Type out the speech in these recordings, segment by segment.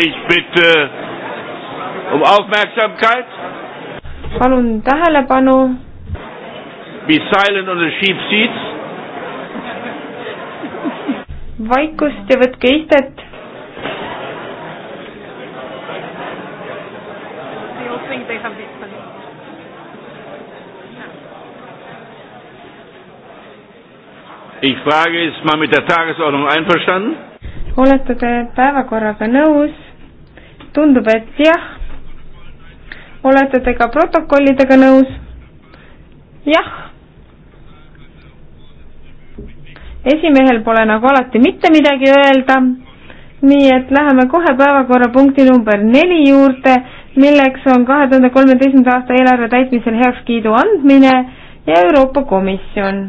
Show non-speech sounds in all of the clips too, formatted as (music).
Ich bitte um Aufmerksamkeit. Palun tähelepanu. Be silent on the sheep seats. Vaikust ja võtke istet. Ich frage, ist man mit der Tagesordnung einverstanden? olete te päevakorraga nõus? tundub, et jah. olete te ka protokollidega nõus? jah. esimehel pole nagu alati mitte midagi öelda, nii et läheme kohe päevakorrapunkti number neli juurde, milleks on kahe tuhande kolmeteistkümnenda aasta eelarve täitmisel heakskiidu andmine ja Euroopa Komisjon.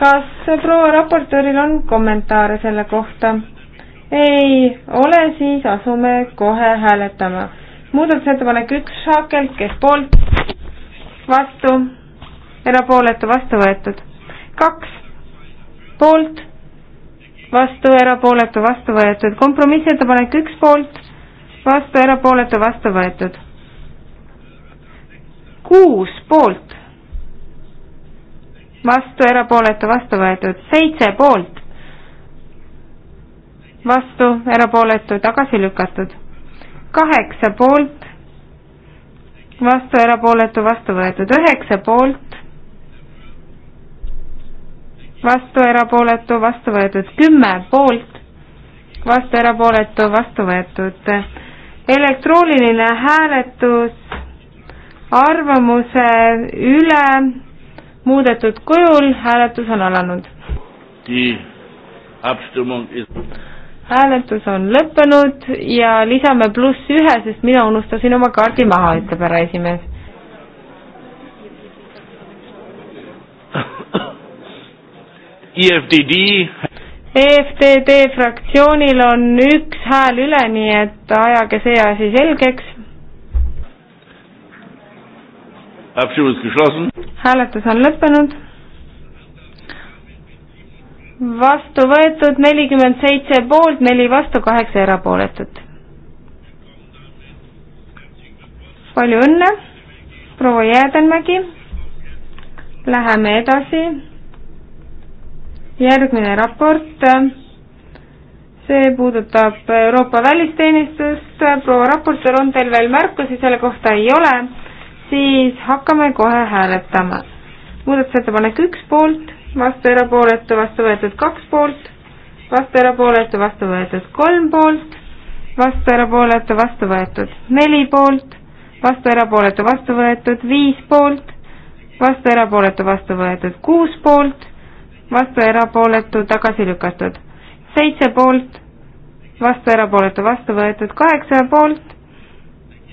kas proua raportööril on kommentaare selle kohta? ei ole, siis asume kohe hääletama. muudatusettepanek üks Haakelt, kes poolt, vastu, erapooletu, vastu võetud. kaks, poolt, vastu, erapooletu, vastu võetud. kompromissettepanek üks poolt, vastu, erapooletu, vastu võetud. kuus poolt, vastu, erapooletu, vastu võetud. seitse poolt, vastu, erapooletu, tagasi lükatud. kaheksa poolt, vastu, erapooletu, vastu võetud, üheksa poolt, vastu, erapooletu, vastu võetud, kümme poolt, vastu, erapooletu, vastu võetud. elektrooniline hääletus arvamuse üle muudetud kujul, hääletus on alanud. Abstimmung ist hääletus on lõppenud ja lisame pluss ühe, sest mina unustasin oma kaardi maha, ütleb härra esimees. EFDD. EFTD fraktsioonil on üks hääl üle, nii et ajage see asi selgeks. hääletus on lõppenud vastu võetud, nelikümmend seitse poolt, neli vastu, kaheksa erapooletut. palju õnne, proua Jäädenmägi. Läheme edasi. järgmine raport. see puudutab Euroopa välisteenistust. proua raportöör, on teil veel märkusi selle kohta? ei ole. siis hakkame kohe hääletama. muudatusettepanek üks poolt vastu erapooletu, vastu võetud kaks poolt, vastu erapooletu, vastu võetud kolm poolt, vastu erapooletu, vastu võetud neli poolt, vastu erapooletu, vastu võetud viis poolt, vastu erapooletu, vastu võetud kuus poolt, vastu erapooletu, tagasi lükatud seitse poolt, vastu erapooletu, vastu võetud kaheksa poolt,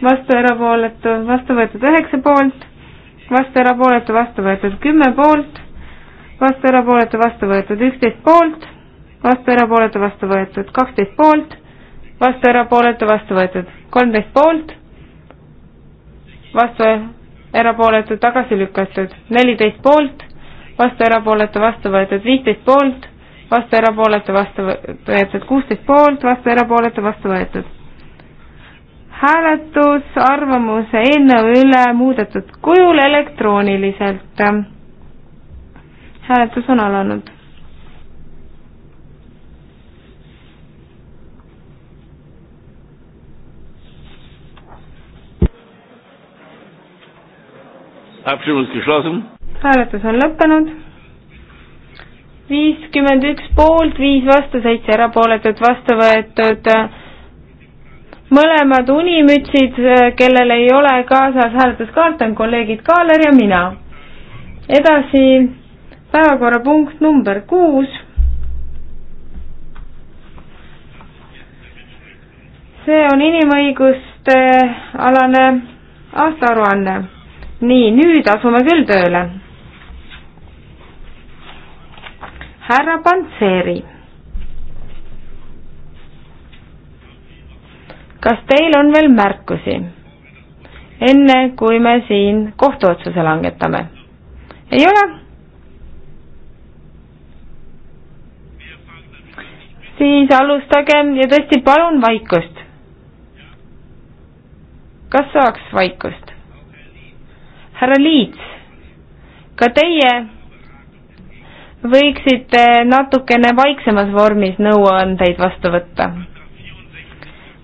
vastu erapooletu, vastu võetud üheksa poolt, vastu erapooletu, vastu võetud kümme poolt vastu erapooletu, vastu võetud üksteist poolt, vastu erapooletu, vastu võetud kaksteist poolt, vastu erapooletu, vastu võetud kolmteist poolt, vastu erapooletu, tagasi lükatud neliteist poolt, vastu erapooletu, vastu võetud viisteist poolt, vastu erapooletu, vastu võetud kuusteist poolt, vastu erapooletu, vastu võetud. hääletus arvamuse eelnõu üle muudetud kujul elektrooniliselt hääletus on alanud. hääletus on lõppenud. viiskümmend üks poolt, viis vastu, seitse erapooletut vastu võetud. mõlemad unimütsid, kellel ei ole kaasas hääletuskaart, on kolleegid Kaaler ja mina. edasi päevakorrapunkt number kuus. see on inimõiguste alane aastaaruanne. nii, nüüd asume küll tööle. härra Pantseri. kas teil on veel märkusi? enne kui me siin kohtuotsuse langetame. ei ole? siis alustagem ja tõesti palun vaikust. kas saaks vaikust? härra Liits, ka teie võiksite natukene vaiksemas vormis nõuandeid vastu võtta.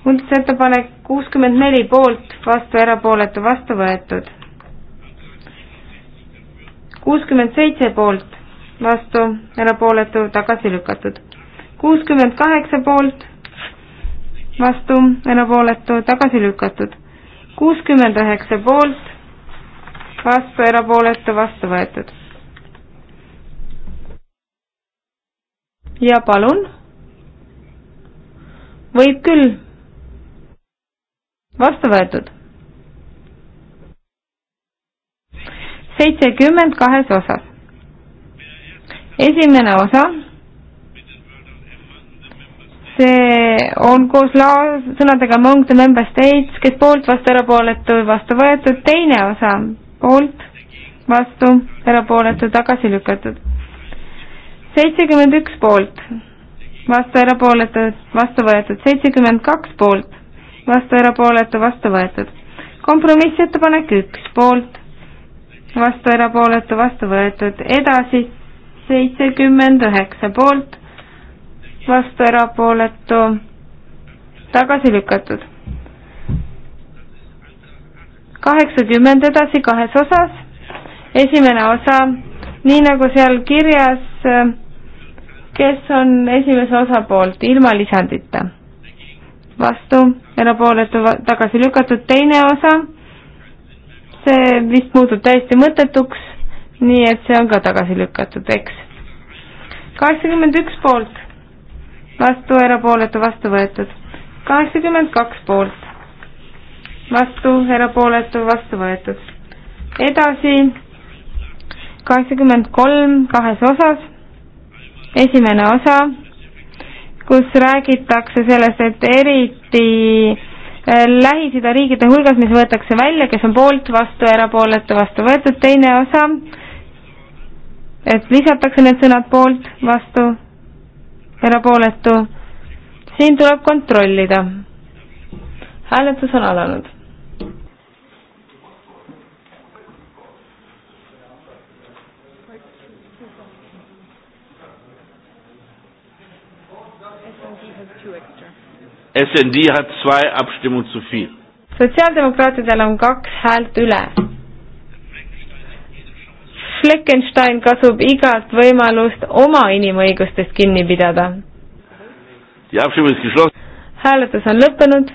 muudatusettepanek kuuskümmend neli poolt, vastu erapooletu, vastu võetud. kuuskümmend seitse poolt, vastu erapooletu, tagasi lükatud kuuskümmend kaheksa poolt, vastu, erapooletu, tagasi lükatud. kuuskümmend üheksa poolt, vastu, erapooletu, vastu võetud. ja palun. võib küll. vastu võetud. seitsekümmend kahes osas. esimene osa see on koos la-, sõnadega Among the member states, kes poolt, vastu, erapooletu, vastu võetud, teine osa poolt, vastu, erapooletu, tagasi lükatud. seitsekümmend üks poolt, vastu, erapooletu, vastu võetud, seitsekümmend kaks poolt, vastu, erapooletu, vastu võetud. kompromissettepanek üks poolt, vastu, erapooletu, vastu võetud, edasi seitsekümmend üheksa poolt vastu erapooletu, tagasi lükatud. kaheksakümmend edasi kahes osas, esimene osa, nii nagu seal kirjas, kes on esimese osa poolt ilma lisandita. vastu, erapooletu, tagasi lükatud, teine osa, see vist muutub täiesti mõttetuks, nii et see on ka tagasi lükatud, eks. kaheksakümmend üks poolt vastu, erapooletu, vastu võetud. kaheksakümmend kaks poolt, vastu, erapooletu, vastu võetud. edasi kaheksakümmend kolm kahes osas, esimene osa, kus räägitakse sellest, et eriti äh, Lähis-Ida riikide hulgas, mis võetakse välja, kes on poolt, vastu, erapooletu, vastu võetud, teine osa, et lisatakse need sõnad poolt, vastu, erapooletu. siin tuleb kontrollida. hääletus on alanud. SND hat zwei Abstimmungen zu viel. sotsiaaldemokraatidel on kaks häält üle Fleckenstein kasub igast võimalust oma inimõigustest kinni pidada. hääletus on lõppenud.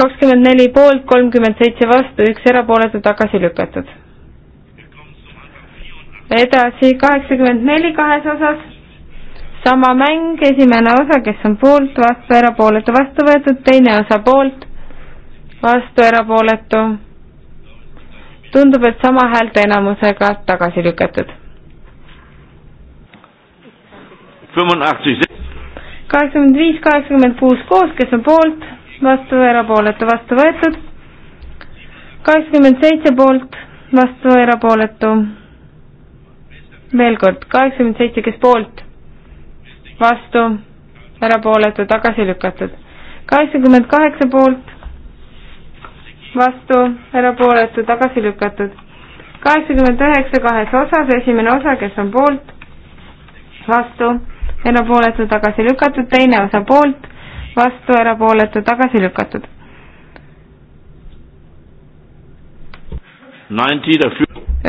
kakskümmend neli poolt, kolmkümmend seitse vastu, üks erapooletu tagasi lükatud. edasi kaheksakümmend neli kahes osas sama mäng, esimene osa, kes on poolt, vastu, erapooletu, vastu võetud, teine osa poolt, vastu, erapooletu, tundub, et sama häälte enamusega tagasi lükatud. kaheksakümmend viis, kaheksakümmend kuus koos, kes on poolt, vastu, erapooletu, vastu võetud. kaheksakümmend seitse poolt, vastu, erapooletu. veel kord, kaheksakümmend seitse, kes poolt, vastu, erapooletu, tagasi lükatud. kaheksakümmend kaheksa poolt, vastu, erapooletu, tagasi lükatud. kaheksakümmend üheksa kahes osas, esimene osa, kes on poolt, vastu, erapooletu, tagasi lükatud, teine osa poolt, vastu, erapooletu, tagasi lükatud.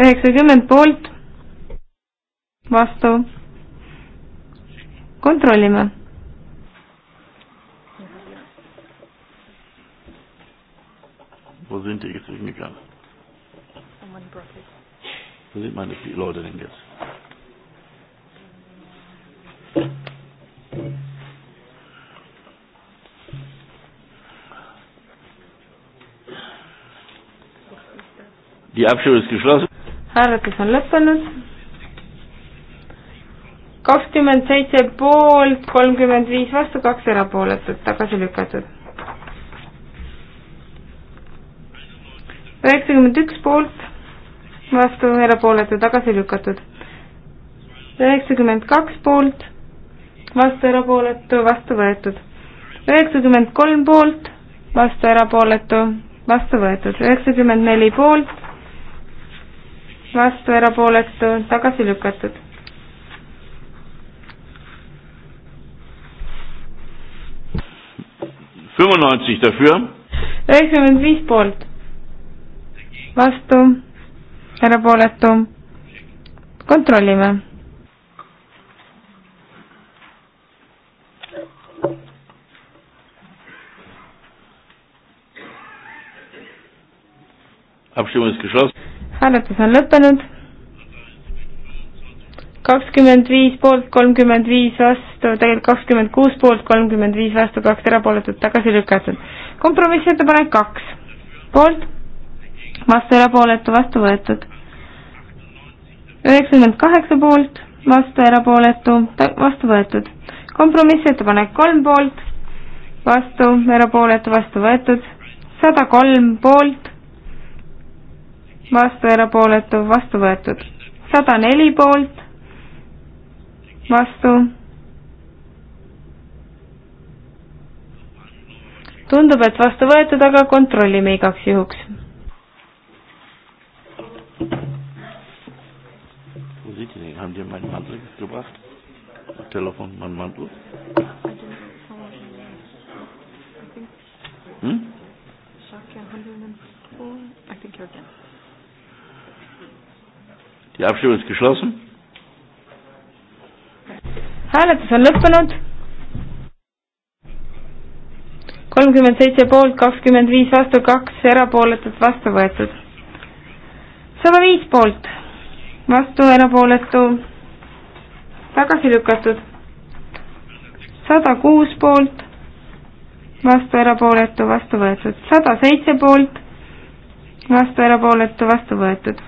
üheksakümmend poolt, vastu, kontrollime Wo sind die jetzt hingegangen? Wo sind meine Leute denn jetzt? Die Abstimmung ist geschlossen. hääletus on lõppenud. kakskümmend seitse poolt, kolmkümmend viis vastu, kaks erapooletut, tagasi lükatud üheksakümmend üks poolt, vastu, erapooletu, tagasi lükatud. üheksakümmend kaks poolt, vastu, erapooletu, vastu võetud. üheksakümmend kolm poolt, vastu, erapooletu, vastu võetud. üheksakümmend neli poolt, vastu, erapooletu, tagasi lükatud. fünfundneunzig dafür üheksakümmend viis poolt vastu, erapooletu, kontrollime. hääletus on lõppenud. kakskümmend viis poolt, kolmkümmend viis vastu, tegelikult kakskümmend kuus poolt, kolmkümmend viis vastu, kaks erapooletut tagasi lükatud. kompromissettepanek kaks, poolt vastu erapooletu, vastu võetud. üheksakümmend kaheksa poolt, vastu erapooletu, vastu võetud. kompromissettepanek kolm poolt, vastu erapooletu, vastu võetud. sada kolm poolt, vastu erapooletu, vastu võetud. sada neli poolt, vastu tundub, et vastu võetud, aga kontrollime igaks juhuks Mantel? Nee, haben die meinen Mantel gebracht? Telefon, mein Mantel? Hm? Die Abstimmung ist geschlossen. hääletus on lõppenud. kolmkümmend seitse poolt, kakskümmend viis vastu, kaks erapooletut vastu võetud. sada viis poolt vastu erapooletu, tagasi lükatud. sada kuus poolt, vastu erapooletu, vastu võetud. sada seitse poolt, vastu erapooletu, vastu võetud.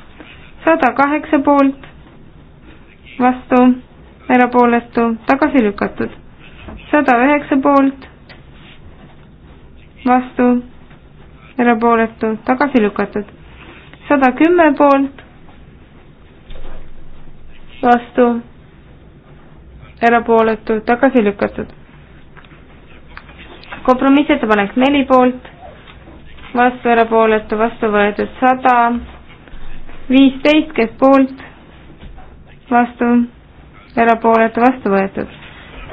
sada kaheksa poolt, vastu erapooletu, tagasi lükatud. sada üheksa poolt, vastu erapooletu, tagasi lükatud. sada kümme poolt vastu, erapooletu, tagasi lükatud. kompromissettepanek neli poolt, vastu, erapooletu, vastu võetud sada, viisteist, kes poolt, vastu, erapooletu, vastu võetud.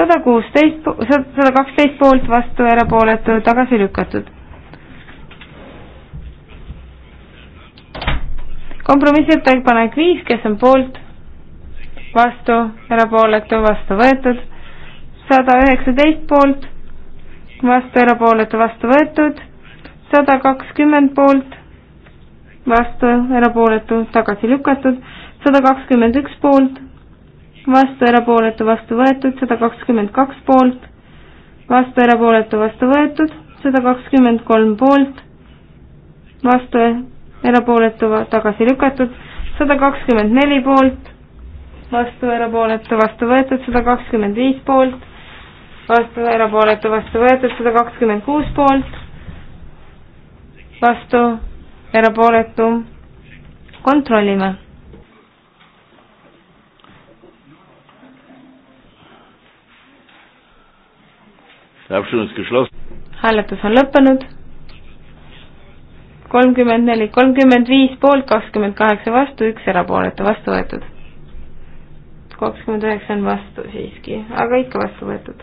sada kuusteist, sada kaksteist poolt, vastu, erapooletu, tagasi lükatud. kompromissettepanek viis, kes on poolt vastu, erapooletu, vastu võetud, sada üheksateist poolt, vastu, erapooletu, vastu võetud, sada kakskümmend poolt, vastu, erapooletu, tagasi lükatud, sada kakskümmend üks poolt, vastu, erapooletu, vastu võetud, sada kakskümmend kaks poolt, vastu, erapooletu, vastu võetud, sada kakskümmend kolm poolt, vastu, erapooletu, tagasi lükatud, sada kakskümmend neli poolt vastu erapooletu, vastu võetud sada kakskümmend viis poolt, vastu erapooletu, vastu võetud sada kakskümmend kuus poolt, vastu erapooletu, kontrollime. hääletus on lõppenud kolmkümmend neli, kolmkümmend viis poolt, kakskümmend kaheksa vastu, üks erapooletu, vastu võetud kakskümmend üheksa on vastu siiski, aga ikka vastu võetud.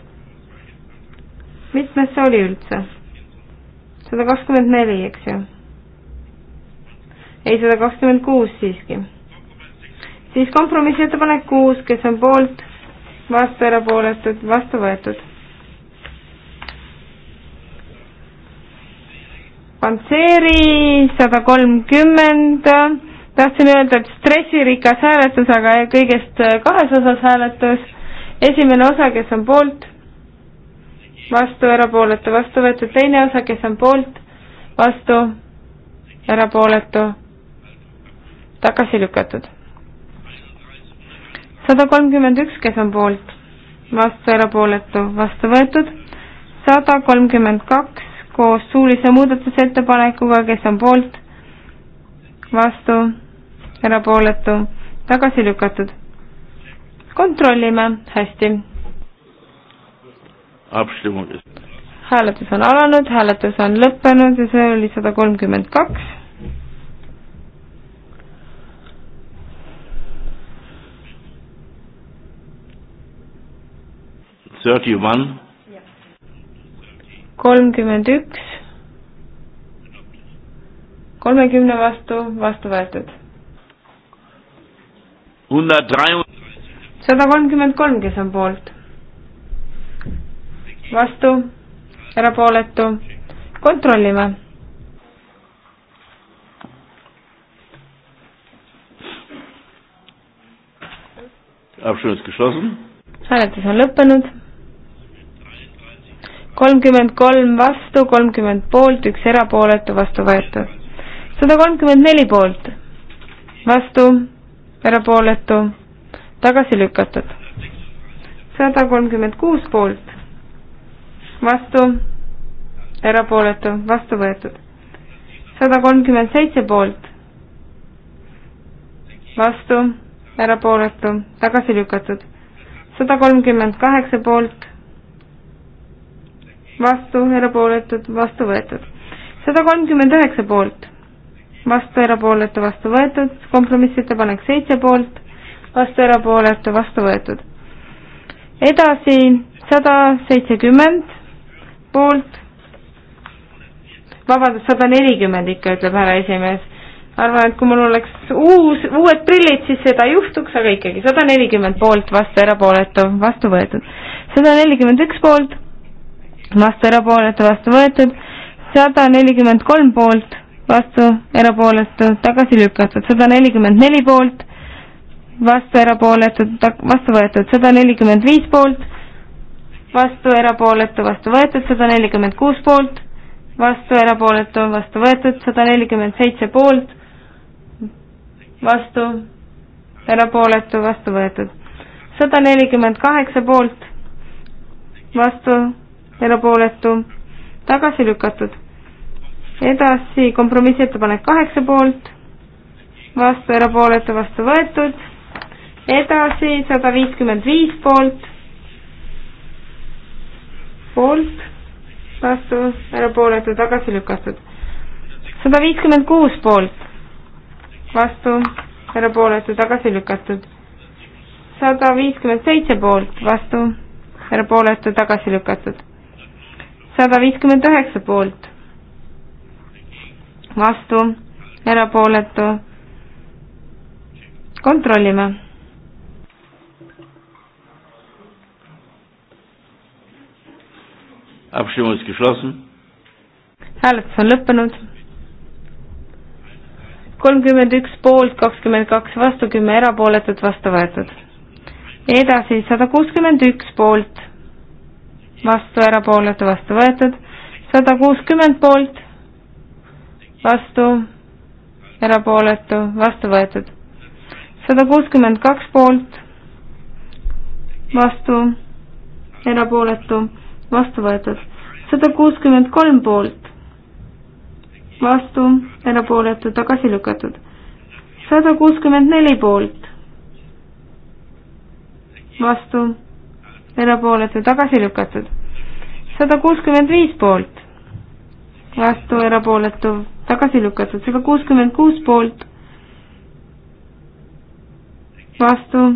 mitmes see oli üldse? sada kakskümmend neli, eks ju? ei, sada kakskümmend kuus siiski. siis kompromissettepanek kuus, kes on poolt, vastu erapooletud, vastu võetud. Pantseeri sada kolmkümmend tahtsin öelda, et stressirikas hääletus, aga kõigest äh, kahes osas hääletus. esimene osa, kes on poolt, vastu, erapooletu, vastu võetud, teine osa, kes on poolt, vastu, erapooletu, tagasi lükatud. sada kolmkümmend üks, kes on poolt, vastu, erapooletu, vastu võetud, sada kolmkümmend kaks koos suulise muudatusettepanekuga, kes on poolt, vastu, erapooletu, tagasi lükatud. kontrollime, hästi. hääletus on alanud, hääletus on lõppenud ja see oli sada kolmkümmend kaks. kolmkümmend üks kolmekümne vastu, vastu võetud. sada kolmkümmend kolm, kes on poolt. vastu, erapooletu, kontrollime. hääletus on lõppenud. kolmkümmend kolm vastu, kolmkümmend poolt, üks erapooletu, vastu võetud sada kolmkümmend neli poolt, vastu, erapooletu, tagasi lükatud. sada kolmkümmend kuus poolt, vastu, erapooletu, vastu võetud. sada kolmkümmend seitse poolt, vastu, erapooletu, tagasi lükatud. sada kolmkümmend kaheksa poolt, vastu, erapooletud, vastu võetud. sada kolmkümmend üheksa poolt vastu erapooletu, vastu võetud, kompromissettepanek seitse poolt, vastu erapooletu, vastu võetud. edasi sada seitsekümmend poolt, vabandust, sada nelikümmend ikka, ütleb härra esimees. arvan, et kui mul oleks uus, uued prillid, siis seda ei juhtuks, aga ikkagi sada nelikümmend poolt, vastu erapooletu, vastu võetud. sada nelikümmend üks poolt, vastu erapooletu, vastu võetud, sada nelikümmend kolm poolt vastu, erapooletu, tagasi lükatud, sada nelikümmend neli poolt, vastu, erapooletu, vastu võetud, sada nelikümmend viis poolt, vastu, erapooletu, vastu võetud, sada nelikümmend kuus poolt, vastu, erapooletu, vastu võetud, sada nelikümmend seitse poolt, vastu, erapooletu, vastu võetud, sada nelikümmend kaheksa poolt, vastu, erapooletu, tagasi lükatud edasi kompromissettepanek kaheksa poolt, vastu erapooletu, vastu võetud, edasi sada viiskümmend viis poolt, poolt, vastu erapooletu, tagasi lükatud. sada viiskümmend kuus poolt, vastu erapooletu, tagasi lükatud. sada viiskümmend seitse poolt, vastu erapooletu, tagasi lükatud. sada viiskümmend üheksa poolt vastu, erapooletu. kontrollime. hääletus on lõppenud. kolmkümmend üks poolt, kakskümmend kaks vastu, kümme erapooletut, vastu võetud. edasi sada kuuskümmend üks poolt, vastu, erapooletu, vastu võetud, sada kuuskümmend poolt vastu, erapooletu, vastu võetud. sada kuuskümmend kaks poolt, vastu, erapooletu, vastu võetud. sada kuuskümmend kolm poolt, vastu, erapooletu, tagasi lükatud. sada kuuskümmend neli poolt, vastu, erapooletu, tagasi lükatud. sada kuuskümmend viis poolt, vastu, erapooletu, tagasi lükatud, sada kuuskümmend kuus poolt, vastu,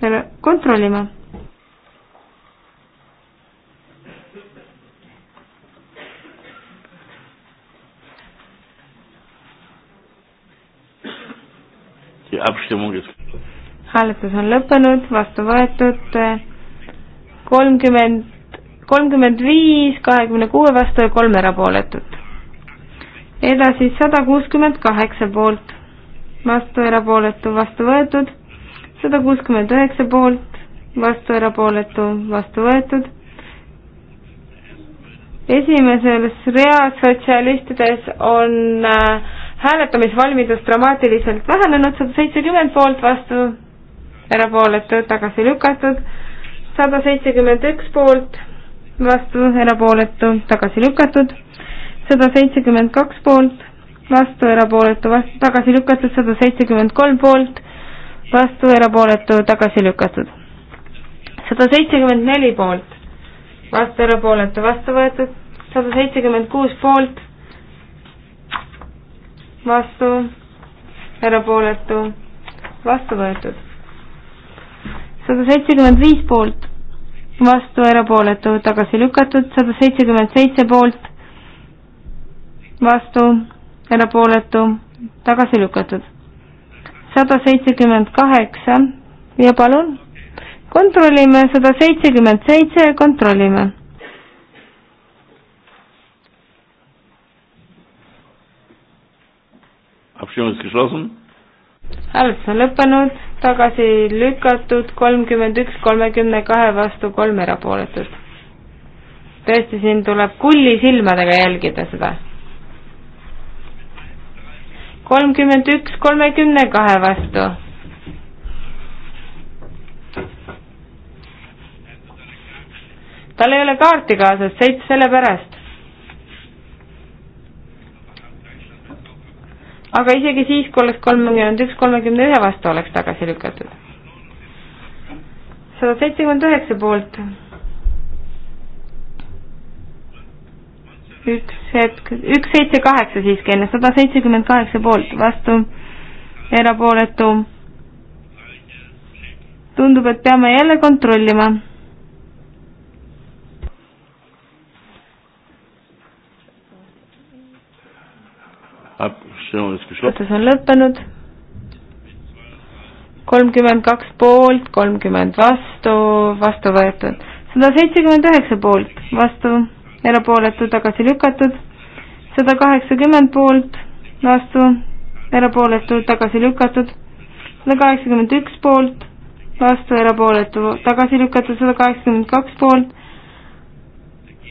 selle kontrollime. hääletus on lõppenud, vastu võetud eh, kolmkümmend, kolmkümmend viis, kahekümne kuue vastu ja kolm erapooletut edasi sada kuuskümmend kaheksa poolt, vastu erapooletu, vastu võetud, sada kuuskümmend üheksa poolt, vastu erapooletu, vastu võetud. esimeses reas sotsialistides on äh, hääletamisvalmidus dramaatiliselt vähenenud, sada seitsekümmend poolt, vastu erapooletu, tagasi lükatud, sada seitsekümmend üks poolt, vastu erapooletu, tagasi lükatud sada seitsekümmend kaks poolt, vastu erapooletu, vastu tagasi lükatud, sada seitsekümmend kolm poolt, vastu erapooletu, tagasi lükatud. sada seitsekümmend neli poolt, vastu erapooletu, vastu võetud, sada seitsekümmend kuus poolt, vastu erapooletu, vastu võetud. sada seitsekümmend viis poolt, vastu erapooletu, tagasi lükatud, sada seitsekümmend seitse poolt, vastu, erapooletu, tagasi lükatud. sada seitsekümmend kaheksa ja palun, kontrollime sada seitsekümmend seitse, kontrollime Abstimmung ist geschlossen. hääletus on lõppenud, tagasi lükatud kolmkümmend üks, kolmekümne kahe vastu kolm erapooletut. tõesti, siin tuleb kulli silmadega jälgida seda kolmkümmend üks kolmekümne kahe vastu. tal ei ole kaarti kaasas, seitse sellepärast. aga isegi siis, kui oleks kolmkümmend üks kolmekümne ühe vastu, oleks tagasi lükatud. sada seitsekümmend üheksa poolt üks hetk, üks seitse kaheksa siiski enne, sada seitsekümmend kaheksa poolt, vastu, erapooletu. tundub, et peame jälle kontrollima otsus on lõppenud. kolmkümmend kaks poolt, kolmkümmend vastu, vastu võetud. sada seitsekümmend üheksa poolt, vastu erapooletu, tagasi lükatud, sada kaheksakümmend poolt, vastu, erapooletu, tagasi lükatud, sada kaheksakümmend üks poolt, vastu, erapooletu, tagasi lükatud, sada kaheksakümmend kaks poolt,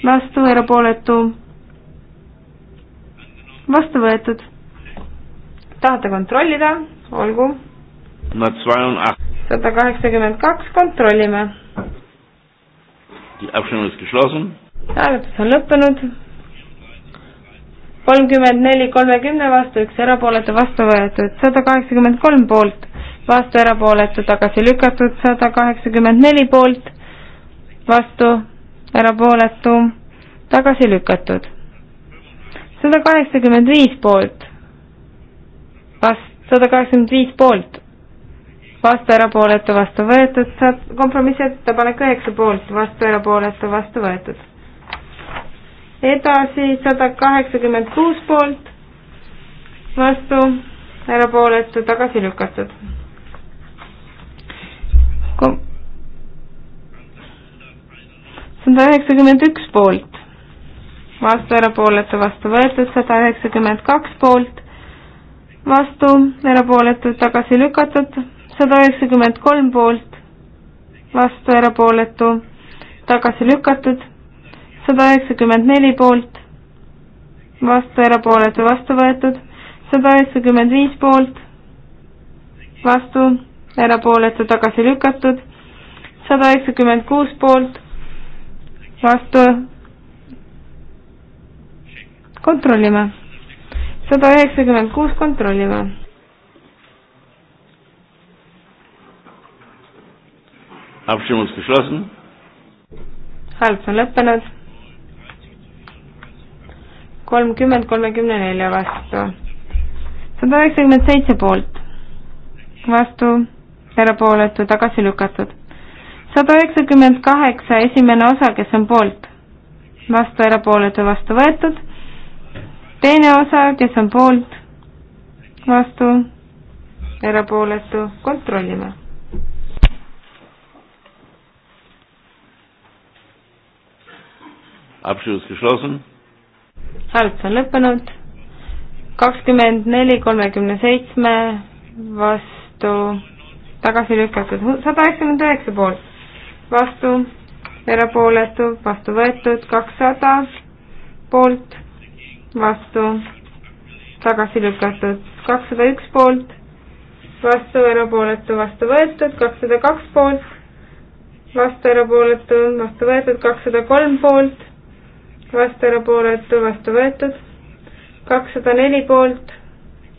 vastu, erapooletu, vastu võetud. tahate kontrollida, olgu. sada kaheksakümmend kaks, kontrollime hääletus on lõppenud. kolmkümmend neli kolmekümne vastu, üks erapooletu vastu võetud, sada kaheksakümmend kolm poolt, vastu erapooletu tagasi lükatud, sada kaheksakümmend neli poolt, vastu erapooletu tagasi lükatud, sada kaheksakümmend viis poolt, vast-, sada kaheksakümmend viis poolt, vastu erapooletu vastu võetud, saab kompromissettepanek üheksa poolt, vastu erapooletu vastu võetud edasi sada kaheksakümmend kuus poolt, vastu, erapooletu, tagasi lükatud. sada üheksakümmend üks poolt, vastu, erapooletu, vastu võetud, sada üheksakümmend kaks poolt, vastu, erapooletu, tagasi lükatud, sada üheksakümmend kolm poolt, vastu, erapooletu, tagasi lükatud sada üheksakümmend neli poolt, vastu, erapooletu, vastu võetud, sada üheksakümmend viis poolt, vastu, erapooletu, tagasi lükatud, sada üheksakümmend kuus poolt, vastu, kontrollime, sada üheksakümmend kuus kontrollime. Abstimmung ist geschlossen. Hääletus on lõppenud kolmkümmend kolmekümne nelja vastu. sada üheksakümmend seitse poolt, vastu, erapooletu, tagasi lükatud. sada üheksakümmend kaheksa, esimene osa, kes on poolt, vastu, erapooletu, vastu võetud. teine osa, kes on poolt, vastu, erapooletu, kontrollime Abschluss geschlossen hääletus on lõppenud. kakskümmend neli, kolmekümne seitsme vastu, tagasi lükatud, sada üheksakümmend üheksa poolt, vastu, erapooletu, vastu võetud, kakssada poolt, vastu, tagasi lükatud, kakssada üks poolt, vastu, erapooletu, vastu võetud, kakssada kaks poolt, vastu, erapooletu, vastu võetud, kakssada kolm poolt vastu erapooletu, vastu võetud. kakssada neli poolt,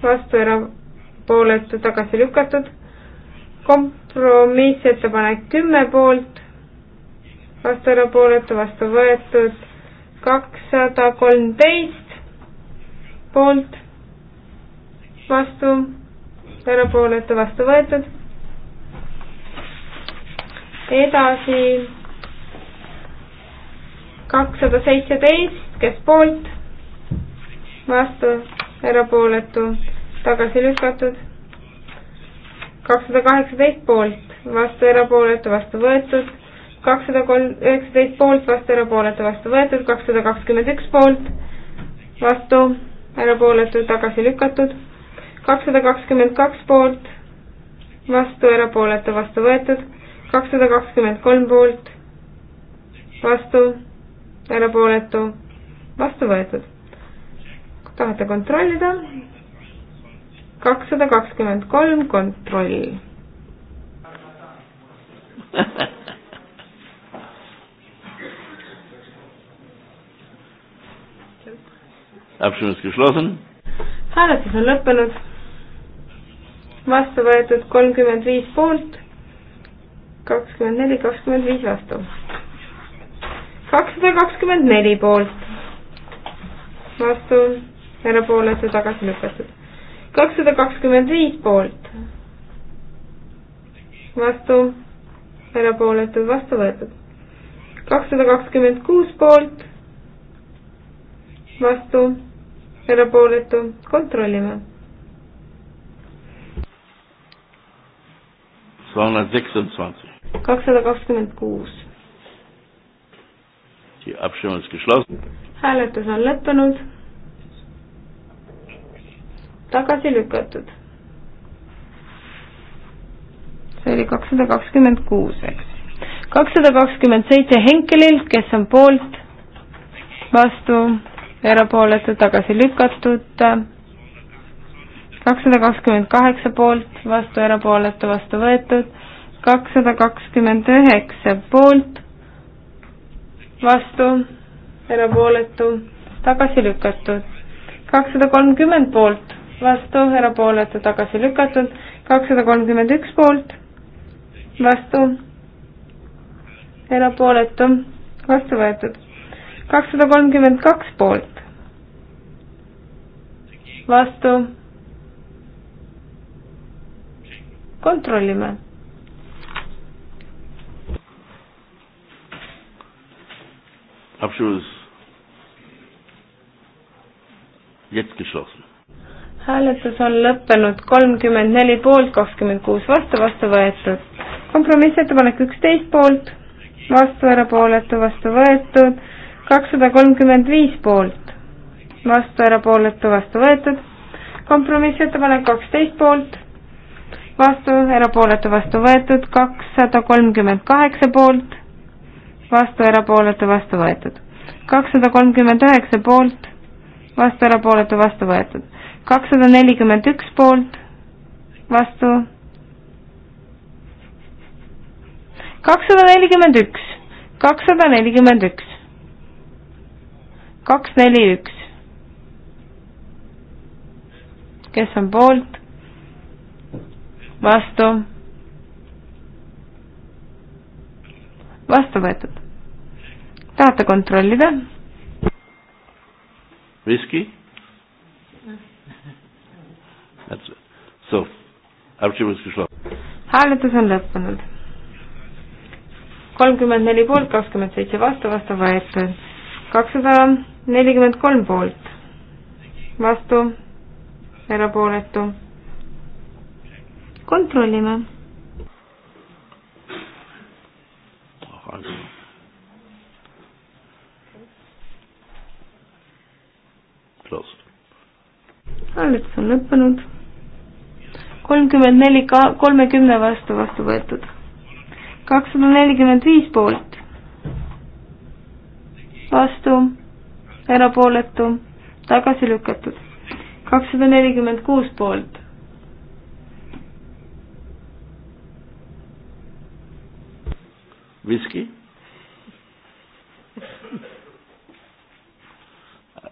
vastu erapooletu, tagasi lükatud. kompromissettepanek kümme poolt, vastu erapooletu, vastu võetud. kakssada kolmteist poolt, vastu erapooletu, vastu võetud. edasi kakssada seitseteist, kes poolt, vastu, erapooletu, tagasi lükatud. kakssada kaheksateist poolt, vastu, erapooletu, vastu võetud. kakssada kolm, üheksateist poolt, vastu, erapooletu, vastu võetud. kakssada kakskümmend üks poolt, vastu, erapooletu, tagasi lükatud. kakssada kakskümmend kaks poolt, vastu, erapooletu, vastu võetud. kakssada kakskümmend kolm poolt, vastu erapooletu, vastu võetud. tahate kontrollida? kakssada kakskümmend kolm, kontroll. hääletus on lõppenud. vastu võetud kolmkümmend viis poolt, kakskümmend neli, kakskümmend viis vastu kakssada kakskümmend neli poolt, vastu, erapooletu, tagasi lükatud. kakssada kakskümmend viis poolt, vastu, erapooletu, vastu võetud. kakssada kakskümmend kuus poolt, vastu, erapooletu, kontrollime. kakssada kakskümmend kuus hääletus on lõppenud. tagasi lükatud. see oli kakssada kakskümmend kuus, eks. kakssada kakskümmend seitse Henkelilt, kes on poolt, vastu, erapooletu, tagasi lükatud kakssada kakskümmend kaheksa poolt, vastu erapooletu, vastu võetud, kakssada kakskümmend üheksa poolt, vastu, erapooletu, tagasi lükatud. kakssada kolmkümmend poolt, vastu, erapooletu, tagasi lükatud. kakssada kolmkümmend üks poolt, vastu, erapooletu, vastu võetud. kakssada kolmkümmend kaks poolt, vastu, kontrollime Abschluss. Jetzt geschlossen. hääletus on lõppenud kolmkümmend neli poolt, kakskümmend kuus vastu, vastu võetud. kompromissettepanek üksteist poolt, vastu erapooletu, vastu võetud, kakssada kolmkümmend viis poolt, vastu erapooletu, vastu võetud, kompromissettepanek kaksteist poolt, vastu erapooletu, vastu võetud, kakssada kolmkümmend kaheksa poolt vastu, erapooletu, vastu võetud. kakssada kolmkümmend üheksa poolt, vastu, erapooletu, vastu võetud. kakssada nelikümmend üks poolt, vastu. kakssada nelikümmend üks, kakssada nelikümmend üks, kaks, neli, üks. kes on poolt, vastu vastu võetud tahate kontrollida? Whisky? hääletus on lõppenud. kolmkümmend neli poolt, kakskümmend seitse vastu, vastu võetud. kakssada nelikümmend kolm poolt, vastu, erapooletu. kontrollime. hääletus on lõppenud. kolmkümmend neli ka-, kolmekümne vastu vastu võetud. kakssada nelikümmend viis poolt. vastu, erapooletu, tagasi lükatud. kakssada nelikümmend kuus poolt. Whisky?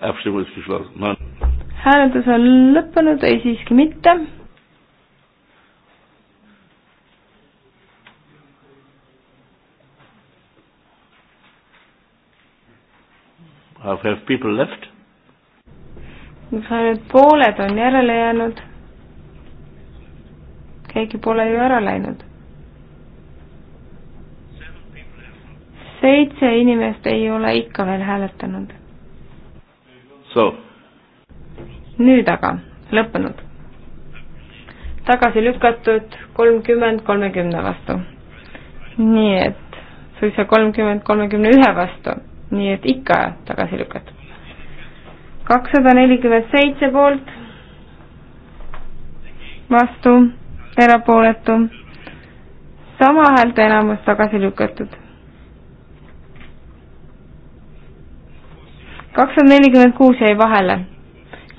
Abstimmung ist geschlossen. Nein hääletus on lõppenud, ei siiski mitte. Have people left? kas ainult pooled on järele jäänud? keegi pole ju ära läinud. seitse inimest ei ole ikka veel hääletanud. So nüüd aga lõppenud. tagasi lükatud kolmkümmend kolmekümne vastu. nii et suisa kolmkümmend kolmekümne ühe vastu, nii et ikka tagasi lükatud. kakssada nelikümmend seitse poolt, vastu, erapooletu, sama häälte enamus tagasi lükatud. kakssada nelikümmend kuus jäi vahele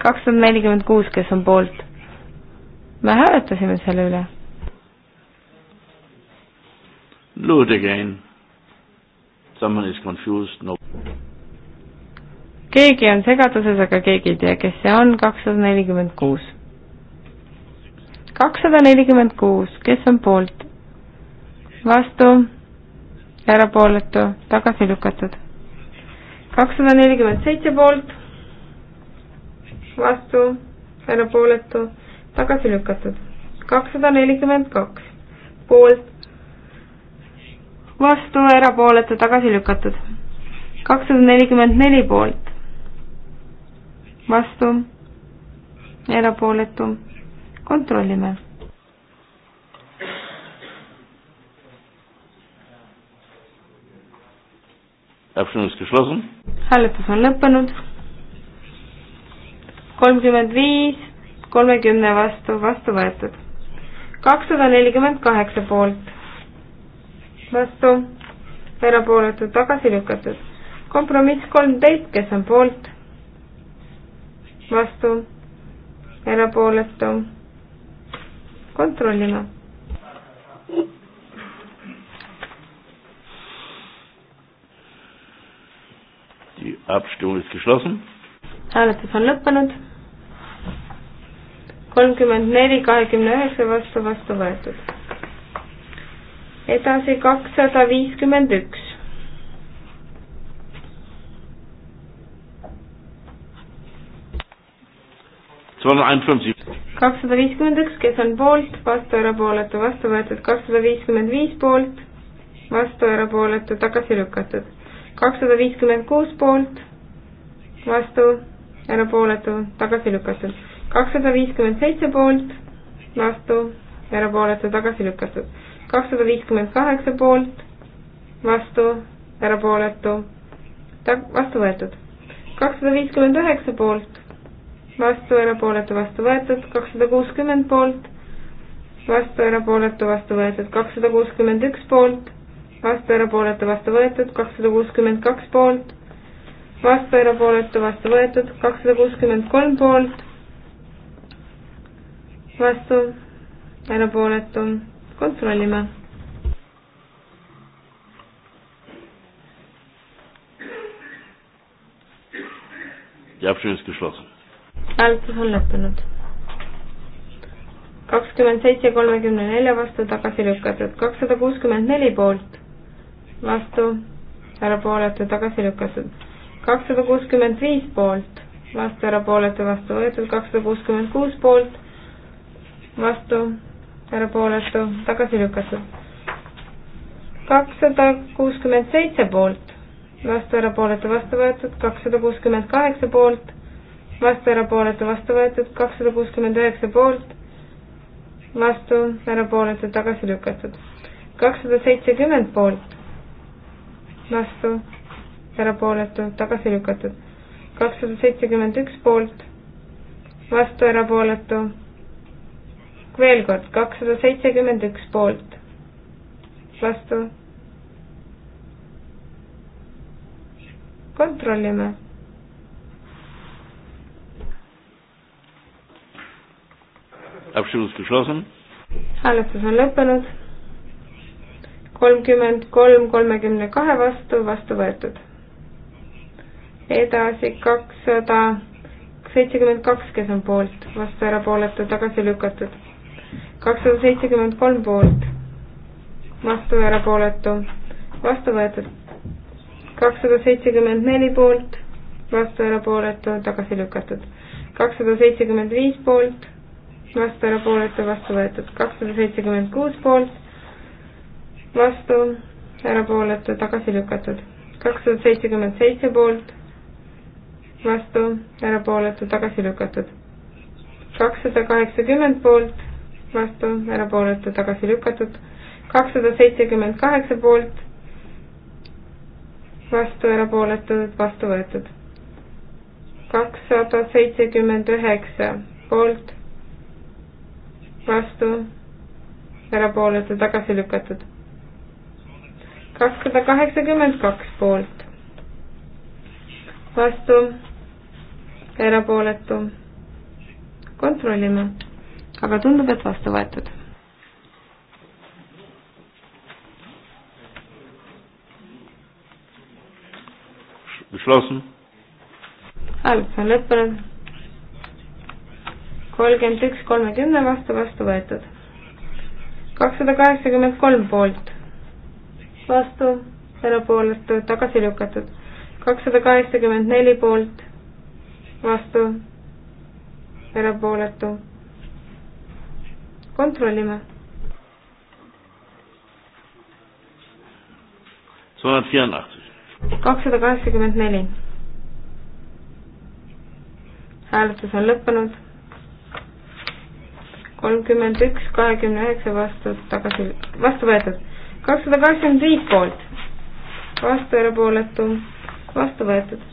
kakssada nelikümmend kuus, kes on poolt. me hääletasime selle üle. Do it again. Someone is confused, no. keegi on segaduses, aga keegi ei tea, kes see on, kakssada nelikümmend kuus. kakssada nelikümmend kuus, kes on poolt? vastu, erapooletu, tagasi lükatud. kakssada nelikümmend seitse poolt vastu, erapooletu, tagasi lükatud. kakssada nelikümmend kaks, poolt, vastu, erapooletu, tagasi lükatud. kakssada nelikümmend neli poolt, vastu, erapooletu, kontrollime Abstimmung ist geschlossen. Hääletus on lõppenud kolmkümmend viis kolmekümne vastu, vastu võetud. kakssada nelikümmend kaheksa poolt, vastu, erapooletud, tagasi lükatud. kompromiss kolmteist, kes on poolt, vastu, erapooletu, kontrollime Die Abstimmung ist geschlossen. Hääletus on lõppenud kolmkümmend neli, kahekümne üheksa vastu, vastu võetud. edasi kakssada viiskümmend üks. kakssada viiskümmend üks, kes on poolt, vastu, erapooletu, vastu võetud, kakssada viiskümmend viis poolt, vastu, erapooletu, tagasi lükatud. kakssada viiskümmend kuus poolt, vastu, erapooletu, tagasi lükatud kakssada viiskümmend seitse poolt, vastu, erapooletu, tagasi lükatud. kakssada viiskümmend kaheksa poolt, vastu, erapooletu, ta-, vastu võetud. kakssada viiskümmend üheksa poolt, vastu, erapooletu, vastu võetud, kakssada kuuskümmend poolt, vastu, erapooletu, vastu võetud, kakssada kuuskümmend üks poolt, vastu, erapooletu, vastu võetud, kakssada kuuskümmend kaks poolt, vastu, erapooletu, vastu võetud, kakssada kuuskümmend kolm poolt vastu, erapooletu, kontrollime Die Abstimmung ist geschlossen. Hääletus on lõppenud. kakskümmend seitse kolmekümne nelja vastu tagasi lükatud, kakssada kuuskümmend neli poolt vastu, erapooletu tagasi lükatud, kakssada kuuskümmend viis poolt vastu, erapooletu vastu võetud, kakssada kuuskümmend kuus poolt vastu, erapooletu, tagasi lükatud. kakssada kuuskümmend seitse poolt, vastu, erapooletu, vastu võetud, kakssada kuuskümmend kaheksa poolt, vastu, erapooletu, vastu võetud, kakssada kuuskümmend üheksa poolt, vastu, erapooletu, tagasi lükatud. kakssada seitsekümmend poolt, vastu, erapooletu, tagasi lükatud kakssada seitsekümmend üks poolt, vastu erapooletu, veel kord, kakssada seitsekümmend üks poolt, vastu. kontrollime. hääletus on lõppenud. kolmkümmend kolm, kolmekümne kahe vastu, vastu võetud. edasi kakssada seitsekümmend kaks, kes on poolt, vastu erapooletu, tagasi lükatud kakssada seitsekümmend kolm poolt, vastu ja erapooletu, vastu võetud. kakssada seitsekümmend neli poolt, vastu ja erapooletu, tagasi lükatud. kakssada seitsekümmend viis poolt, vastu ja erapooletu, vastu võetud. kakssada seitsekümmend kuus poolt, vastu, erapooletu, tagasi lükatud. kakssada seitsekümmend seitse poolt, vastu, erapooletu, tagasi lükatud. kakssada kaheksakümmend poolt vastu, erapooletu, tagasi lükatud. kakssada seitsekümmend kaheksa poolt, vastu, erapooletu, vastu võetud. kakssada seitsekümmend üheksa poolt, vastu, erapooletu, tagasi lükatud. kakssada kaheksakümmend kaks poolt, vastu, erapooletu kontrollime aga tundub, et vastu võetud. hääletus on lõppenud. kolmkümmend üks kolmekümne vastu, vastu võetud. kakssada kaheksakümmend kolm poolt, vastu, erapooletu, tagasi lükatud. kakssada kaheksakümmend neli poolt, vastu, erapooletu kontrollime. kakssada kaheksakümmend neli. hääletus on lõppenud. kolmkümmend üks, kahekümne üheksa vastu tagasi, vastu võetud. kakssada kaheksakümmend viis poolt, vastu erapooletu, vastu võetud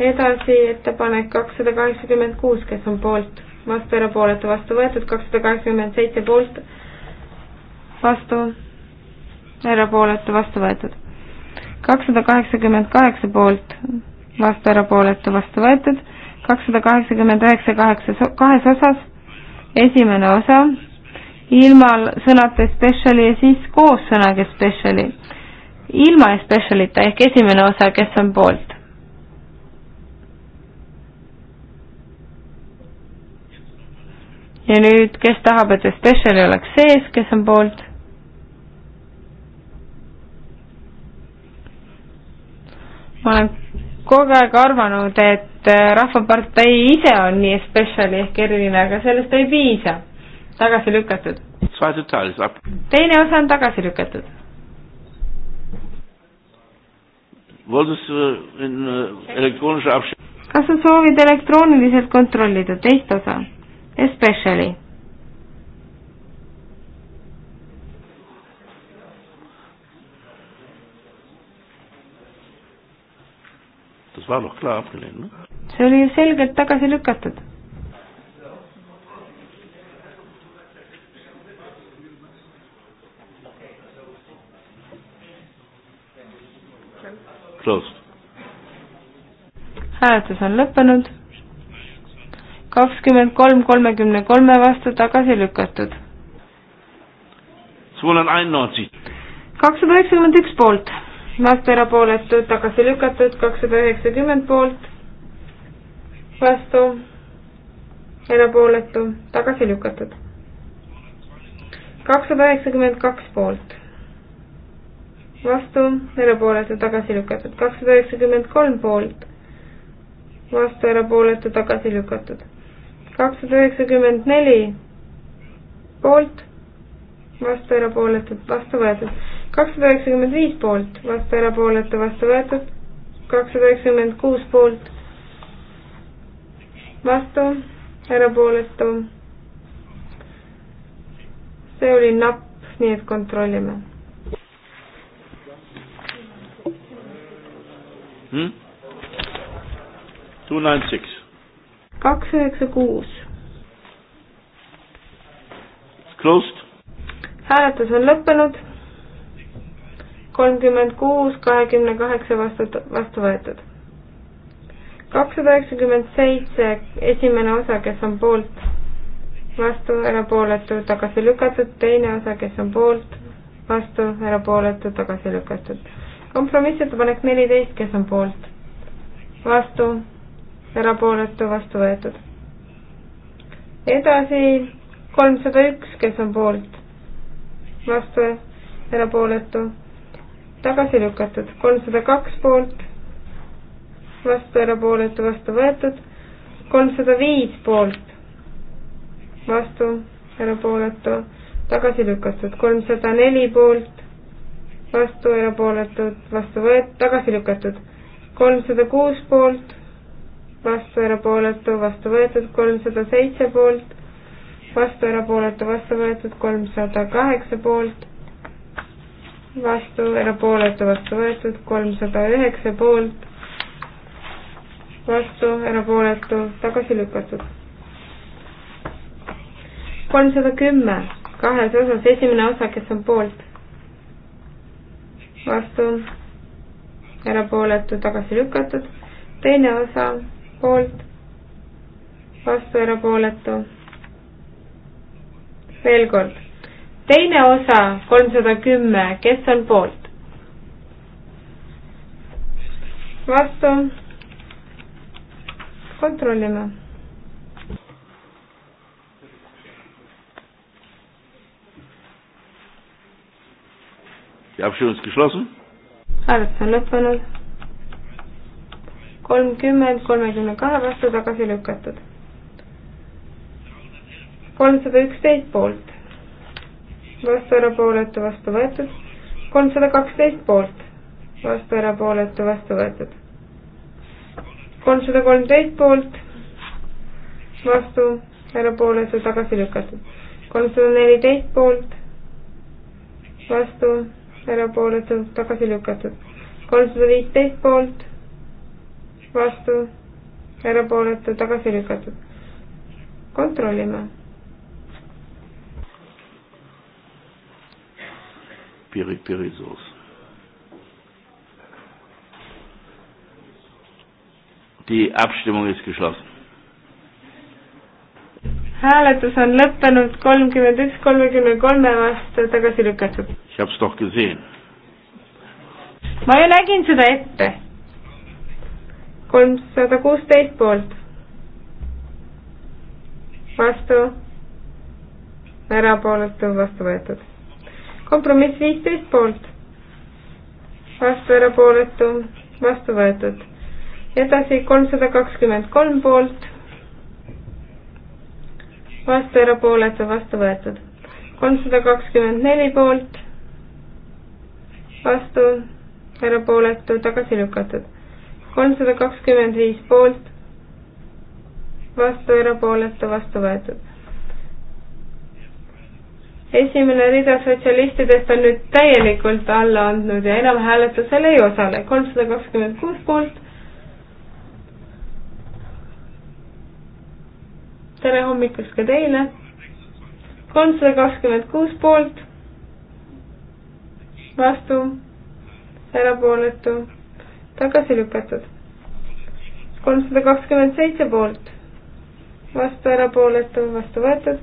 edasi ettepanek kakssada kaheksakümmend kuus, kes on poolt, vastu, erapooletu, vastu võetud, kakssada kaheksakümmend seitse poolt, vastu, erapooletu, vastu võetud. kakssada kaheksakümmend kaheksa poolt, vastu, erapooletu, vastu võetud, kakssada kaheksakümmend üheksa kaheksa, kahes osas, esimene osa, ilma sõnata special'i ja siis koos sõnaga special'i, ilma special'ita ehk esimene osa, kes on poolt ja nüüd, kes tahab, et Especially oleks sees, kes on poolt? ma olen kogu aeg arvanud, et äh, Rahvapartei ise on nii Especially ehk eriline, aga sellest ei piisa. tagasi lükatud. teine osa on tagasi lükatud. Äh, äh, kas sa soovid elektrooniliselt kontrollida teist osa? especially. Das war doch klar abgelehnt, ne? see oli ju selgelt tagasi lükatud. Closed. hääletus on lõppenud kakskümmend kolm kolmekümne kolme vastu tagasi lükatud. kakssada üheksakümmend üks poolt, vastu erapooletud, tagasi lükatud, kakssada üheksakümmend poolt, vastu erapooletu, tagasi lükatud. kakssada üheksakümmend kaks poolt, vastu erapooletu, tagasi lükatud, kakssada üheksakümmend kolm poolt, vastu erapooletu, tagasi lükatud kakssada üheksakümmend neli poolt, vastu erapooletud, vastu võetud. kakssada üheksakümmend viis poolt, vastu erapooletu, vastu võetud. kakssada üheksakümmend kuus poolt, vastu erapooletu. see oli napp, nii et kontrollime hm?. Two nine six kaks üheksa kuus. Closed. hääletus on lõppenud. kolmkümmend kuus, kahekümne kaheksa vastu, vastu võetud. kakssada üheksakümmend seitse, esimene osa, kes on poolt, vastu, erapooletu, tagasi lükatud, teine osa, kes on poolt, vastu, erapooletu, tagasi lükatud. kompromissettepanek neliteist, kes on poolt, vastu erapooletu, vastu võetud. edasi kolmsada üks, kes on poolt, vastu, erapooletu, tagasi lükatud. kolmsada kaks poolt, vastu, erapooletu, vastu võetud. kolmsada viis poolt, vastu, erapooletu, tagasi lükatud. kolmsada neli poolt, vastu, erapooletud, vastu võet-, tagasi lükatud. kolmsada kuus poolt, vastu, erapooletu, vastu võetud kolmsada seitse poolt, vastu, erapooletu, vastu võetud kolmsada kaheksa poolt, vastu, erapooletu, vastu võetud kolmsada üheksa poolt, vastu, erapooletu, tagasi lükatud. kolmsada kümme, kahes osas, esimene osa, kes on poolt, vastu, erapooletu, tagasi lükatud, teine osa poolt, vastu, erapooletu. veel kord, teine osa kolmsada kümme, kes on poolt? vastu, kontrollime Die Abstimmung ist geschlossen. Alles verloren kolmkümmend, kolmekümne kahe vastu tagasi lükatud. kolmsada üksteist poolt, vastu erapooletu, vastu võetud. kolmsada kaksteist poolt, vastu erapooletu, vastu võetud. kolmsada kolmteist poolt, vastu erapooletu, tagasi lükatud. kolmsada neliteist poolt, vastu erapooletu, tagasi lükatud. kolmsada viisteist poolt vastu, erapooletu, tagasi lükatud. kontrollime. Piri, Piri soos. Die Abstimmung ist geschlossen. hääletus on lõppenud kolmkümmend üks, kolmekümne kolme vastu tagasi lükatud. Ich hab's doch gesehen. ma ju nägin seda ette kolmsada kuusteist poolt. vastu, erapooletu, vastu võetud. kompromiss viisteist poolt, vastu, erapooletu, vastu võetud. edasi kolmsada kakskümmend kolm poolt, vastu, erapooletu, vastu võetud. kolmsada kakskümmend neli poolt, vastu, erapooletu, tagasi lükatud kolmsada kakskümmend viis poolt, vastu, erapooletu, vastu võetud. esimene rida sotsialistidest on nüüd täielikult alla andnud ja enam hääletusel ei osale, kolmsada kakskümmend kuus poolt. tere hommikust ka teile. kolmsada kakskümmend kuus poolt, vastu, erapooletu tagasi lükatud. kolmsada kakskümmend seitse poolt, vastu erapooletu, vastu võetud.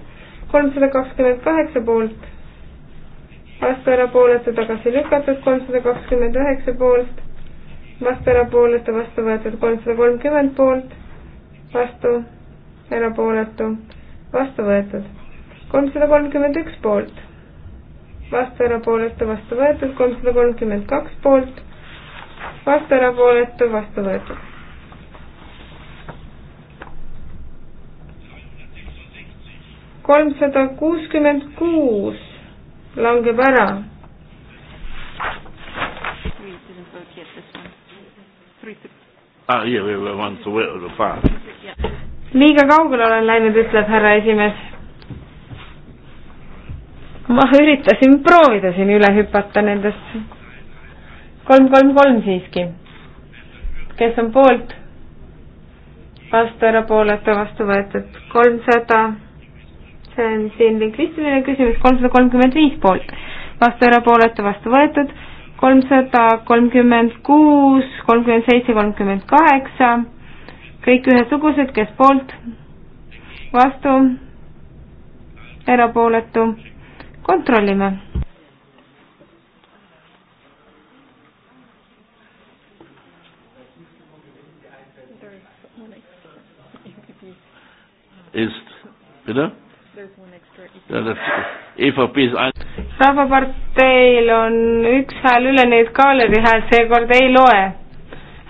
kolmsada kakskümmend kaheksa poolt, vastu erapooletu, tagasi lükatud. kolmsada kakskümmend üheksa poolt, vastu erapooletu, vastu võetud. kolmsada kolmkümmend poolt, vastu erapooletu, vastu võetud. kolmsada kolmkümmend üks poolt, vastu erapooletu, vastu võetud. kolmsada kolmkümmend kaks poolt vastu erapooletu, vastu võetud. kolmsada kuuskümmend kuus langeb ära. Ah, liiga kaugele olen läinud, ütleb härra esimees. ma üritasin proovida siin üle hüpata nendest kolm, kolm, kolm siiski. kes on poolt? vastu, erapooletu, vastu võetud kolmsada. see on siin lingvistiline küsimus, kolmsada kolmkümmend viis poolt. vastu, erapooletu, vastu võetud kolmsada kolmkümmend kuus, kolmkümmend seitse, kolmkümmend kaheksa. kõik ühesugused, kes poolt? vastu, erapooletu, kontrollime ist, bitte? EVP ist ein. rahvaparteil on üks hääl üle, nii et Kaaleri hääl seekord ei loe.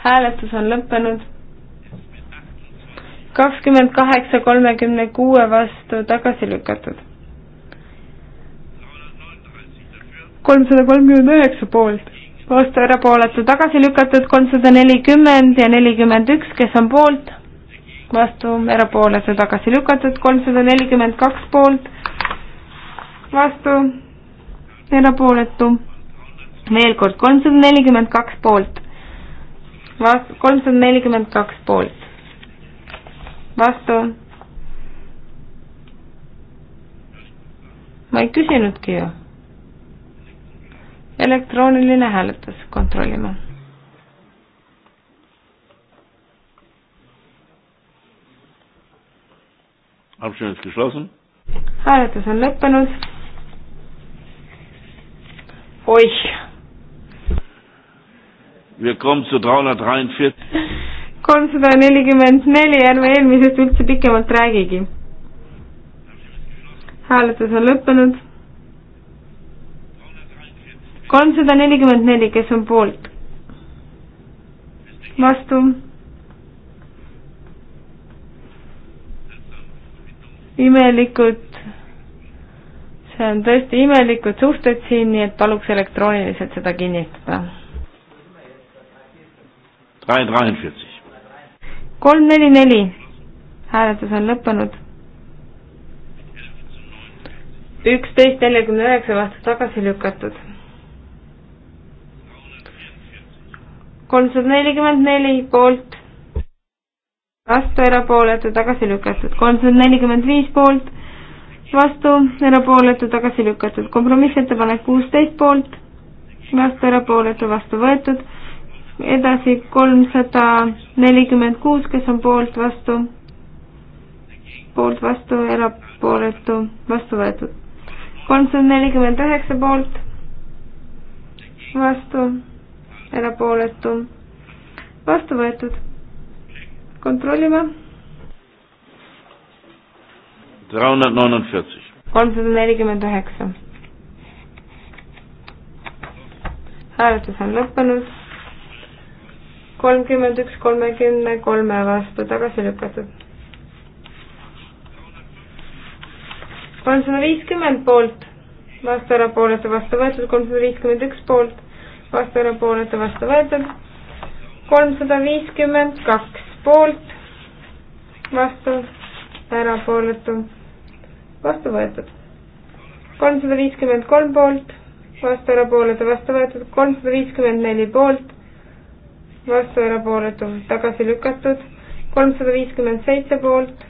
hääletus on lõppenud. kakskümmend kaheksa kolmekümne kuue vastu tagasi lükatud. kolmsada kolmkümmend üheksa poolt, vastu erapooletu tagasi lükatud, kolmsada nelikümmend ja nelikümmend üks, kes on poolt, vastu, erapooletu tagasi lükatud, kolmsada nelikümmend kaks poolt, vastu, erapooletu, veel kord, kolmsada nelikümmend kaks poolt, vastu, kolmsada nelikümmend kaks poolt, vastu, ma ei küsinudki ju, elektrooniline hääletus, kontrollime hääletus on lõppenud. oih. kolmsada nelikümmend neli, ärme eelmisest üldse pikemalt räägigi. hääletus on lõppenud. kolmsada nelikümmend neli, kes on poolt? vastu imelikud, see on tõesti imelikud suhted siin, nii et paluks elektrooniliselt seda kinnitada. kolm, neli, neli. hääletus on lõppenud. üksteist neljakümne üheksa vastu tagasi lükatud. kolmsada nelikümmend neli poolt vastu, erapooletu, tagasi lükatud. kolmsada nelikümmend viis poolt, vastu, erapooletu, tagasi lükatud. kompromissettepanek kuusteist poolt, vastu, erapooletu, vastu võetud. edasi kolmsada nelikümmend kuus, kes on poolt, vastu, poolt, vastu, erapooletu, vastu võetud. kolmsada nelikümmend üheksa poolt, vastu, erapooletu, vastu võetud kontrollime. kolmsada nelikümmend üheksa. hääletus on lõppenud. kolmkümmend üks kolmekümne kolme vastu tagasi lükatud. kolmsada viiskümmend poolt, vastu erapooletu, vastu võetud, kolmsada viiskümmend üks poolt, vastu erapooletu, vastu võetud, kolmsada viiskümmend kaks poolt, vastu, erapooletu, vastu võetud. kolmsada viiskümmend kolm poolt, vastu, erapooletu, vastu võetud, kolmsada viiskümmend neli poolt, vastu, erapooletu, tagasi lükatud, kolmsada viiskümmend seitse poolt,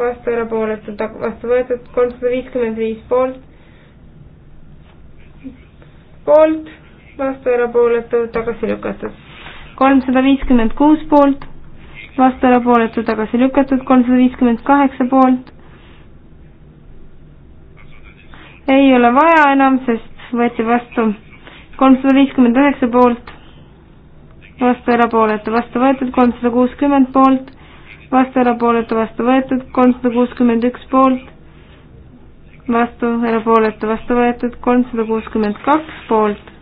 vastu, erapooletu, vastu võetud, kolmsada viiskümmend viis poolt, poolt, vastu, erapooletu, tagasi lükatud kolmsada viiskümmend kuus poolt, vastu erapooletu tagasi lükatud, kolmsada viiskümmend kaheksa poolt. ei ole vaja enam, sest võeti vastu kolmsada viiskümmend üheksa poolt, vastu erapooletu, vastu võetud kolmsada kuuskümmend poolt, vastu erapooletu, vastu võetud kolmsada kuuskümmend üks poolt, vastu erapooletu, vastu võetud kolmsada kuuskümmend kaks poolt,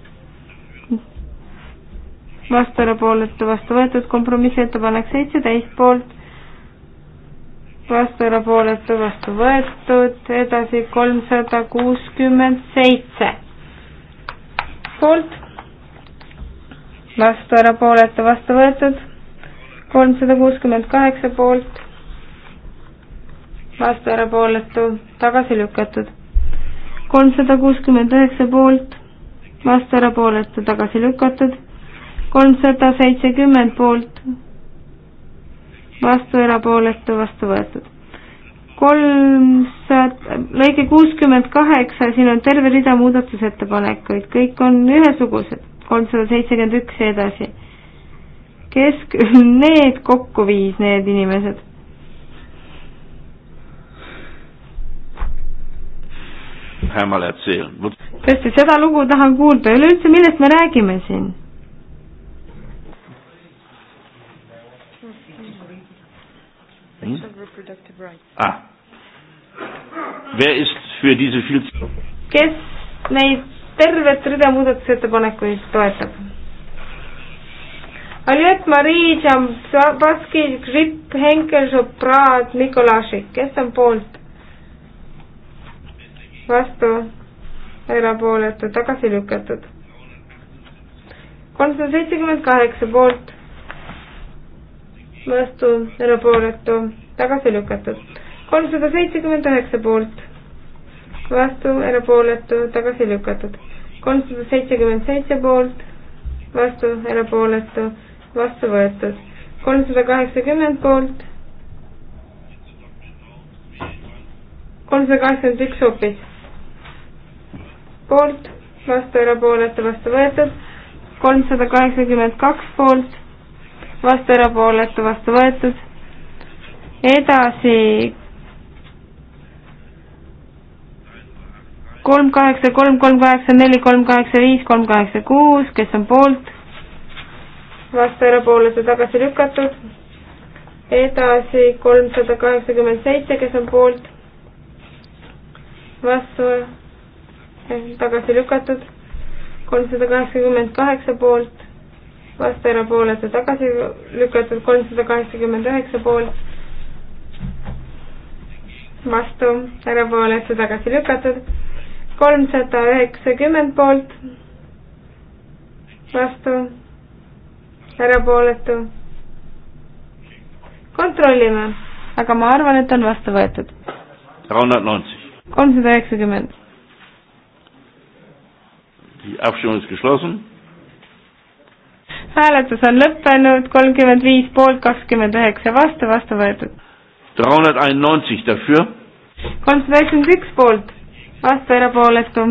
vastu erapooletu, vastu võetud, kompromissettepanek seitseteist poolt, vastu erapooletu, vastu võetud, edasi kolmsada kuuskümmend seitse poolt, vastu erapooletu, vastu võetud, kolmsada kuuskümmend kaheksa poolt, vastu erapooletu, tagasi lükatud kolmsada kuuskümmend üheksa poolt, vastu erapooletu tagasi lükatud, kolmsada seitsekümmend poolt, vastu erapooletu, vastu võetud. kolmsada, lõige kuuskümmend kaheksa, siin on terve rida muudatusettepanekuid, kõik on ühesugused, kolmsada seitsekümmend üks ja edasi. kes küll (laughs) need kokku viis, need inimesed? hämale, et see. tõesti, seda lugu tahan kuulda, üleüldse millest me räägime siin Hm? Ah. Wer ist für diese viel... kes neid tervet rida muudatusettepanekuid toetab? Aljett Marii Džambaski, Gripp, Henkel, Šopraad, Mikolašik, kes on poolt? vastu, erapooletu, tagasi lükatud. kolmsada seitsekümmend kaheksa poolt vastu, erapooletu, tagasi lükatud. kolmsada seitsekümmend üheksa poolt, vastu, erapooletu, tagasi lükatud. kolmsada seitsekümmend seitse poolt, vastu, erapooletu, vastu võetud. kolmsada kaheksakümmend poolt, kolmsada kaheksakümmend üks hoopis, poolt, vastu, erapooletu, vastu võetud kolmsada kaheksakümmend kaks poolt, vastu erapooletu, vastu võetud. edasi kolm kaheksa, kolm, kolm kaheksa, neli, kolm kaheksa, viis, kolm kaheksa, kuus, kes on poolt, vastu erapooletu tagasi lükatud. edasi kolmsada kaheksakümmend seitse, kes on poolt, vastu eh, tagasi lükatud, kolmsada kaheksakümmend kaheksa poolt, vastu erapooletu tagasi lükatud kolmsada kaheksakümmend üheksa poolt, vastu erapooletu tagasi lükatud kolmsada üheksakümmend poolt, vastu erapooletu. kontrollime, aga ma arvan, et on vastu võetud. kolmsada üheksakümmend. Die Abstimmung ist geschlossen hääletus on lõppenud, kolmkümmend viis poolt, kakskümmend üheksa vastu, vastu võetud. kolmsada üheksakümmend üks poolt, vastu erapooletu,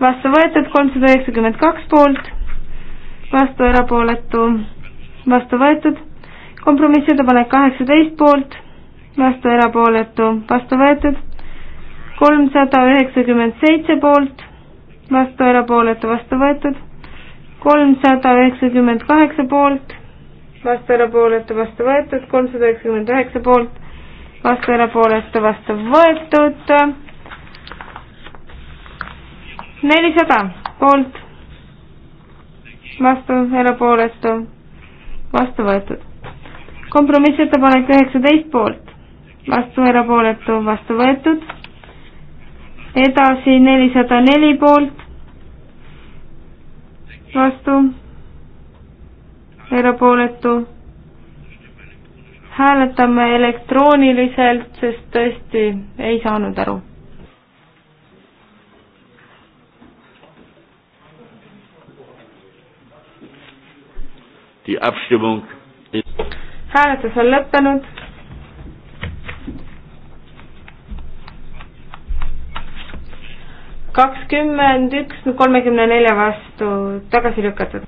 vastu võetud kolmsada üheksakümmend kaks poolt, vastu erapooletu, vastu võetud, kompromissettepanek kaheksateist poolt, vastu erapooletu, vastu võetud, kolmsada üheksakümmend seitse poolt, vastu erapooletu, vastu võetud kolmsada üheksakümmend kaheksa poolt, vastu erapooletu, vastu võetud, kolmsada üheksakümmend üheksa poolt, vastu erapooletu, vastu võetud, nelisada poolt, vastu erapooletu, vastu võetud. kompromissettepanek üheksateist poolt, vastu erapooletu, vastu võetud, edasi nelisada neli poolt vastu, erapooletu. hääletame elektrooniliselt, sest tõesti ei saanud aru. hääletus on lõppenud kakskümmend üks, kolmekümne nelja vastu tagasi lükatud.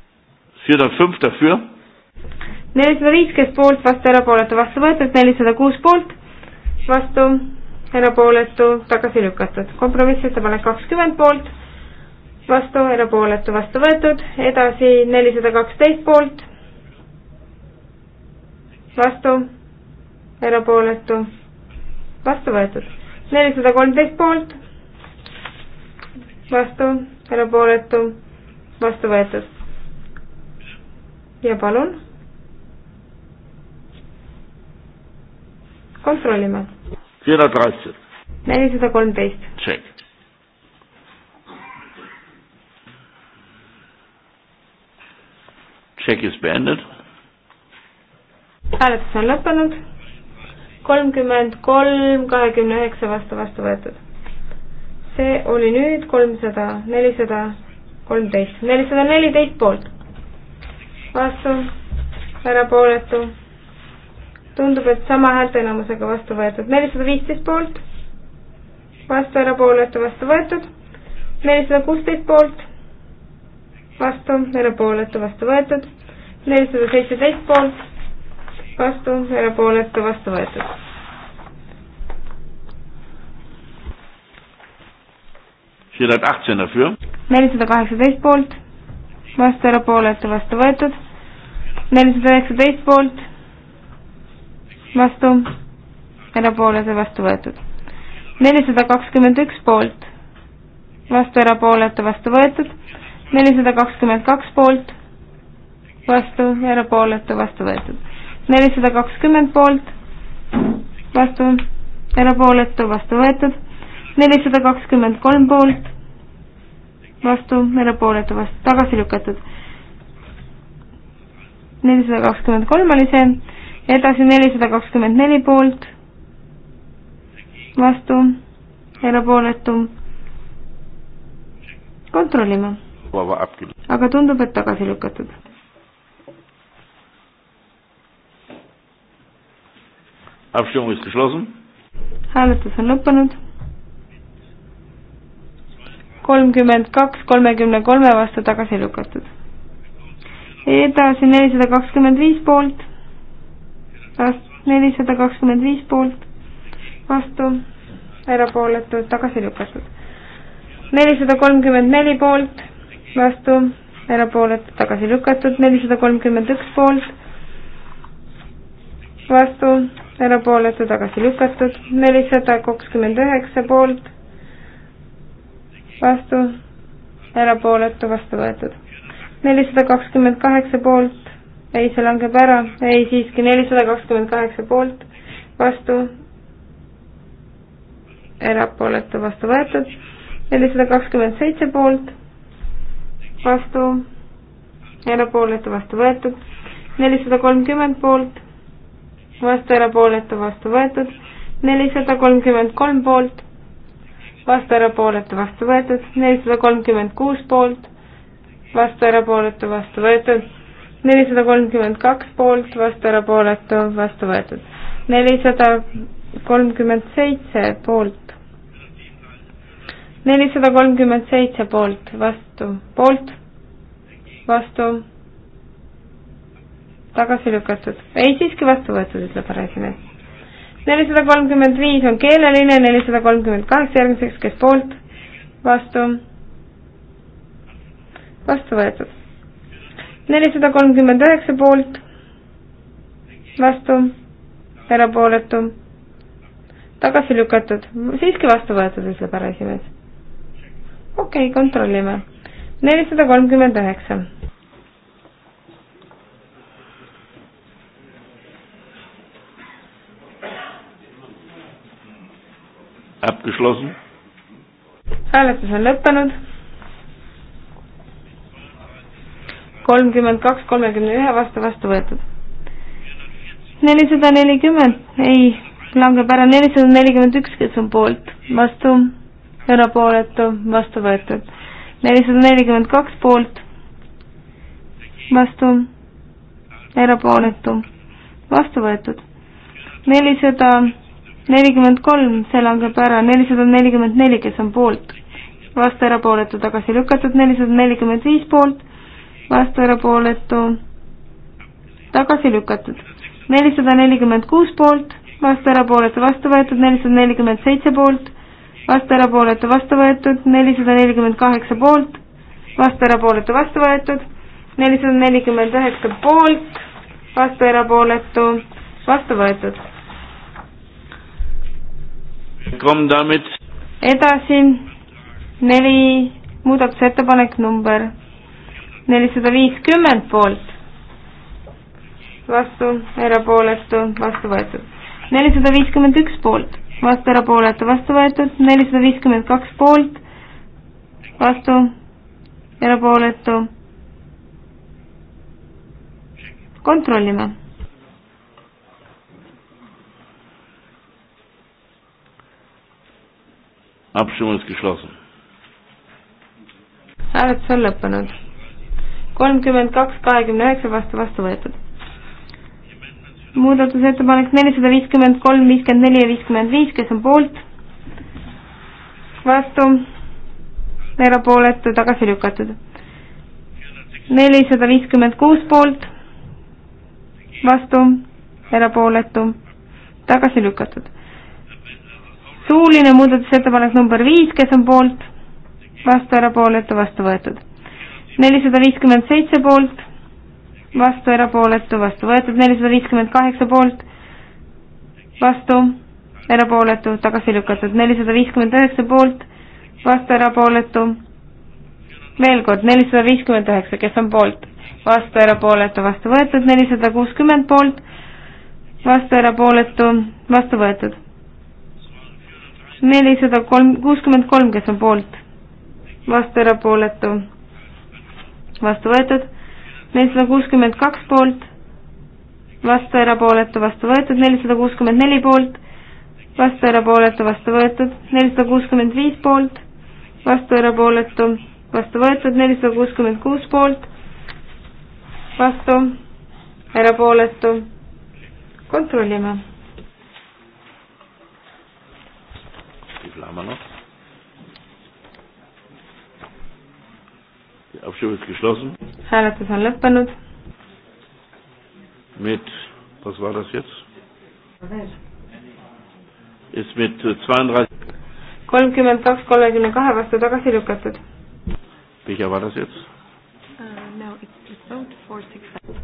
nelisada viis, kes poolt, vastu, erapooletu, vastu võetud, nelisada kuus poolt, vastu, erapooletu, tagasi lükatud. kompromissettepanek kakskümmend poolt, vastu, erapooletu, vastu võetud, edasi nelisada kaksteist poolt, vastu, erapooletu, vastu võetud. nelisada kolmteist poolt vastu, erapooletu, vastu võetud. ja palun. kontrollime. nelisada kolmteist. tšekk. Check is beendet. hääletus on lõppenud. kolmkümmend kolm, kahekümne üheksa vastu vastu võetud see oli nüüd kolmsada, nelisada kolmteist, nelisada neliteist poolt. vastu, erapooletu. tundub, et sama häälteenamusega vastu võetud, nelisada viisteist poolt. vastu, erapooletu, vastu võetud. nelisada kuusteist poolt. vastu, erapooletu, vastu võetud. nelisada seitseteist poolt. vastu, erapooletu, vastu võetud 418 dafür. nelisada kaheksateist poolt, vastu erapooletu, vastu võetud. nelisada üheksateist poolt, vastu erapooletu, vastu võetud. nelisada kakskümmend üks poolt, vastu erapooletu, vastu võetud. nelisada kakskümmend kaks poolt, vastu erapooletu, vastu võetud. nelisada kakskümmend poolt, vastu erapooletu, vastu võetud nelisada kakskümmend kolm poolt, vastu, erapooletu vastu, tagasi lükatud. nelisada kakskümmend kolm oli see, edasi nelisada kakskümmend neli poolt, vastu, erapooletu. kontrollime. aga tundub, et tagasi lükatud. hääletus on lõppenud kolmkümmend kaks kolmekümne kolme vastu tagasi lükatud. edasi nelisada kakskümmend viis poolt, nelisada kakskümmend viis poolt, vastu, erapooletud, tagasi lükatud. nelisada kolmkümmend neli poolt, vastu, erapooletud, tagasi lükatud, nelisada kolmkümmend üks poolt, vastu, erapooletu, tagasi lükatud, nelisada kakskümmend üheksa poolt, vastu, erapooletu, vastu võetud. nelisada kakskümmend kaheksa poolt, ei, see langeb ära, ei siiski, nelisada kakskümmend kaheksa poolt, vastu, erapooletu, vastu võetud, nelisada kakskümmend seitse poolt, vastu, erapooletu, vastu võetud, nelisada kolmkümmend poolt, vastu, erapooletu, vastu võetud, nelisada kolmkümmend kolm poolt vastu erapooletu, vastu võetud, nelisada kolmkümmend kuus poolt, vastu erapooletu, vastu võetud, nelisada kolmkümmend kaks poolt, vastu erapooletu, vastu võetud, nelisada kolmkümmend seitse poolt, nelisada kolmkümmend seitse poolt, vastu, poolt, vastu, tagasi lükatud, ei siiski vastu võetud, ütleb härra esimees nelisada kolmkümmend viis on keeleline, nelisada kolmkümmend kaheksa järgmiseks, kes poolt, vastu, vastu võetud. nelisada kolmkümmend üheksa poolt, vastu, erapooletu, tagasi lükatud, siiski vastu võetud, ütleb härra esimees. okei okay,, kontrollime. nelisada kolmkümmend üheksa Abgeschlossen. hääletus on lõppenud. kolmkümmend kaks, kolmekümne ühe vastu, vastu võetud. nelisada nelikümmend, ei, langeb ära, nelisada nelikümmend üks, kes on poolt, vastu, erapooletu, vastu võetud. nelisada nelikümmend kaks poolt, vastu, erapooletu, vastu võetud. nelisada nelikümmend kolm, see langeb ära, nelisada nelikümmend neli, kes on poolt, vastu erapooletu tagasi lükatud, nelisada nelikümmend viis poolt, vastu erapooletu tagasi lükatud, nelisada nelikümmend kuus poolt, vastu erapooletu vastu võetud, nelisada nelikümmend seitse poolt, vastu erapooletu vastu võetud, nelisada nelikümmend kaheksa poolt, vastu erapooletu vastu võetud, nelisada nelikümmend üheksa poolt, vastu erapooletu vastu võetud edasi neli, muudatusettepanek number nelisada viiskümmend poolt, vastu, erapooletu, vastu võetud. nelisada viiskümmend üks poolt, vastu, erapooletu, vastu võetud, nelisada viiskümmend kaks poolt, vastu, erapooletu. kontrollime Abstimmung ist geschlossen. hääletus on lõppenud. kolmkümmend kaks, kahekümne üheksa vastu vastu võetud. muudatusettepanek nelisada viiskümmend kolm, viiskümmend neli ja viiskümmend viis, kes on poolt, vastu, erapooletu, tagasi lükatud. nelisada viiskümmend kuus poolt, vastu, erapooletu, tagasi lükatud suuline muudatusettepanek number viis, kes on poolt, vastu, erapooletu, vastu võetud. nelisada viiskümmend seitse poolt, vastu, erapooletu, vastu võetud, nelisada viiskümmend kaheksa poolt, vastu, erapooletu, tagasi lükatud, nelisada viiskümmend üheksa poolt, vastu, erapooletu, veel kord, nelisada viiskümmend üheksa, kes on poolt, vastu, erapooletu, vastu võetud, nelisada kuuskümmend poolt, vastu, erapooletu, vastu võetud nelisada kolm, kuuskümmend kolm, kes on poolt, vastu erapooletu, vastu võetud, nelisada kuuskümmend kaks poolt, vastu erapooletu, vastu võetud, nelisada kuuskümmend neli poolt, vastu erapooletu, vastu võetud, nelisada kuuskümmend viis poolt, vastu erapooletu, vastu võetud, nelisada kuuskümmend kuus poolt, vastu erapooletu, kontrollime Flamanov. Die Abstimmung ist geschlossen. Hääletus on lõppenud. Mit, was war das jetzt? Ist mit 32. 32, 32 vastu tagasi lükatud. Welcher war das jetzt? Uh, no, it's, it's vote 465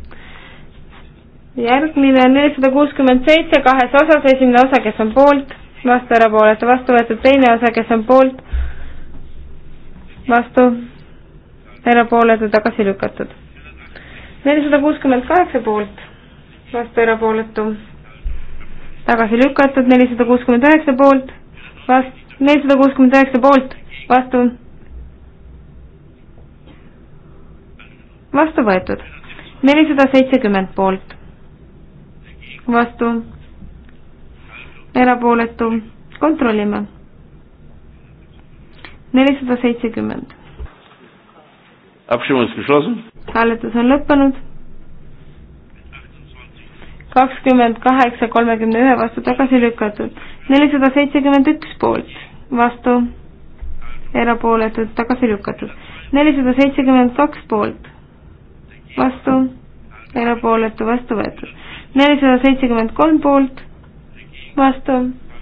järgmine on nelisada kuuskümmend seitse kahes osas, esimene osa, kes on poolt, vastu, erapooletu, vastu võetud teine osa, kes on poolt, vastu, erapooletu, tagasi lükatud. nelisada kuuskümmend kaheksa poolt, vastu, erapooletu, tagasi lükatud, nelisada kuuskümmend üheksa poolt, vastu, nelisada kuuskümmend üheksa poolt, vastu, vastu võetud, nelisada seitsekümmend poolt, vastu erapooletu, kontrollime. nelisada seitsekümmend. hääletus on lõppenud. kakskümmend kaheksa, kolmekümne ühe vastu tagasi lükatud, nelisada seitsekümmend üks poolt, vastu, erapooletud, tagasi lükatud, nelisada seitsekümmend kaks poolt, vastu, erapooletu, vastu võetud, nelisada seitsekümmend kolm poolt vastu,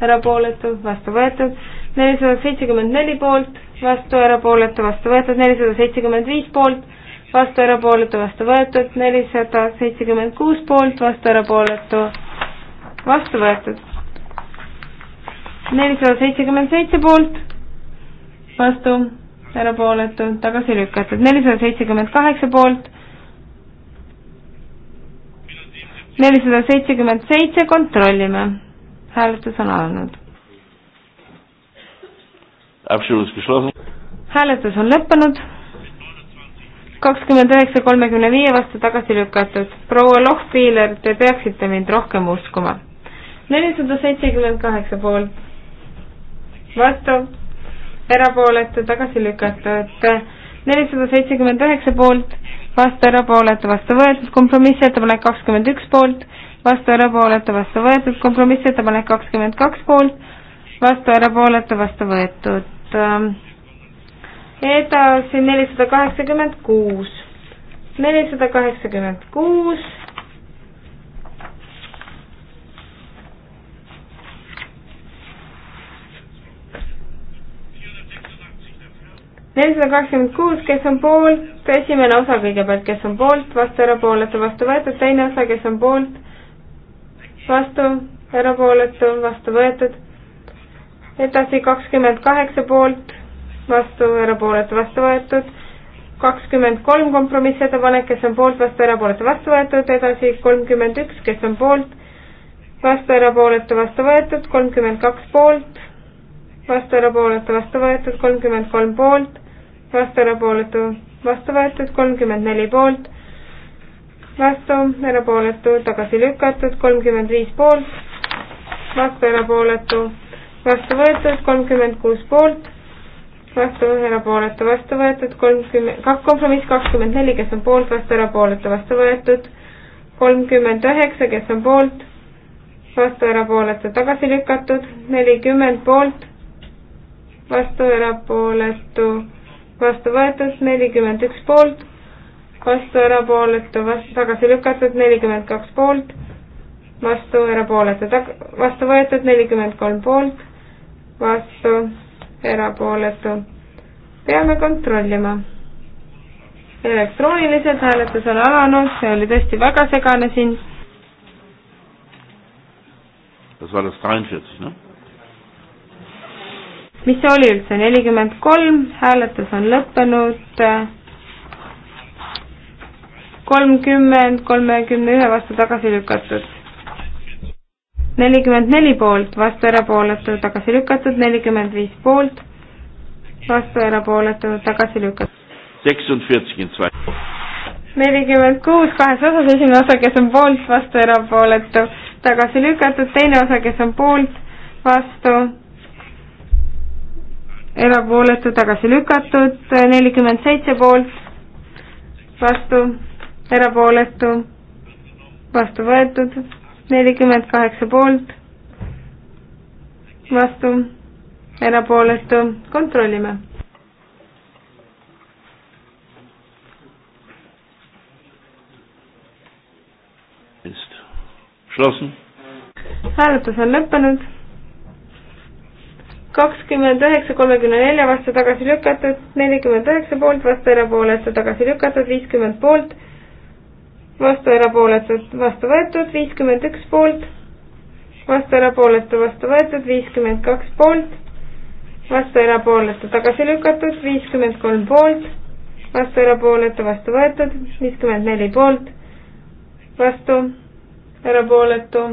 erapooletu, vastu võetud, nelisada seitsekümmend neli poolt, vastu, erapooletu, vastu võetud, nelisada seitsekümmend viis poolt, vastu, erapooletu, vastu võetud, nelisada seitsekümmend kuus poolt, vastu, erapooletu, vastu võetud. nelisada seitsekümmend seitse poolt, vastu, erapooletu, tagasi lükatud, nelisada seitsekümmend kaheksa poolt nelisada seitsekümmend seitse, kontrollime hääletus on alanud. hääletus on lõppenud, kakskümmend üheksa kolmekümne viie vastu tagasi lükatud. proua Lohpiiler, te peaksite mind rohkem uskuma. nelisada seitsekümmend kaheksa poolt, vastu, erapooletu, tagasi lükatud. nelisada seitsekümmend üheksa poolt, vastu, erapooletu, vastu võetud, kompromissettepanek kakskümmend üks poolt vastu erapooletu, vastu võetud, kompromissettepanek kakskümmend kaks poolt, vastu erapooletu, vastu võetud. Ähm, edasi nelisada kaheksakümmend kuus, nelisada kaheksakümmend kuus, nelisada kakskümmend kuus, kes on poolt, esimene osa kõigepealt, kes on poolt, vastu erapooletu, vastu võetud, teine osa, kes on poolt, vastu, erapooletu, vastu võetud. edasi kakskümmend kaheksa poolt, vastu, erapooletu, vastu võetud. kakskümmend kolm kompromissettepanek, kes on poolt, vastu, erapooletu, vastu võetud. edasi kolmkümmend üks, kes on poolt, vastu, erapooletu, vastu võetud. kolmkümmend kaks poolt, vastu, erapooletu, vastu võetud. kolmkümmend kolm poolt, vastu, erapooletu, vastu võetud. kolmkümmend neli poolt vastu, erapooletu, tagasi lükatud, kolmkümmend viis poolt, vastu, erapooletu, vastu võetud, kolmkümmend kuus poolt, vastu, erapooletu, vastu võetud, kolmkümmend, kak-, kompromiss kakskümmend neli, kes on poolt, vastu, erapooletu, vastu võetud, kolmkümmend üheksa, kes on poolt, vastu, erapooletu, tagasi lükatud, nelikümmend poolt, vastu, erapooletu, vastu võetud, nelikümmend üks poolt vastu, erapooletu, vastu, tagasi lükatud, nelikümmend kaks poolt, vastu, erapooletu, tag-, vastu võetud, nelikümmend kolm poolt, vastu, erapooletu. peame kontrollima. elektrooniliselt hääletus on alanud, see oli tõesti väga segane siin. No? mis see oli üldse, nelikümmend kolm, hääletus on lõppenud kolmkümmend, kolmekümne ühe vastu tagasi lükatud. nelikümmend neli poolt, vastu erapooletu, tagasi lükatud, nelikümmend viis poolt, vastu erapooletu, tagasi lükatud. nelikümmend kuus, kahes osas, esimene osa, kes on poolt, vastu erapooletu, tagasi lükatud, teine osa, kes on poolt, vastu erapooletu, tagasi lükatud, nelikümmend seitse poolt, vastu erapooletu, vastu võetud, nelikümmend kaheksa poolt, vastu, erapooletu, kontrollime. hääletus on lõppenud kakskümmend üheksa kolmekümne nelja vastu tagasi lükatud, nelikümmend üheksa poolt, vastu erapooletu tagasi lükatud, viiskümmend poolt, vastu erapooletud, vastu võetud, viiskümmend üks poolt, vastu erapooletu, vastu võetud, viiskümmend kaks poolt, vastu erapooletu, tagasi lükatud, viiskümmend kolm poolt, vastu erapooletu, vastu võetud, viiskümmend neli poolt, vastu erapooletu,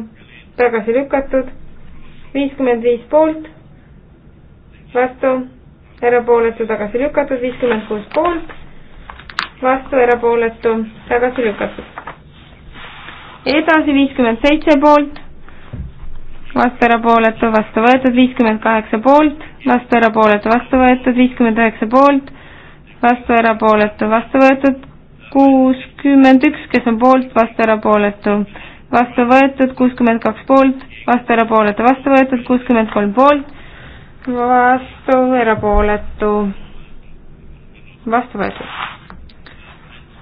tagasi lükatud, viiskümmend viis poolt, vastu erapooletu, tagasi lükatud, viiskümmend kuus poolt vastu, erapooletu, tagasi lükatud. edasi viiskümmend seitse poolt, vastu, erapooletu, vastu võetud, viiskümmend kaheksa poolt, vastu, erapooletu, vastu võetud, viiskümmend üheksa poolt, vastu, erapooletu, vastu võetud, kuuskümmend üks, kes on poolt, vastu, erapooletu, vastu võetud, kuuskümmend kaks poolt, vastu, erapooletu, vastu võetud, kuuskümmend kolm poolt, vastu, erapooletu vastu võetud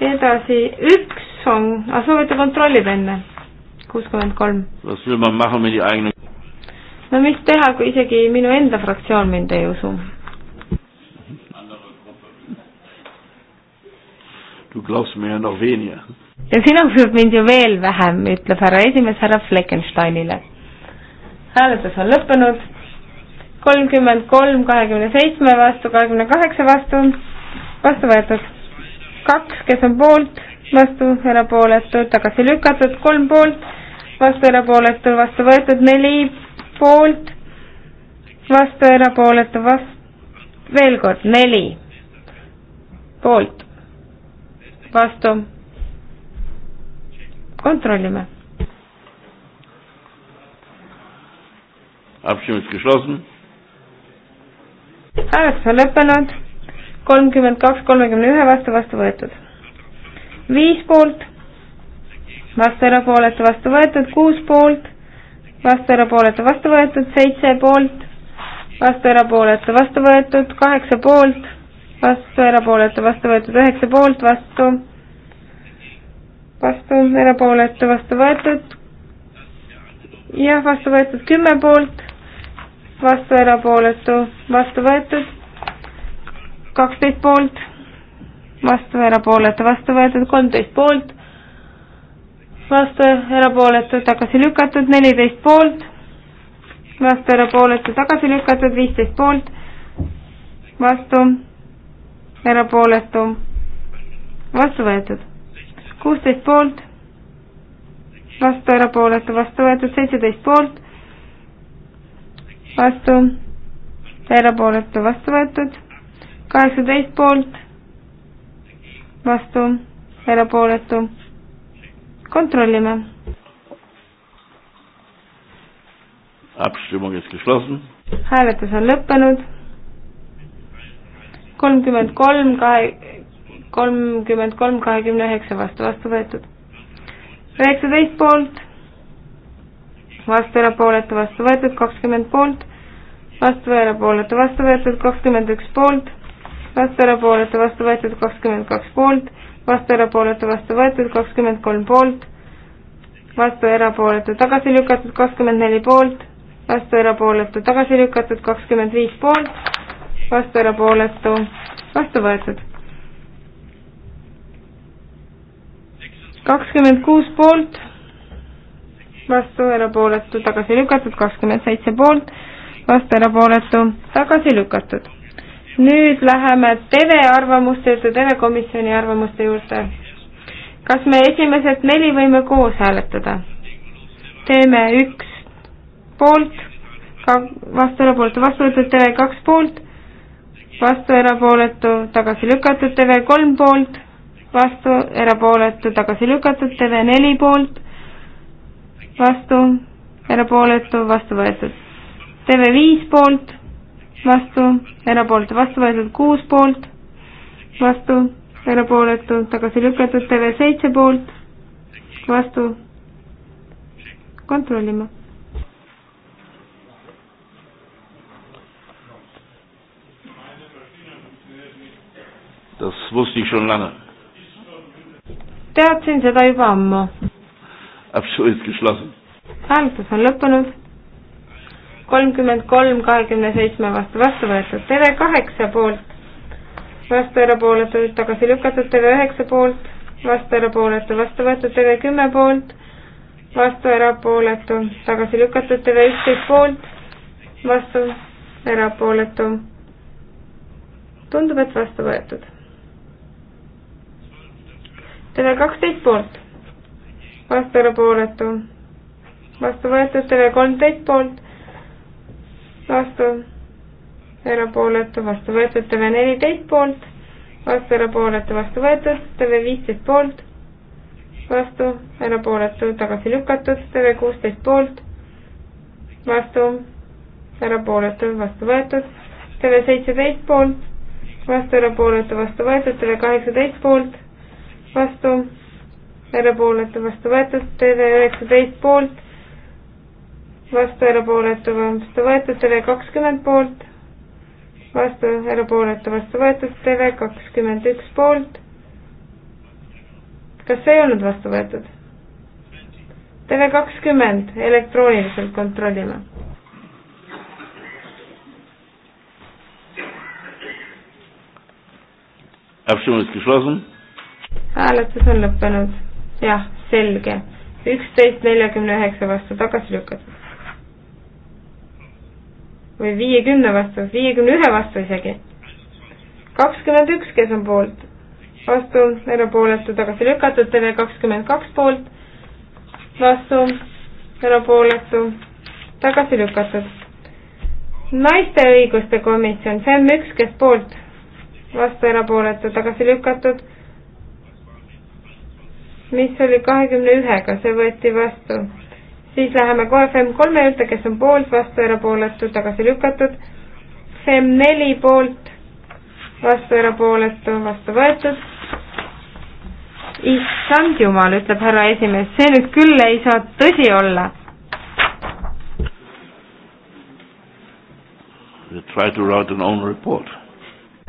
edasi, üks on, aga ah, soovite kontrollida enne? kuuskümmend kolm. no mis teha, kui isegi minu enda fraktsioon mind ei usu? Du glaubst mir ja noch weniger. ja sina usud mind ju veel vähem, ütleb härra esimees härra Fleckensteinile. hääletus on lõppenud, kolmkümmend kolm kahekümne seitsme vastu, kahekümne kaheksa vastu, vastu võetud kaks, kes on poolt, vastu, erapooletud, tagasi lükatud, kolm poolt, vastu, erapooletu, vastu võetud, neli poolt, vastu, erapooletu, vastu, veel kord, neli poolt, vastu, kontrollime. hääletus on lõppenud kolmkümmend kaks kolmekümne ühe vastu, vastu võetud. viis poolt, vastu erapooletu, vastu võetud, kuus poolt, vastu erapooletu, vastu võetud, seitse poolt, vastu erapooletu, vastu võetud, kaheksa poolt, vastu erapooletu, vastu võetud, üheksa poolt, vastu, vastu erapooletu, vastu võetud, jah, vastu võetud kümme poolt, vastu erapooletu, vastu võetud kaksteist poolt, vastu, erapooletu, vastu võetud, kolmteist poolt, vastu, erapooletu, tagasi lükatud, neliteist poolt, vastu, erapooletu, tagasi lükatud, viisteist poolt, vastu, erapooletu, vastu võetud, kuusteist poolt, vastu, erapooletu, vastu võetud, seitseteist poolt, vastu, erapooletu, vastu võetud kaheksateist poolt, vastu, erapooletu. kontrollime. hääletus on lõppenud. kolmkümmend kolm, kahe, kolmkümmend kolm, kahekümne üheksa vastu, vastu võetud. üheksateist poolt, vastu, erapooletu, vastu võetud, kakskümmend poolt, vastu, erapooletu, vastu võetud, kakskümmend üks poolt vastu erapooletu, vastu võetud kakskümmend kaks poolt, vastu erapooletu, vastu võetud kakskümmend kolm poolt, vastu erapooletu, tagasi lükatud kakskümmend neli poolt, vastu erapooletu, tagasi lükatud kakskümmend viis poolt, vastu erapooletu, vastu võetud. kakskümmend kuus poolt, vastu erapooletu, tagasi lükatud kakskümmend seitse poolt, vastu erapooletu, tagasi lükatud nüüd läheme TV arvamuste juurde, TV komisjoni arvamuste juurde. kas me esimesed neli võime koos hääletada? teeme üks poolt, vastu erapooletu, vastu võetud TV kaks poolt, vastu erapooletu, tagasi lükatud TV kolm poolt, vastu erapooletu, tagasi lükatud TV neli poolt, vastu erapooletu, vastu võetud TV viis poolt vastu, erapooletu vastu võetud kuus poolt, vastu, erapooletu tagasi lükatud TV7 poolt, vastu, kontrollime. Das wusste ich schon lange. Teadsin seda juba ammu. Hääletus on lõppenud kolmkümmend kolm kahekümne seitsme vastu vastu võetud, TV kaheksa poolt, vastu erapooletuid tagasi lükatud, TV üheksa poolt, vastu erapooletu vastu võetud, TV kümme poolt, vastu erapooletu tagasi lükatud, TV üksteist poolt, vastu erapooletu. tundub, et vastu võetud. TV kaksteist poolt, vastu erapooletu, vastu võetud TV kolmteist poolt, vastu, erapooletu, vastu võetud, TV14 poolt, vastu, erapooletu, vastu võetud, TV15 poolt, vastu, erapooletu, tagasi lükatud, TV16 poolt, vastu, erapooletu, vastu võetud, TV17 poolt, vastu, erapooletu, vastu võetud, TV18 poolt, vastu, erapooletu, vastu võetud, TV19 poolt vastu, erapooletu, vastu võetud, TV kakskümmend poolt, vastu, erapooletu, vastu võetud, TV kakskümmend üks poolt. kas see ei olnud vastu võetud? TV kakskümmend, elektrooniliselt kontrollime Abstimmung ist geschlossen. hääletus on lõppenud. jah, selge. üksteist neljakümne üheksa vastu tagasi lükatud või viiekümne vastu, viiekümne ühe vastu isegi. kakskümmend üks, kes on poolt, vastu, erapooletu, tagasi lükatud, TV kakskümmend kaks poolt, vastu, erapooletu, tagasi lükatud. naiste õiguste komisjon, FEM üks, kes poolt, vastu, erapooletu, tagasi lükatud, mis oli kahekümne ühega, see võeti vastu siis läheme kohe FEM kolme juurde, kes on poolt, vastu, erapooletu, tagasi lükatud. FEM neli poolt, vastu, erapooletu, vastu võetud. issand jumal, ütleb härra esimees, see nüüd küll ei saa tõsi olla. Try to write an own report.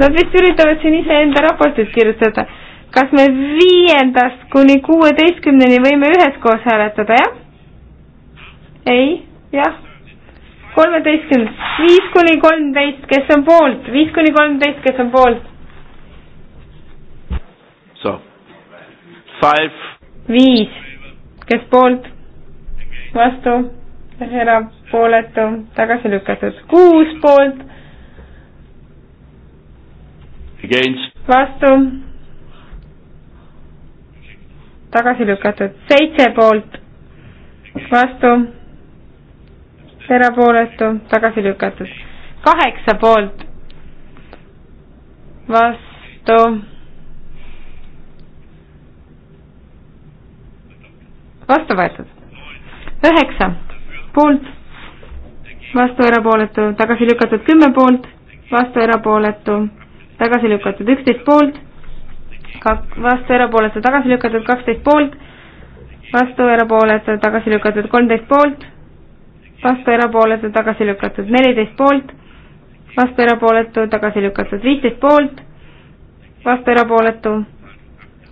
Nad vist üritavad siin iseenda raportit kirjutada. kas me viiendast kuni kuueteistkümneni võime üheskoos hääletada, jah? ei, jah. kolmeteistkümnes, viis kuni kolmteist, kes on poolt, viis kuni kolmteist, kes on poolt? So, five. viis, kes poolt? vastu, erapooletu, tagasi lükatud, kuus poolt. Against. vastu tagasi lükatud, seitse poolt, vastu, erapooletu, tagasi lükatud. kaheksa poolt, vastu. vastu võetud. üheksa poolt, vastu erapooletu, tagasi lükatud kümme poolt, vastu erapooletu, tagasi lükatud üksteist poolt, vastu erapooletu, tagasi lükatud kaksteist poolt, vastu erapooletu, tagasi lükatud kolmteist poolt vastu erapooletu, tagasi lükatud neliteist poolt, vastu erapooletu, tagasi lükatud viisteist poolt, vastu erapooletu,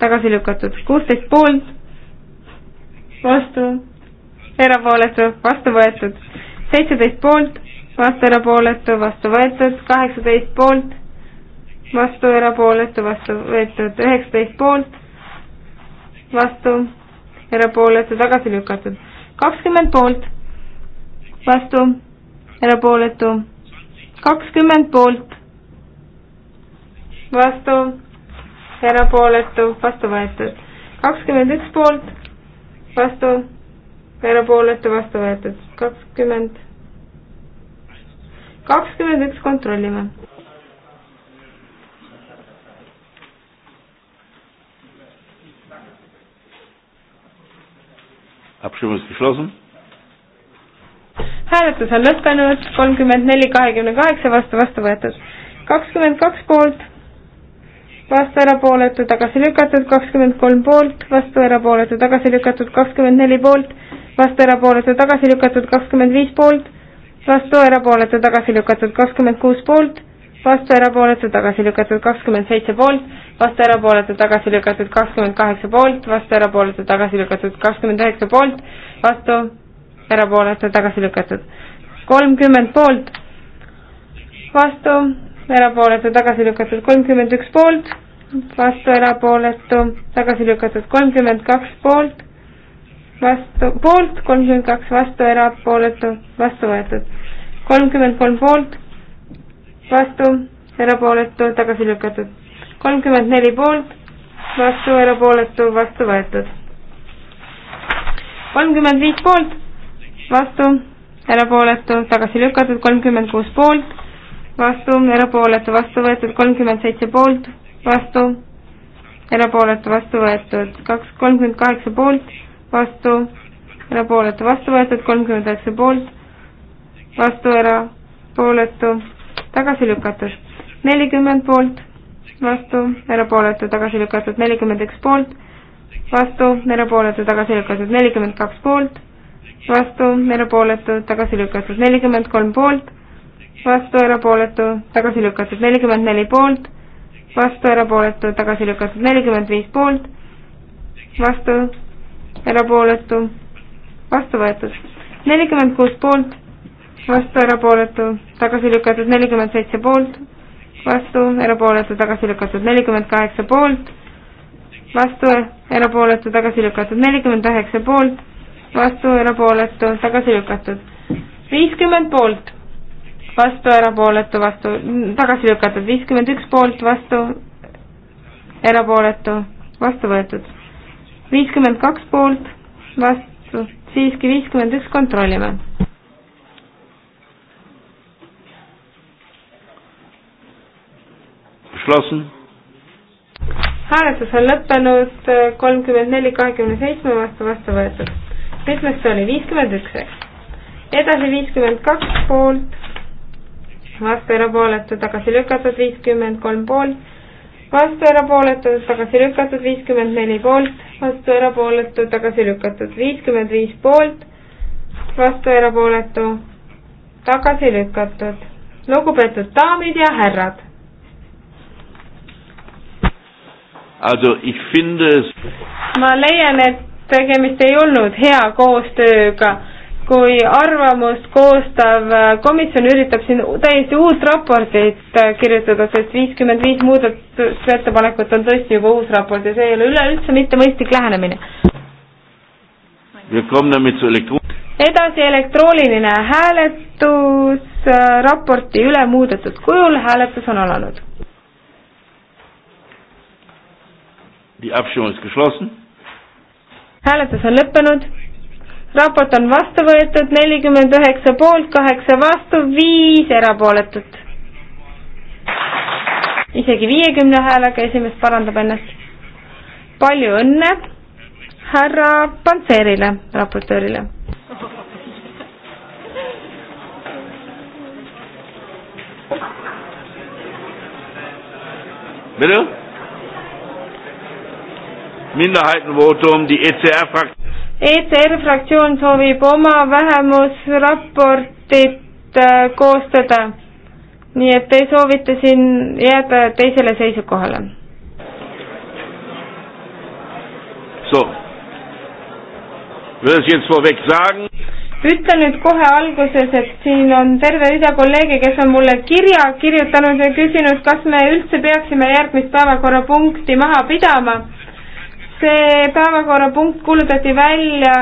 tagasi lükatud kuusteist poolt, vastu erapooletu, vastu võetud seitseteist poolt, vastu erapooletu, vastu võetud kaheksateist poolt, vastu erapooletu, vastu võetud üheksateist poolt, vastu erapooletu, tagasi lükatud kakskümmend poolt vastu, erapooletu, kakskümmend poolt, vastu, erapooletu, vastu võetud, kakskümmend üks poolt, vastu, erapooletu, vastu võetud, kakskümmend, kakskümmend üks, kontrollime. Abstimmung ist geschlossen hääletus on lõppenud, kolmkümmend neli, kahekümne kaheksa vastu, vastu võetud. kakskümmend kaks poolt, vastu erapooletu, tagasi lükatud, kakskümmend kolm poolt, vastu erapooletu, tagasi lükatud, kakskümmend neli poolt, vastu erapooletu, tagasi lükatud, kakskümmend viis poolt, vastu erapooletu, tagasi lükatud, kakskümmend kuus poolt, vastu erapooletu, tagasi lükatud, kakskümmend seitse poolt, vastu erapooletu, tagasi lükatud, kakskümmend kaheksa poolt, vastu erapooletu, tagasi lükatud, kakskümmend üheksa poolt, vastu erapooletu, tagasi lükatud. kolmkümmend poolt, vastu, erapooletu, tagasi lükatud, kolmkümmend üks poolt, vastu, erapooletu, tagasi lükatud, kolmkümmend kaks poolt, vastu, poolt, kolmkümmend kaks, vastu, erapooletu, vastu võetud. kolmkümmend kolm poolt, vastu, erapooletu, tagasi lükatud. kolmkümmend neli poolt, vastu, erapooletu, vastu võetud. kolmkümmend viis poolt vastu, erapooletu, tagasi lükatud, kolmkümmend kuus poolt, vastu, erapooletu, vastu võetud, kolmkümmend seitse poolt, vastu, erapooletu, vastu võetud, kaks, kolmkümmend kaheksa poolt, vastu, erapooletu, vastu võetud, kolmkümmend üheksa poolt, vastu, erapooletu, tagasi lükatud, nelikümmend poolt, vastu, erapooletu, tagasi lükatud, nelikümmend üks poolt, vastu, erapooletu, tagasi lükatud, nelikümmend kaks poolt vastu, erapooletu, tagasi lükatud, nelikümmend kolm poolt, vastu, erapooletu, tagasi lükatud, nelikümmend neli poolt, vastu, erapooletu, tagasi lükatud, nelikümmend viis poolt, vastu, erapooletu, vastu võetud, nelikümmend kuus poolt, vastu, erapooletu, tagasi lükatud, nelikümmend seitse poolt, vastu, erapooletu, tagasi lükatud, nelikümmend kaheksa poolt, vastu, erapooletu, tagasi lükatud, nelikümmend üheksa poolt vastu, erapooletu, tagasi lükatud. viiskümmend poolt, vastu, erapooletu, vastu, tagasi lükatud. viiskümmend üks poolt, vastu, erapooletu, vastu võetud. viiskümmend kaks poolt, vastu, siiski viiskümmend üks, kontrollime. geschlossen. hääletus on lõppenud kolmkümmend neli kahekümne seitsme vastu vastu võetud mitmes see oli, viiskümmend üks, eks. edasi viiskümmend kaks poolt, vastu erapooletu, tagasi lükatud, viiskümmend kolm poolt, vastu erapooletu, tagasi lükatud, viiskümmend neli poolt, vastu erapooletu, tagasi lükatud, viiskümmend viis poolt, vastu erapooletu, tagasi lükatud. lugupeetud daamid ja härrad Also ich finde es ma leian, et tegemist ei olnud hea koostööga. kui arvamust koostav komisjon üritab siin täiesti uut raportit kirjutada, sest viiskümmend viis muudatusettepanekut on tõesti juba uus raport ja see ei ole üleüldse mitte mõistlik lähenemine. edasi elektrooniline hääletus raporti üle muudetud kujul, hääletus on alanud. Die Abstimmung ist geschlossen hääletus on lõppenud, raport on vastu võetud, nelikümmend üheksa poolt, kaheksa vastu, viis erapooletut. isegi viiekümne häälega esimees parandab ennast. palju õnne härra Pantserile, raportöörile Bitte? Minderheitenvotum, die ECR-Fraktion. ECR fraktsioon soovib oma vähemusraportit äh, koostada. nii et te soovite siin jääda teisele seisukohale. ütlen nüüd kohe alguses, et siin on terve rida kolleege, kes on mulle kirja kirjutanud ja küsinud, kas me üldse peaksime järgmist päevakorrapunkti maha pidama see päevakorrapunkt kuulutati välja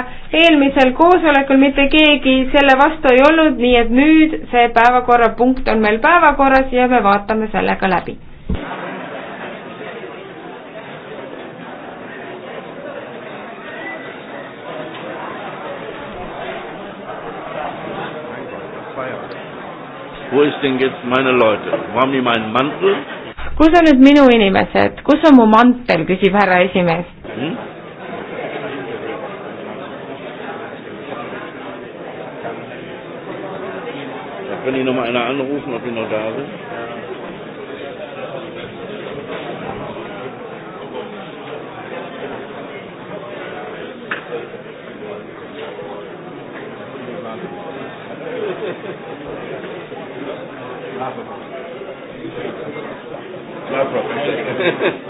eelmisel koosolekul, mitte keegi selle vastu ei olnud, nii et nüüd see päevakorrapunkt on meil päevakorras ja me vaatame selle ka läbi. Wo ist denn jetzt meine Leute? Wo haben die meinen Mantel? kus on nüüd minu inimesed, kus on mu mantel, küsib härra esimees Hm? Da kann ich noch mal einer anrufen, ob die noch da sind. No problem.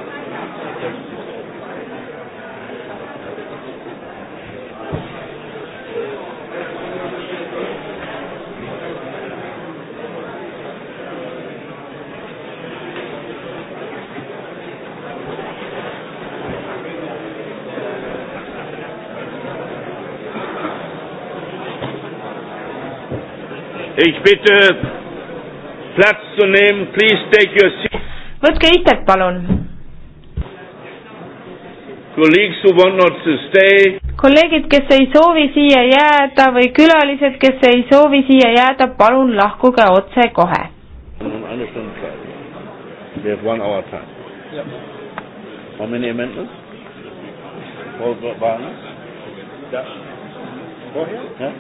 Ich bitte Platz zu nehmen. Please take your seat. Võtke istet, palun. Colleagues who want not to stay. kolleegid, kes ei soovi siia jääda või külalised, kes ei soovi siia jääda, palun lahkuge otsekohe. We have one hour time. Yep. How many amendments? Paul Barnes? Yeah. Vorher? Yeah.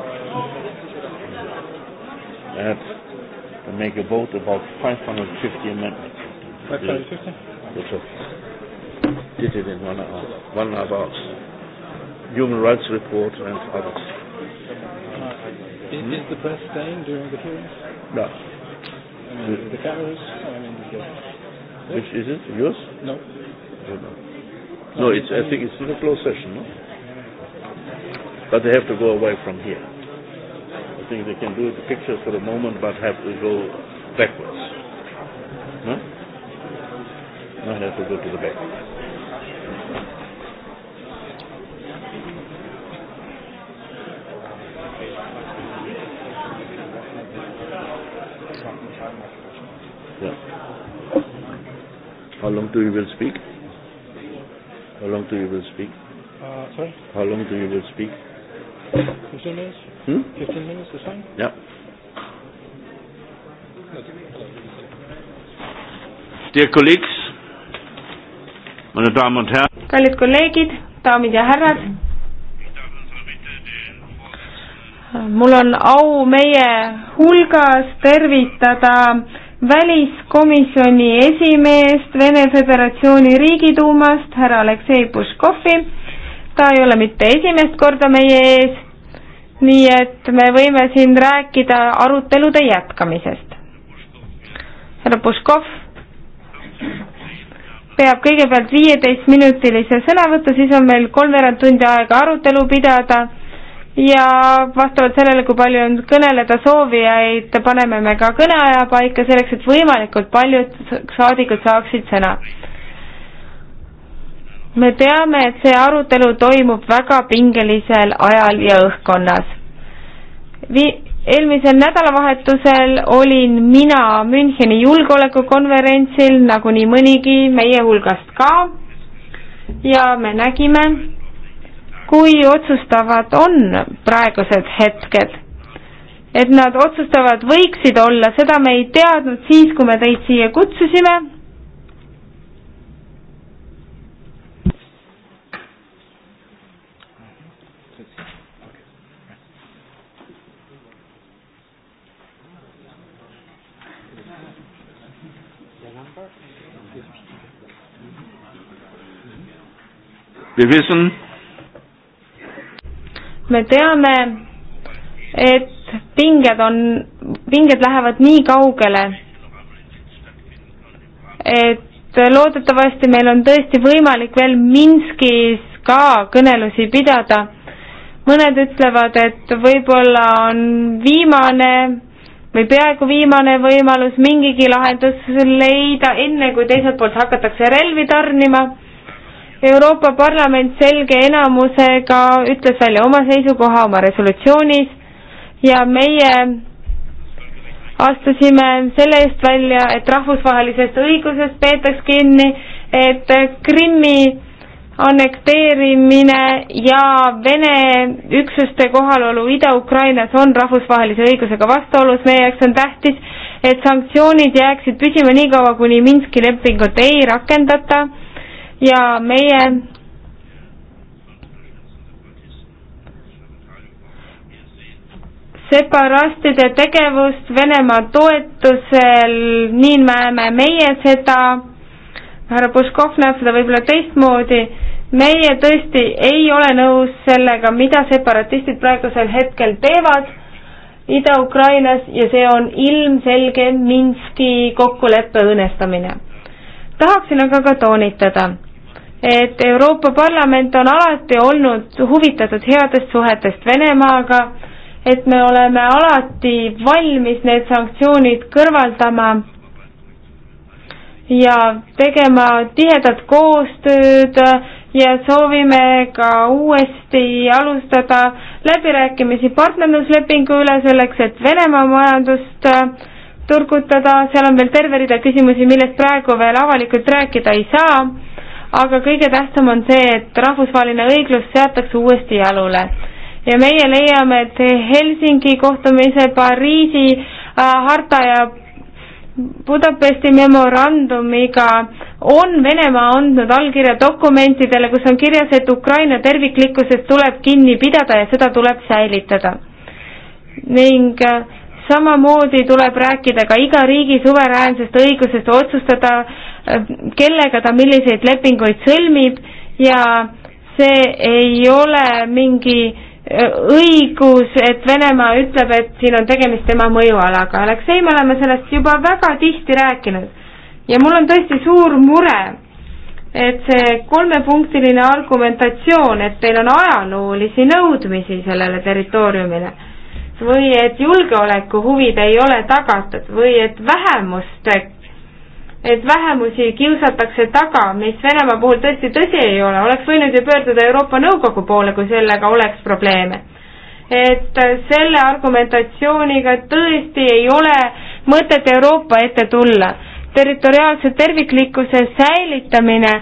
That to make a vote about 550 amendments. 550? That's all. Did it in one hour. One hour. Human rights report and others. Is, hmm? is the press staying during the hearings? No. I mean, the, the cameras? I mean, the, yeah. Which is it? Yours? No. I don't know. No, it's, I think it's in a closed session, no? But they have to go away from here think they can do the pictures for the moment, but have to go backwards. No? No, they have to go to the back. Yeah. How long do you will speak? How long do you will speak? Uh, sorry? How long do you will speak? Two minutes. Hmm? 15 minutes or something? Yeah. Dear colleagues, meine Damen und Herren. kallid kolleegid, daamid ja härrad. mul on au meie hulgas tervitada väliskomisjoni esimeest Vene Föderatsiooni Riigiduumast, härra Aleksei Puškovi. ta ei ole mitte esimest korda meie ees nii et me võime siin rääkida arutelude jätkamisest. härra Puškov peab kõigepealt viieteistminutilise sõnavõttu, siis on meil kolmveerand tundi aega arutelu pidada ja vastavalt sellele, kui palju on kõneleda soovijaid, paneme me ka kõneaja paika selleks, et võimalikult paljud saadikud saaksid sõna me teame, et see arutelu toimub väga pingelisel ajal ja õhkkonnas. Vi-, eelmisel nädalavahetusel olin mina Müncheni julgeolekukonverentsil, nagu nii mõnigi meie hulgast ka, ja me nägime, kui otsustavad on praegused hetked. et nad otsustavad võiksid olla, seda me ei teadnud siis, kui me teid siia kutsusime Wir wissen, me teame, et pinged on, pinged lähevad nii kaugele, et loodetavasti meil on tõesti võimalik veel Minskis ka kõnelusi pidada. mõned ütlevad, et võib-olla on viimane või peaaegu viimane võimalus mingigi lahendus leida, enne kui teiselt poolt hakatakse relvi tarnima Euroopa Parlament selge enamusega ütles välja oma seisukoha oma resolutsioonis ja meie astusime selle eest välja, et rahvusvahelisest õigusest peetaks kinni, et Krimmi annekteerimine ja Vene üksuste kohalolu Ida-Ukrainas on rahvusvahelise õigusega vastuolus, meie jaoks on tähtis, et sanktsioonid jääksid püsima niikaua, kuni Minski lepingut ei rakendata ja meie separatistide tegevust Venemaa toetusel, nii näeme meie seda, härra Puškov näeb seda võib-olla teistmoodi, meie tõesti ei ole nõus sellega, mida separatistid praegusel hetkel teevad Ida-Ukrainas ja see on ilmselge Minski kokkuleppe õõnestamine. tahaksin aga ka toonitada et Euroopa Parlament on alati olnud huvitatud headest suhetest Venemaaga, et me oleme alati valmis need sanktsioonid kõrvaldama ja tegema tihedat koostööd ja soovime ka uuesti alustada läbirääkimisi partnerluslepingu üle selleks, et Venemaa majandust turgutada, seal on veel terve rida küsimusi, millest praegu veel avalikult rääkida ei saa aga kõige tähtsam on see, et rahvusvaheline õiglus seatakse uuesti jalule. ja meie leiame, et Helsingi kohtumise, Pariisi äh, harta ja Budapesti memorandumiga on Venemaa andnud allkirja dokumentidele, kus on kirjas, et Ukraina terviklikkusest tuleb kinni pidada ja seda tuleb säilitada. ning äh, samamoodi tuleb rääkida ka iga riigi suveräänsest õigusest otsustada äh, Äh, kellega ta milliseid lepinguid sõlmib ja see ei ole mingi äh, õigus, et Venemaa ütleb, et siin on tegemist tema mõjualaga. Aleksei, me oleme sellest juba väga tihti rääkinud ja mul on tõesti suur mure, et see kolmepunktiline argumentatsioon, et teil on ajaloolisi nõudmisi sellele territooriumile või et julgeolekuhuvid ei ole tagatud või et vähemuste et vähemusi kiusatakse taga, mis Venemaa puhul tõesti tõsi ei ole, oleks võinud ju pöörduda Euroopa Nõukogu poole, kui sellega oleks probleeme. et selle argumentatsiooniga tõesti ei ole mõtet Euroopa ette tulla. territoriaalse terviklikkuse säilitamine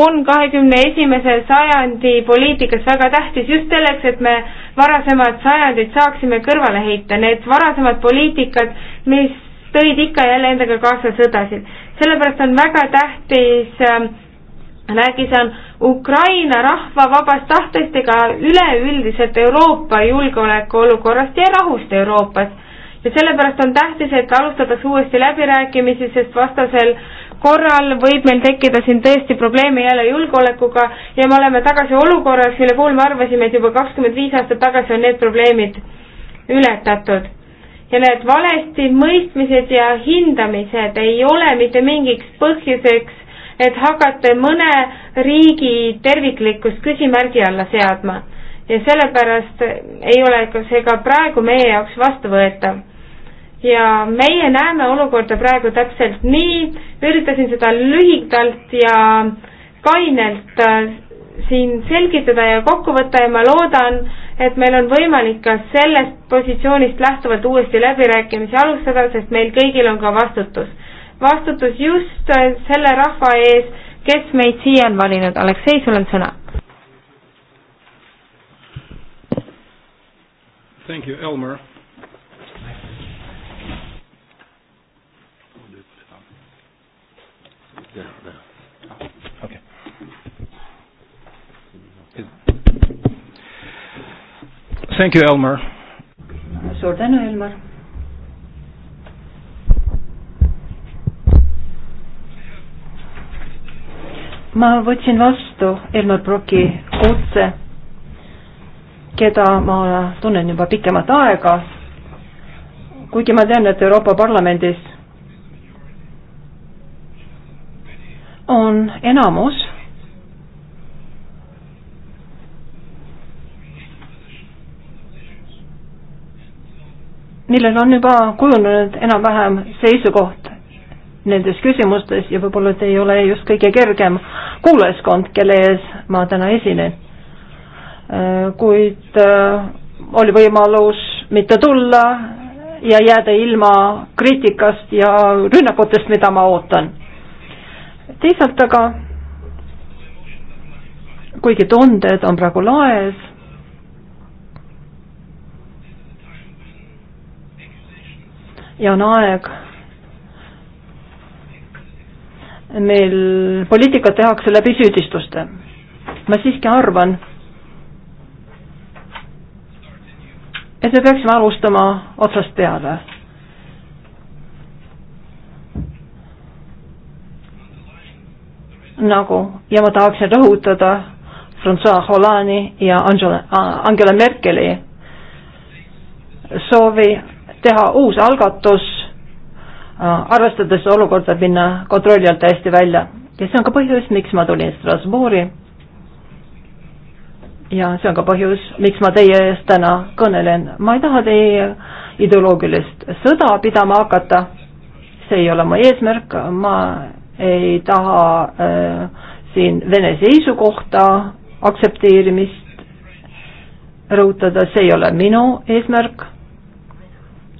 on kahekümne esimese sajandi poliitikas väga tähtis just selleks, et me varasemad sajandid saaksime kõrvale heita, need varasemad poliitikad, mis tõid ikka jälle endaga kaasa sõdasid sellepärast on väga tähtis ähm, räägis on Ukraina rahva vabast tahtest ega üleüldiselt Euroopa julgeolekuolukorrast ja rahust Euroopas. ja sellepärast on tähtis, et alustatakse uuesti läbirääkimisi, sest vastasel korral võib meil tekkida siin tõesti probleeme jälle julgeolekuga ja me oleme tagasi olukorras, mille puhul me arvasime, et juba kakskümmend viis aastat tagasi on need probleemid ületatud ja need valesti mõistmised ja hindamised ei ole mitte mingiks põhjuseks, et hakata mõne riigi terviklikkust küsimärgi alla seadma. ja sellepärast ei ole ka see ka praegu meie jaoks vastuvõetav. ja meie näeme olukorda praegu täpselt nii, üritasin seda lühidalt ja kainelt äh, siin selgitada ja kokku võtta ja ma loodan, et meil on võimalik ka sellest positsioonist lähtuvalt uuesti läbirääkimisi alustada, sest meil kõigil on ka vastutus. vastutus just äh, selle rahva ees, kes meid siia on valinud. Aleksei, sul on sõna. Thank you, Elmer. Yeah, yeah. Okay. Is Thank you, Elmar. suur tänu, Elmar. ma võtsin vastu Elmar Broki kutse, keda ma tunnen juba pikemat aega, kuigi ma tean, et Euroopa Parlamendis on enamus millel on juba kujunenud enam-vähem seisukoht nendes küsimustes ja võib-olla te ei ole just kõige kergem kuulajaskond, kelle ees ma täna esinen. Äh, kuid äh, oli võimalus mitte tulla ja jääda ilma kriitikast ja rünnakutest, mida ma ootan. teisalt aga, kuigi tunded on praegu laes ja on aeg meil poliitikat tehakse läbi süüdistuste. ma siiski arvan, et me peaksime alustama otsast peale. nagu ja ma tahaksin rõhutada Francois Hollande'i ja Angela, Angela Merkeli soovi teha uus algatus, äh, arvestades olukorda minna kontrolli alt hästi välja. ja see on ka põhjus, miks ma tulin Strasbourgi. ja see on ka põhjus, miks ma teie ees täna kõnelen. ma ei taha teie ideoloogilist sõda pidama hakata, see ei ole mu eesmärk, ma ei taha äh, siin Vene seisukohta aktsepteerimist rõhutada, see ei ole minu eesmärk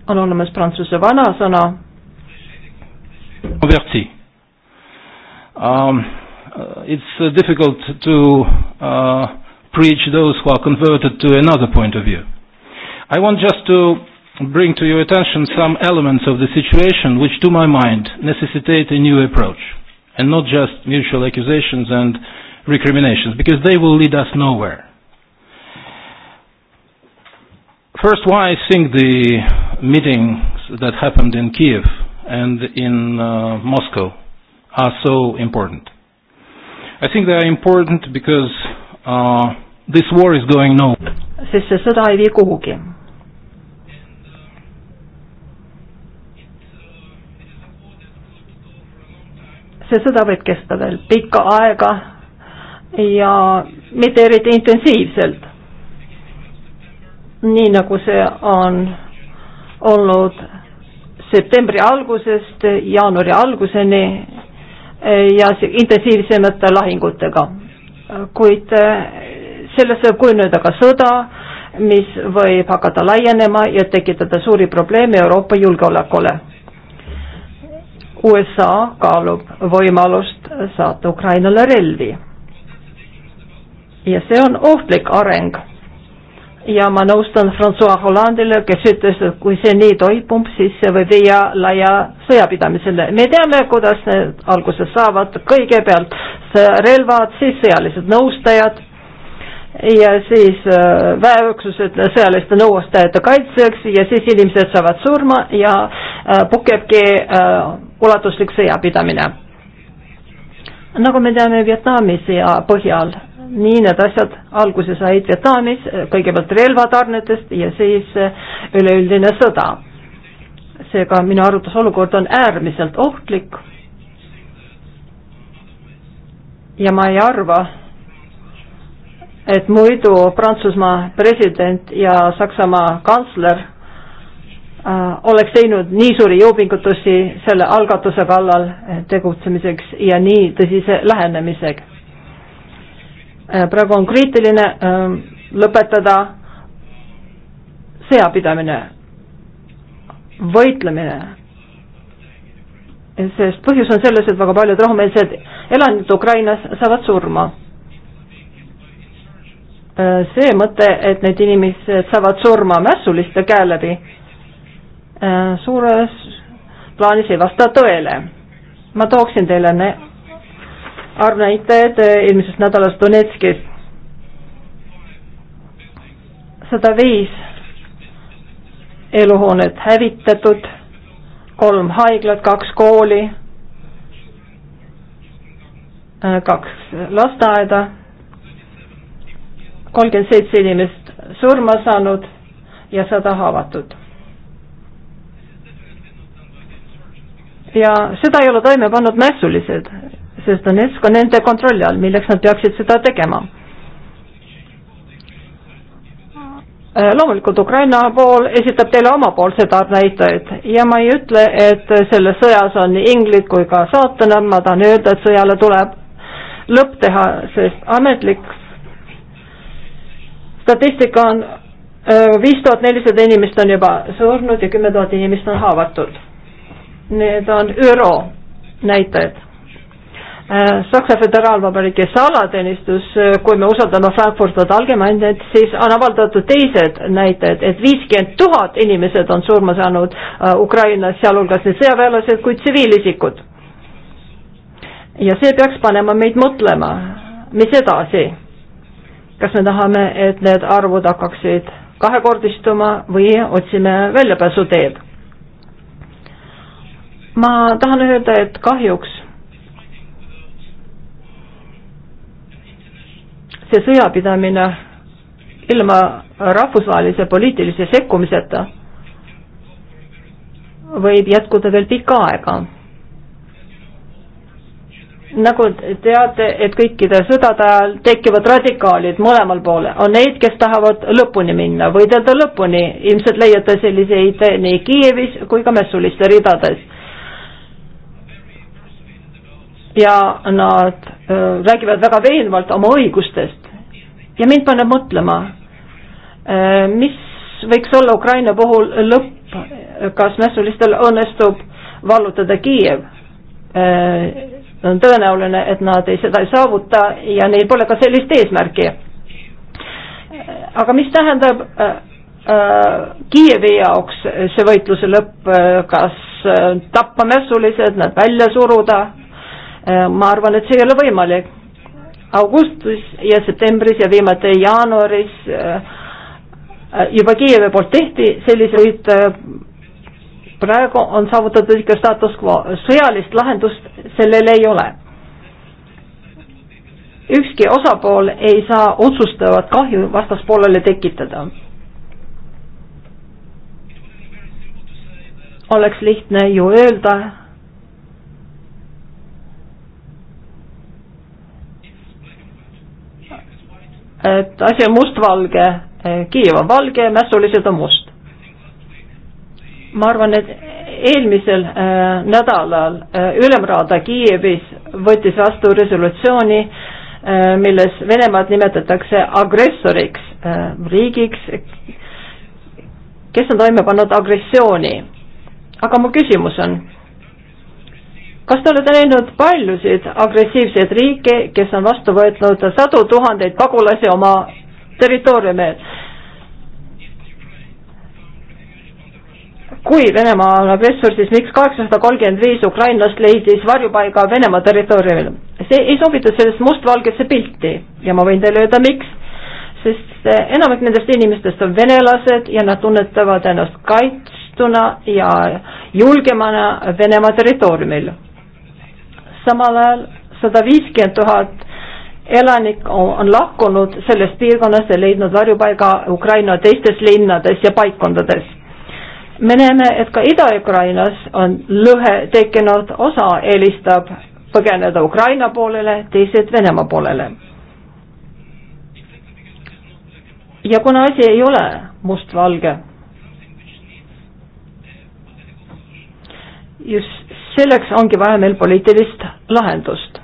on olemas prantsuse vanasõna. Converti um,. Uh, it's uh, difficult to uh, preach those who are converted to another point of view. I want just to bring to your attention some elements of the situation which, to my mind, necessitate a new approach, and not just mutual accusations and recriminations, because they will lead us nowhere. First, why I think the meetings that happened in Kiev and in uh, Moscow are so important. I think they are important because uh, this war is going nowhere. sest see sõda ei vii kuhugi. see sõda võib kesta veel pikka aega ja mitte eriti intensiivselt nii nagu see on olnud septembri algusest jaanuari alguseni ja intensiivsemate lahingutega. kuid äh, sellest võib kujuneda ka sõda, mis võib hakata laienema ja tekitada suuri probleeme Euroopa julgeolekule. USA kaalub võimalust saata Ukrainale relvi ja see on ohtlik areng ja ma nõustan Francois Hollandile, kes ütles, et kui see nii toimub, siis see võib viia laia sõjapidamisele. me teame, kuidas need alguses saavad, kõigepealt relvad, siis sõjalised nõustajad ja siis äh, väeüksused sõjaliste nõustajate kaitseks ja siis inimesed saavad surma ja äh, pukebki äh, ulatuslik sõjapidamine. nagu me teame Vietnamis ja põhjal nii need asjad alguse said Vietnamis, eh, kõigepealt relvatarnetest ja siis eh, üleüldine sõda. seega minu arvates olukord on äärmiselt ohtlik ja ma ei arva, et muidu Prantsusmaa president ja Saksamaa kantsler äh, oleks teinud nii suuri jõupingutusi selle algatuse kallal eh, tegutsemiseks ja nii tõsise lähenemisega Äh, praegu on kriitiline ähm, lõpetada sõjapidamine, võitlemine, sest põhjus on selles, et väga paljud rahumeelsed elanikud Ukrainas saavad surma. Äh, see mõte, et need inimesed saavad surma mässuliste käe läbi, äh, suures plaanis ei vasta tõele. ma tooksin teile arvnäitajad eelmisest nädalast Donetskis. sada viis eluhoonet hävitatud, kolm haiglat, kaks kooli, äh, kaks lasteaeda, kolmkümmend seitse inimest surma saanud ja sada haavatud ja seda ei ole toime pannud mässulised, sest UNESCO nende kontrolli all, milleks nad peaksid seda tegema. Äh, loomulikult Ukraina pool esitab teile omapoolseid näitajaid ja ma ei ütle, et selles sõjas on nii inglid kui ka saatanad, ma tahan öelda, et sõjale tuleb lõpp teha, sest ametlik statistika on äh, viis tuhat nelisada inimest on juba surnud ja kümme tuhat inimest on haavatud. Need on ÜRO näitajad Äh, Saksa Föderaalvabariigi salateenistus, äh, kui me usaldame Frankfurtit Allgemeinit, siis on avaldatud teised näitajad, et viiskümmend tuhat inimesed on surma saanud äh, Ukrainas, sealhulgas nii sõjaväelased kui tsiviilisikud. ja see peaks panema meid mõtlema, mis edasi. kas me tahame, et need arvud hakkaksid kahekordistuma või otsime väljapääsuteed? ma tahan öelda, et kahjuks see sõjapidamine ilma rahvusvahelise poliitilise sekkumiseta võib jätkuda veel pikka aega. nagu teate, et kõikide sõdade ajal tekivad radikaalid mõlemal poole, on neid, kes tahavad lõpuni minna, võidelda lõpuni, ilmselt leiate selliseid nii Kiievis kui ka messuliste ridades. ja nad öö, äh, räägivad väga veenvalt oma õigustest ja mind paneb mõtlema, äh, mis võiks olla Ukraina puhul lõpp, kas mässulistel õnnestub vallutada Kiiev? Äh, on tõenäoline, et nad ei, seda ei saavuta ja neil pole ka sellist eesmärki. Äh, aga mis tähendab Kiievi jaoks see võitluse lõpp, kas tappa mässulised, nad välja suruda, ma arvan, et see ei ole võimalik augustis ja septembris ja viimati jaanuaris äh, äh, juba Kiievi poolt tehti selliseid, äh, praegu on saavutatud ikka status quo, sõjalist lahendust sellel ei ole. ükski osapool ei saa otsustavat kahju vastaspoolele tekitada. oleks lihtne ju öelda et asi on mustvalge, eh, Kiiev on valge, mässulised on must. ma arvan, et eelmisel äh, nädalal äh, Ülemraada Kiievis võttis vastu resolutsiooni äh,, milles Venemaad nimetatakse agressoriks äh,, riigiks, kes on toime pannud agressiooni. aga mu küsimus on kas te olete näinud paljusid agressiivseid riike, kes on vastu võtnud sadu tuhandeid pagulasi oma territooriumil? kui Venemaa on agressor, siis miks kaheksasada kolmkümmend viis ukrainlast leidis varjupaiga Venemaa territooriumil? see ei sobitu sellesse mustvalgesse pilti ja ma võin teile öelda, miks. sest eh, enamik nendest inimestest on venelased ja nad tunnetavad ennast kaitstuna ja julgemana Venemaa territooriumil samal ajal sada viiskümmend tuhat elanik on lahkunud sellest piirkonnast ja leidnud varjupaiga Ukraina teistes linnades ja paikkondades. me näeme, et ka Ida-Ukrainas on lõhe tekkinud, osa eelistab põgeneda Ukraina poolele, teised Venemaa poolele. ja kuna asi ei ole mustvalge, just selleks ongi vaja meil poliitilist lahendust.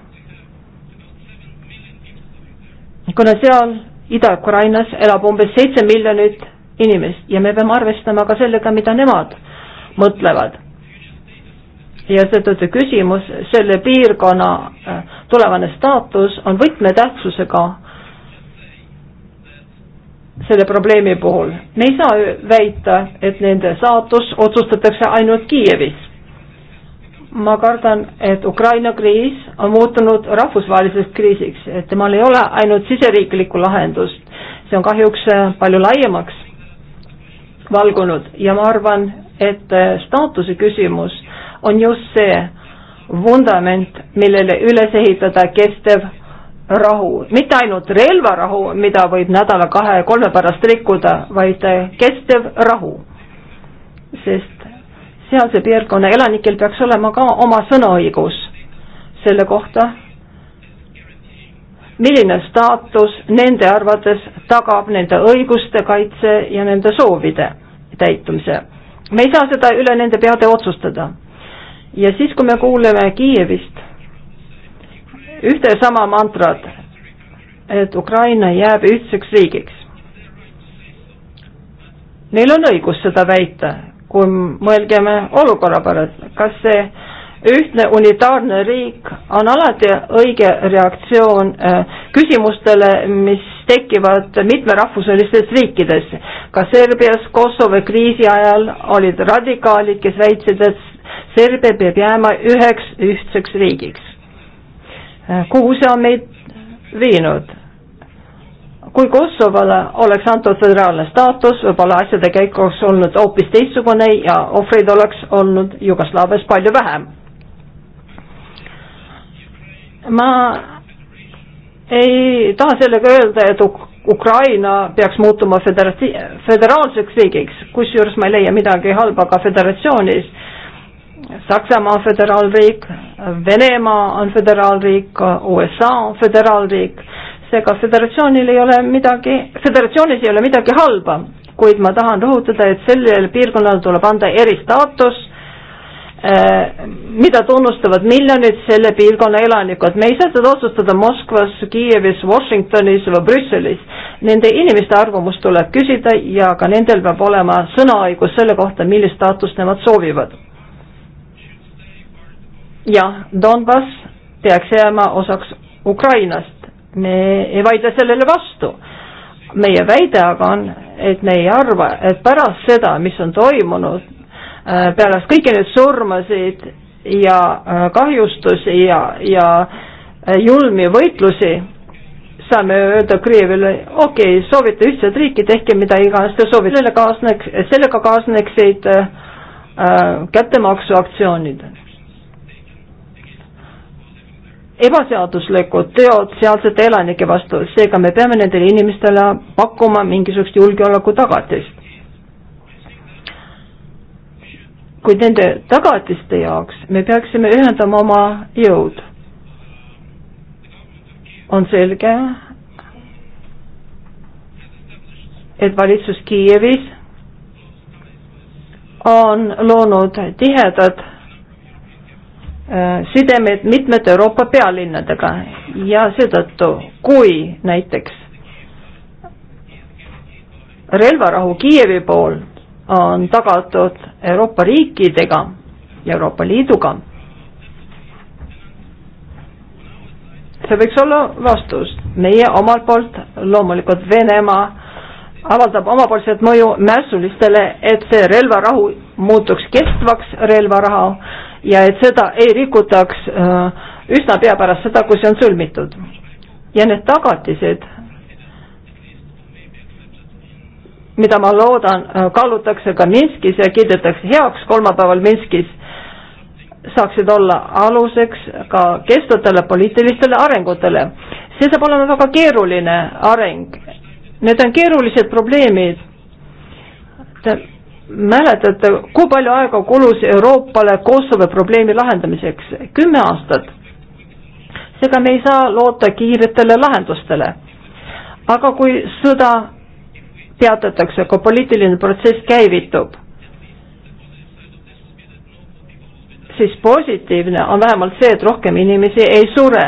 kuna seal Ida-Ukrainas elab umbes seitse miljonit inimest ja me peame arvestama ka sellega, mida nemad mõtlevad. ja seetõttu küsimus, selle piirkonna äh, tulevane staatus on võtmetähtsusega selle probleemi puhul. me ei saa väita, et nende saatus otsustatakse ainult Kiievis ma kardan, et Ukraina kriis on muutunud rahvusvaheliseks kriisiks, et temal ei ole ainult siseriiklikku lahendust, see on kahjuks äh, palju laiemaks valgunud ja ma arvan, et äh, staatuse küsimus on just see vundament, millele üles ehitada kestev rahu, mitte ainult relvarahu, mida võib nädala-kahe-kolme pärast rikkuda, vaid äh, kestev rahu. sest sealse piirkonna elanikel peaks olema ka oma sõnaõigus selle kohta, milline staatus nende arvates tagab nende õiguste kaitse ja nende soovide täitumise. me ei saa seda üle nende peade otsustada. ja siis, kui me kuuleme Kiievist ühte ja sama mantrat, et Ukraina jääb ühtseks riigiks. Neil on õigus seda väita, kui mõelgeme olukorra pärast, kas see ühtne unitaarne riik on alati õige reaktsioon äh, küsimustele, mis tekivad mitmerahvuselistes riikides. ka Serbias Kosovo kriisi ajal olid radikaalid, kes väitsid, et Serbia peab jääma üheks ühtseks riigiks. Äh, kuhu see on meid viinud? kui Kosovole oleks antud föderaalne staatus, võib-olla asjade käik oleks olnud hoopis teistsugune ja ohvreid oleks olnud Jugoslaavias palju vähem. ma ei taha sellega öelda, et Ukraina peaks muutuma föderati-, föderaalseks riigiks, kusjuures ma ei leia midagi halba ka föderatsioonis. Saksamaa on föderaalriik, Venemaa on föderaalriik, USA on föderaalriik seega föderatsioonil ei ole midagi, föderatsioonis ei ole midagi halba, kuid ma tahan rõhutada, et sellel piirkonnal tuleb anda eristaatus, eh, mida tunnustavad miljonid selle piirkonna elanikud. me ei saa seda otsustada Moskvas, Kiievis, Washingtonis või Brüsselis. Nende inimeste arvamust tuleb küsida ja ka nendel peab olema sõnaõigus selle kohta, millist staatust nemad soovivad. jah, Donbass peaks jääma osaks Ukrainast me ei vaidle sellele vastu. meie väide aga on, et me ei arva, et pärast seda, mis on toimunud, äh, pärast kõiki neid surmasid ja äh, kahjustusi ja, ja äh, julmi võitlusi, saame öelda Kreevile, okei okay,, soovite ühtset riiki, tehke mida iganes te soovite, sellele kaasneks, sellega kaasneksid äh, kättemaksuaktsioonid ebaseaduslikud teod sealsete elanike vastu, seega me peame nendele inimestele pakkuma mingisugust julgeoleku tagatist. kuid nende tagatiste jaoks me peaksime ühendama oma jõud. on selge, et valitsus Kiievis on loonud tihedad Äh, sidemed mitmete Euroopa pealinnadega ja seetõttu, kui näiteks relvarahu Kiievi pool on tagatud Euroopa riikidega ja Euroopa Liiduga, see võiks olla vastus. meie omalt poolt, loomulikult Venemaa avaldab omapoolset mõju mässulistele, et see relvarahu muutuks kestvaks relvarahu ja et seda ei rikutaks äh, üsna pea pärast seda, kui see on sõlmitud. ja need tagatised, mida ma loodan, äh, kaalutakse ka Minskis ja kiidetakse heaks kolmapäeval Minskis, saaksid olla aluseks ka kestvatele poliitilistele arengutele. see saab olema väga keeruline areng. Need on keerulised probleemid mäletate, kui palju aega kulus Euroopale Kosovo probleemi lahendamiseks? kümme aastat. seega me ei saa loota kiiretele lahendustele. aga kui sõda peatatakse, kui poliitiline protsess käivitub, siis positiivne on vähemalt see, et rohkem inimesi ei sure,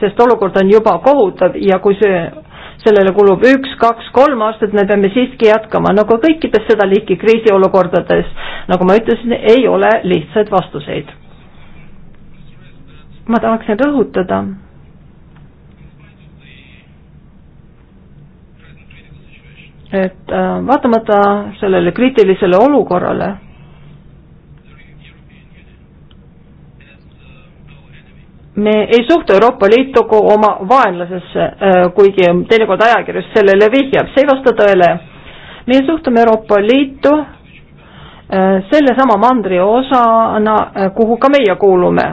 sest olukord on juba kohutav ja kui see sellele kulub üks, kaks, kolm aastat, me peame siiski jätkama, nagu kõikides seda liiki kriisiolukordades, nagu ma ütlesin, ei ole lihtsaid vastuseid. ma tahaksin rõhutada, et äh, vaatamata sellele kriitilisele olukorrale me ei suhtu Euroopa Liitu kui oma vaenlasesse, äh, kuigi teinekord ajakirjas sellele vihjab, see ei vasta tõele. meie suhtume Euroopa Liitu äh, sellesama mandri osana, äh, kuhu ka meie kuulume.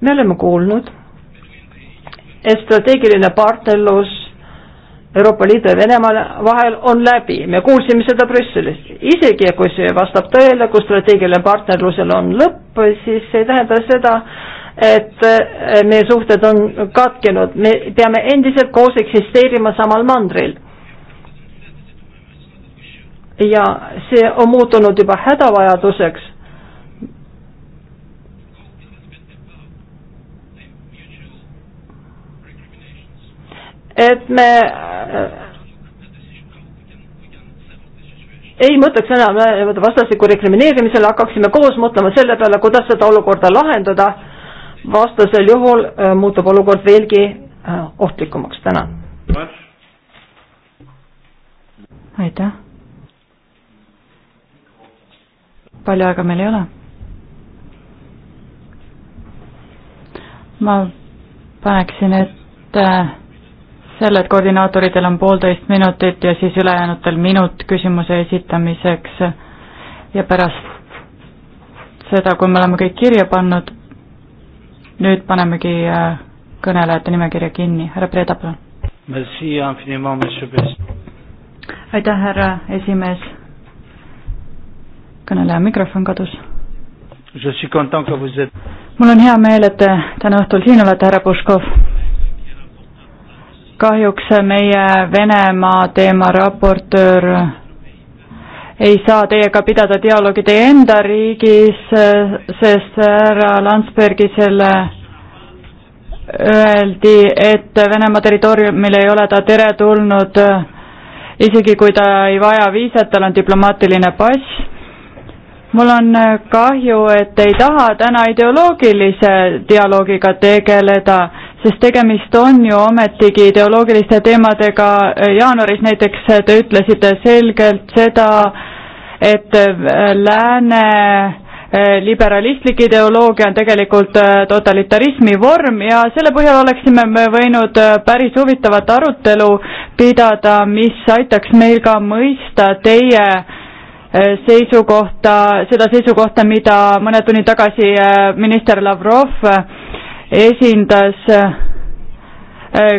me oleme kuulnud, et strateegiline partnerlus Euroopa Liidu ja Venemaa vahel on läbi, me kuulsime seda Brüsselis. isegi kui see vastab tõele, kui strateegiline partnerlusel on lõpp, siis see ei tähenda seda, et eh, meie suhted on katkenud, me peame endiselt koos eksisteerima samal mandril. ja see on muutunud juba hädavajaduseks. et me eh, ei mõtleks enam eh, vastastikku rekrimineerimisele, hakkaksime koos mõtlema selle peale, kuidas seda olukorda lahendada vastasel juhul äh, muutub olukord veelgi äh, ohtlikumaks, tänan. aitäh. palju aega meil ei ole. ma paneksin ette äh, selle, et koordinaatoritel on poolteist minutit ja siis ülejäänutel minut küsimuse esitamiseks ja pärast seda, kui me oleme kõik kirja pannud, nüüd panemegi äh, kõnelejate nimekirja kinni, härra Preda, palun. aitäh, härra esimees. kõneleja mikrofon kadus. mul on hea meel, et te täna õhtul siin olete, härra Puškov. kahjuks meie Venemaa teema raportöör ei saa teiega pidada dialoogi teie enda riigis, sest härra Landsbergisele öeldi, et Venemaa territooriumil ei ole ta teretulnud, isegi kui ta ei vaja viisat, tal on diplomaatiline pass. mul on kahju, et ei taha täna ideoloogilise dialoogiga tegeleda sest tegemist on ju ometigi ideoloogiliste teemadega, jaanuaris näiteks te ütlesite selgelt seda, et äh, lääne äh, liberalistlik ideoloogia on tegelikult äh, totalitarismi vorm ja selle põhjal oleksime me võinud päris huvitavat arutelu pidada, mis aitaks meil ka mõista teie seisukohta, seda seisukohta, mida mõned tunnid tagasi minister Lavrov esindas äh,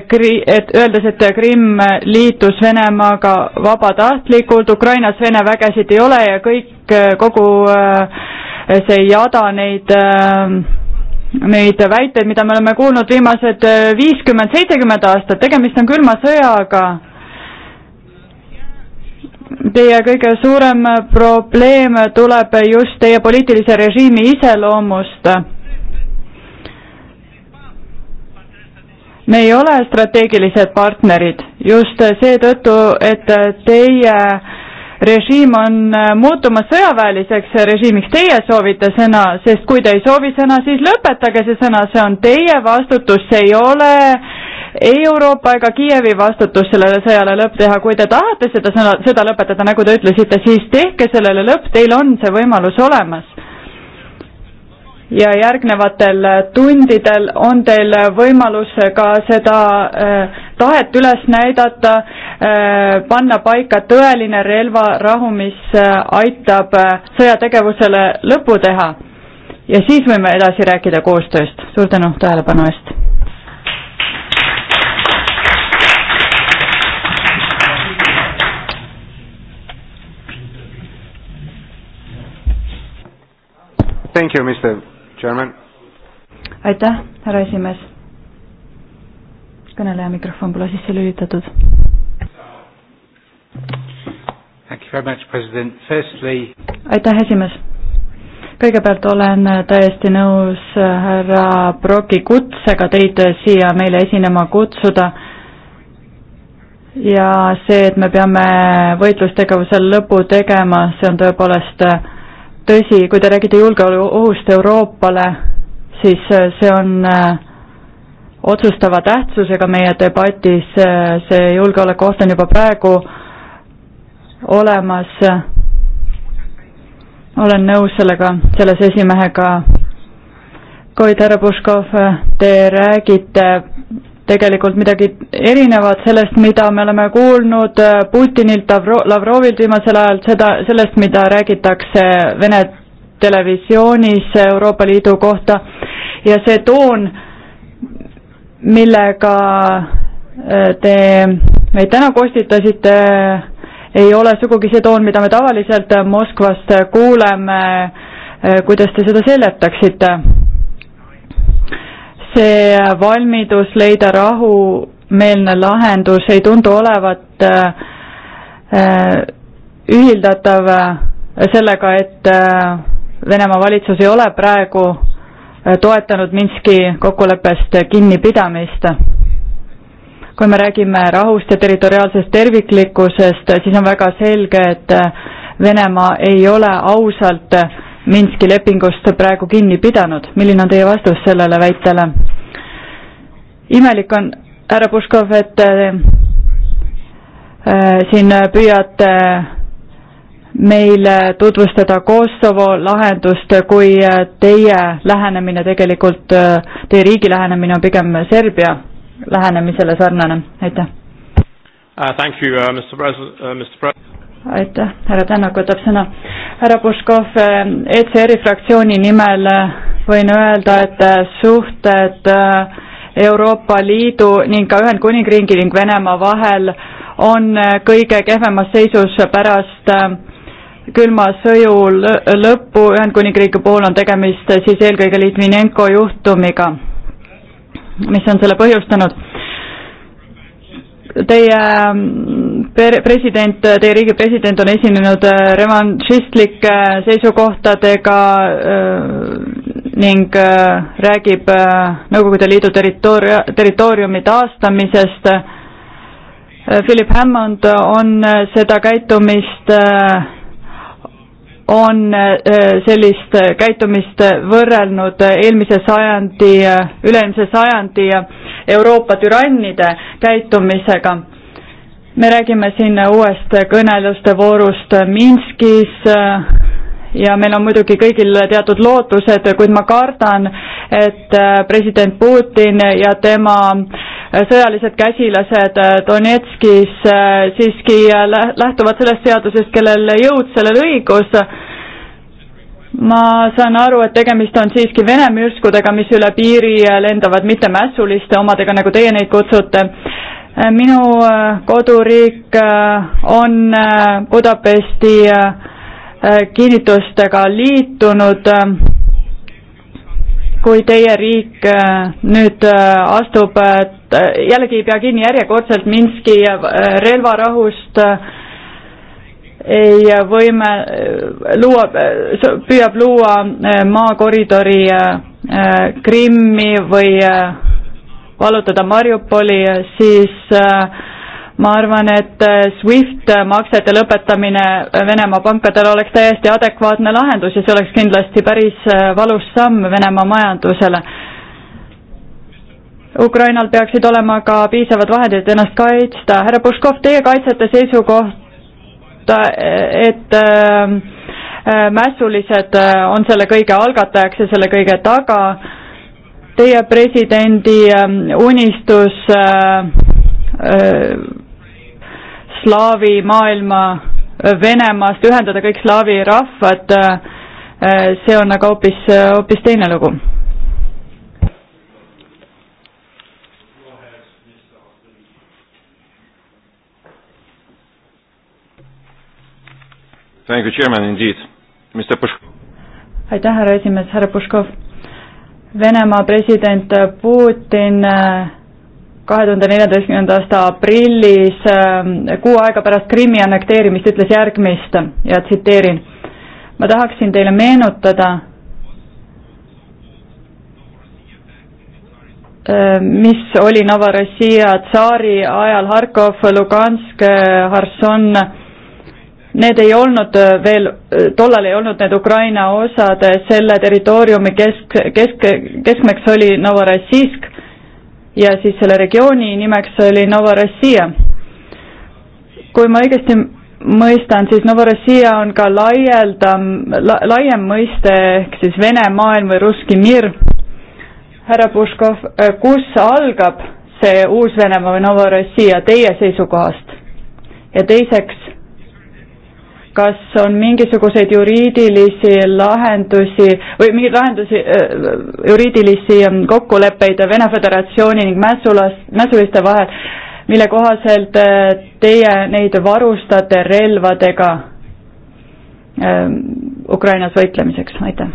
Kri-, et öeldes, et Krimm liitus Venemaaga vabatahtlikult, Ukrainas Vene vägesid ei ole ja kõik, äh, kogu äh, see jada neid, neid väiteid, mida me oleme kuulnud viimased viiskümmend, seitsekümmend aastat, tegemist on külma sõjaga. Teie kõige suurem probleem tuleb just teie poliitilise režiimi iseloomust me ei ole strateegilised partnerid just seetõttu, et teie režiim on muutumas sõjaväeliseks režiimiks, teie soovite sõna, sest kui te ei soovi sõna, siis lõpetage see sõna, see on teie vastutus, see ei ole ei Euroopa ega Kiievi vastutus sellele sõjale lõpp teha, kui te tahate seda sõna, seda lõpetada, nagu te ütlesite, siis tehke sellele lõpp, teil on see võimalus olemas ja järgnevatel äh, tundidel on teil äh, võimalus äh, ka seda tahet üles näidata, panna paika tõeline relvarahu, mis aitab sõjategevusele lõpu teha. ja siis võime edasi rääkida koostööst. suur tänu tähelepanu eest! Thank you, Mr aitäh, härra esimees. kõneleja mikrofon pole sisse lülitatud. aitäh, esimees kõigepealt olen täiesti nõus härra Broki kutsega teid siia meile esinema kutsuda ja see, et me peame võitlustegevusel lõpu tegema, see on tõepoolest tõsi, kui te räägite julgeolekuohust Euroopale, siis äh, see on äh, otsustava tähtsusega meie debatis, äh, see julgeolekuoht on juba praegu olemas. olen nõus sellega, selles esimehega. kuid härra Puškov, te räägite tegelikult midagi erinevat sellest, mida me oleme kuulnud äh, Putinilt, Lavrovilt viimasel ajal, seda, sellest, mida räägitakse Vene televisioonis Euroopa Liidu kohta ja see toon, millega äh, te meid täna kostitasite, ei ole sugugi see toon, mida me tavaliselt Moskvast kuuleme. Äh, kuidas te seda seletaksite? see valmidus leida rahumeelne lahendus ei tundu olevat äh, äh, ühildatav äh, sellega, et Venemaa valitsus ei ole praegu toetanud Minski kokkuleppest kinnipidamist. kui me räägime rahust ja territoriaalsest terviklikkusest, siis on väga selge, et Venemaa ei ole ausalt äh, Minski lepingust praegu kinni pidanud. milline on teie vastus sellele väitele? imelik on, härra Puškov, et äh, äh siin püüate äh, meile tutvustada Kosovo lahendust, kui äh, teie lähenemine tegelikult, äh, teie riigi lähenemine on pigem Serbia lähenemisele sarnane, aitäh uh,. Thank you uh,, Mr President uh,, Mr President aitäh, härra Tänak võtab sõna. härra Puškov, ECR-i fraktsiooni nimel äh, võin öelda, et äh, suhted äh, Euroopa Liidu ning ka Ühendkuningriigi ning Venemaa vahel on kõige kehvemas seisus pärast külma sõju lõppu, Ühendkuningriigi puhul on tegemist siis eelkõige Litvinenko juhtumiga, mis on selle põhjustanud teie mm, president, teie riigi president on esinenud äh, revanšistlike äh, seisukohtadega äh, ning räägib Nõukogude Liidu territooria, territooriumi taastamisest. Philip Hammond on seda käitumist, on sellist käitumist võrrelnud eelmise sajandi, üle-eelmise sajandi Euroopa türannide käitumisega. me räägime siin uuest kõneluste voorust Minskis äh, ja meil on muidugi kõigil teatud lootused, kuid ma kardan, et äh, president Putin ja tema äh, sõjalised käsilased Donetskis siiski lähtuvad sellest seadusest, kellel jõud, sellel õigus ma saan aru, et tegemist on siiski Vene mürskudega, mis üle piiri äh, lendavad, mitte mässuliste omadega, nagu teie neid kutsute. Äh, minu äh, koduriik on Budapesti kinnitustega liitunud. kui teie riik nüüd astub, jällegi ei pea kinni järjekordselt Minski relvarahust, ja võime äh, luua, äh, püüab luua äh, maakoridori Krimmi või vallutada Mariupoli, siis ma arvan, et SWIFT maksete lõpetamine Venemaa pankadele oleks täiesti adekvaatne lahendus ja see oleks kindlasti päris valus samm Venemaa majandusele Ukrainal peaksid olema ka piisavad vahendid ennast kaitsta. härra Puškov, teie kaitsete seisukoht, et ähm, äh, mässulised äh, on selle kõige algatajaks ja selle kõige taga. Teie presidendi ähm, unistus äh, slaavi maailma Venemaast, ühendada kõik slaavi rahvad, see on aga hoopis, hoopis teine lugu Thank you, chairman, indeed. Mr Puškov. aitäh, härra esimees, härra Puškov. Venemaa president Putin äh, kahe tuhande neljateistkümnenda aasta aprillis, äh, kuu aega pärast Krimmi annekteerimist, ütles järgmist ja tsiteerin. ma tahaksin teile meenutada, äh, mis oli Novorossija tsaari ajal Harkov, Lugansk, Harson Need ei olnud äh, veel, äh, tollal ei olnud need Ukraina osad, äh, selle territooriumi kesk, kesk, keskmeks oli Novorossijsk ja siis selle regiooni nimeks oli Novorossija. kui ma õigesti mõistan, siis Novorossija on ka laialdam la,, laiem mõiste ehk siis Vene maailm või Russki Mir. härra Puškov, kus algab see Uus-Venemaa või Novorossija teie seisukohast? ja teiseks, kas on mingisuguseid juriidilisi lahendusi või mingeid lahendusi, äh, juriidilisi ähm, kokkuleppeid Vene Föderatsiooni ning mässulas, mässuliste vahel, mille kohaselt äh, teie neid varustate relvadega ähm, Ukrainas võitlemiseks, aitäh!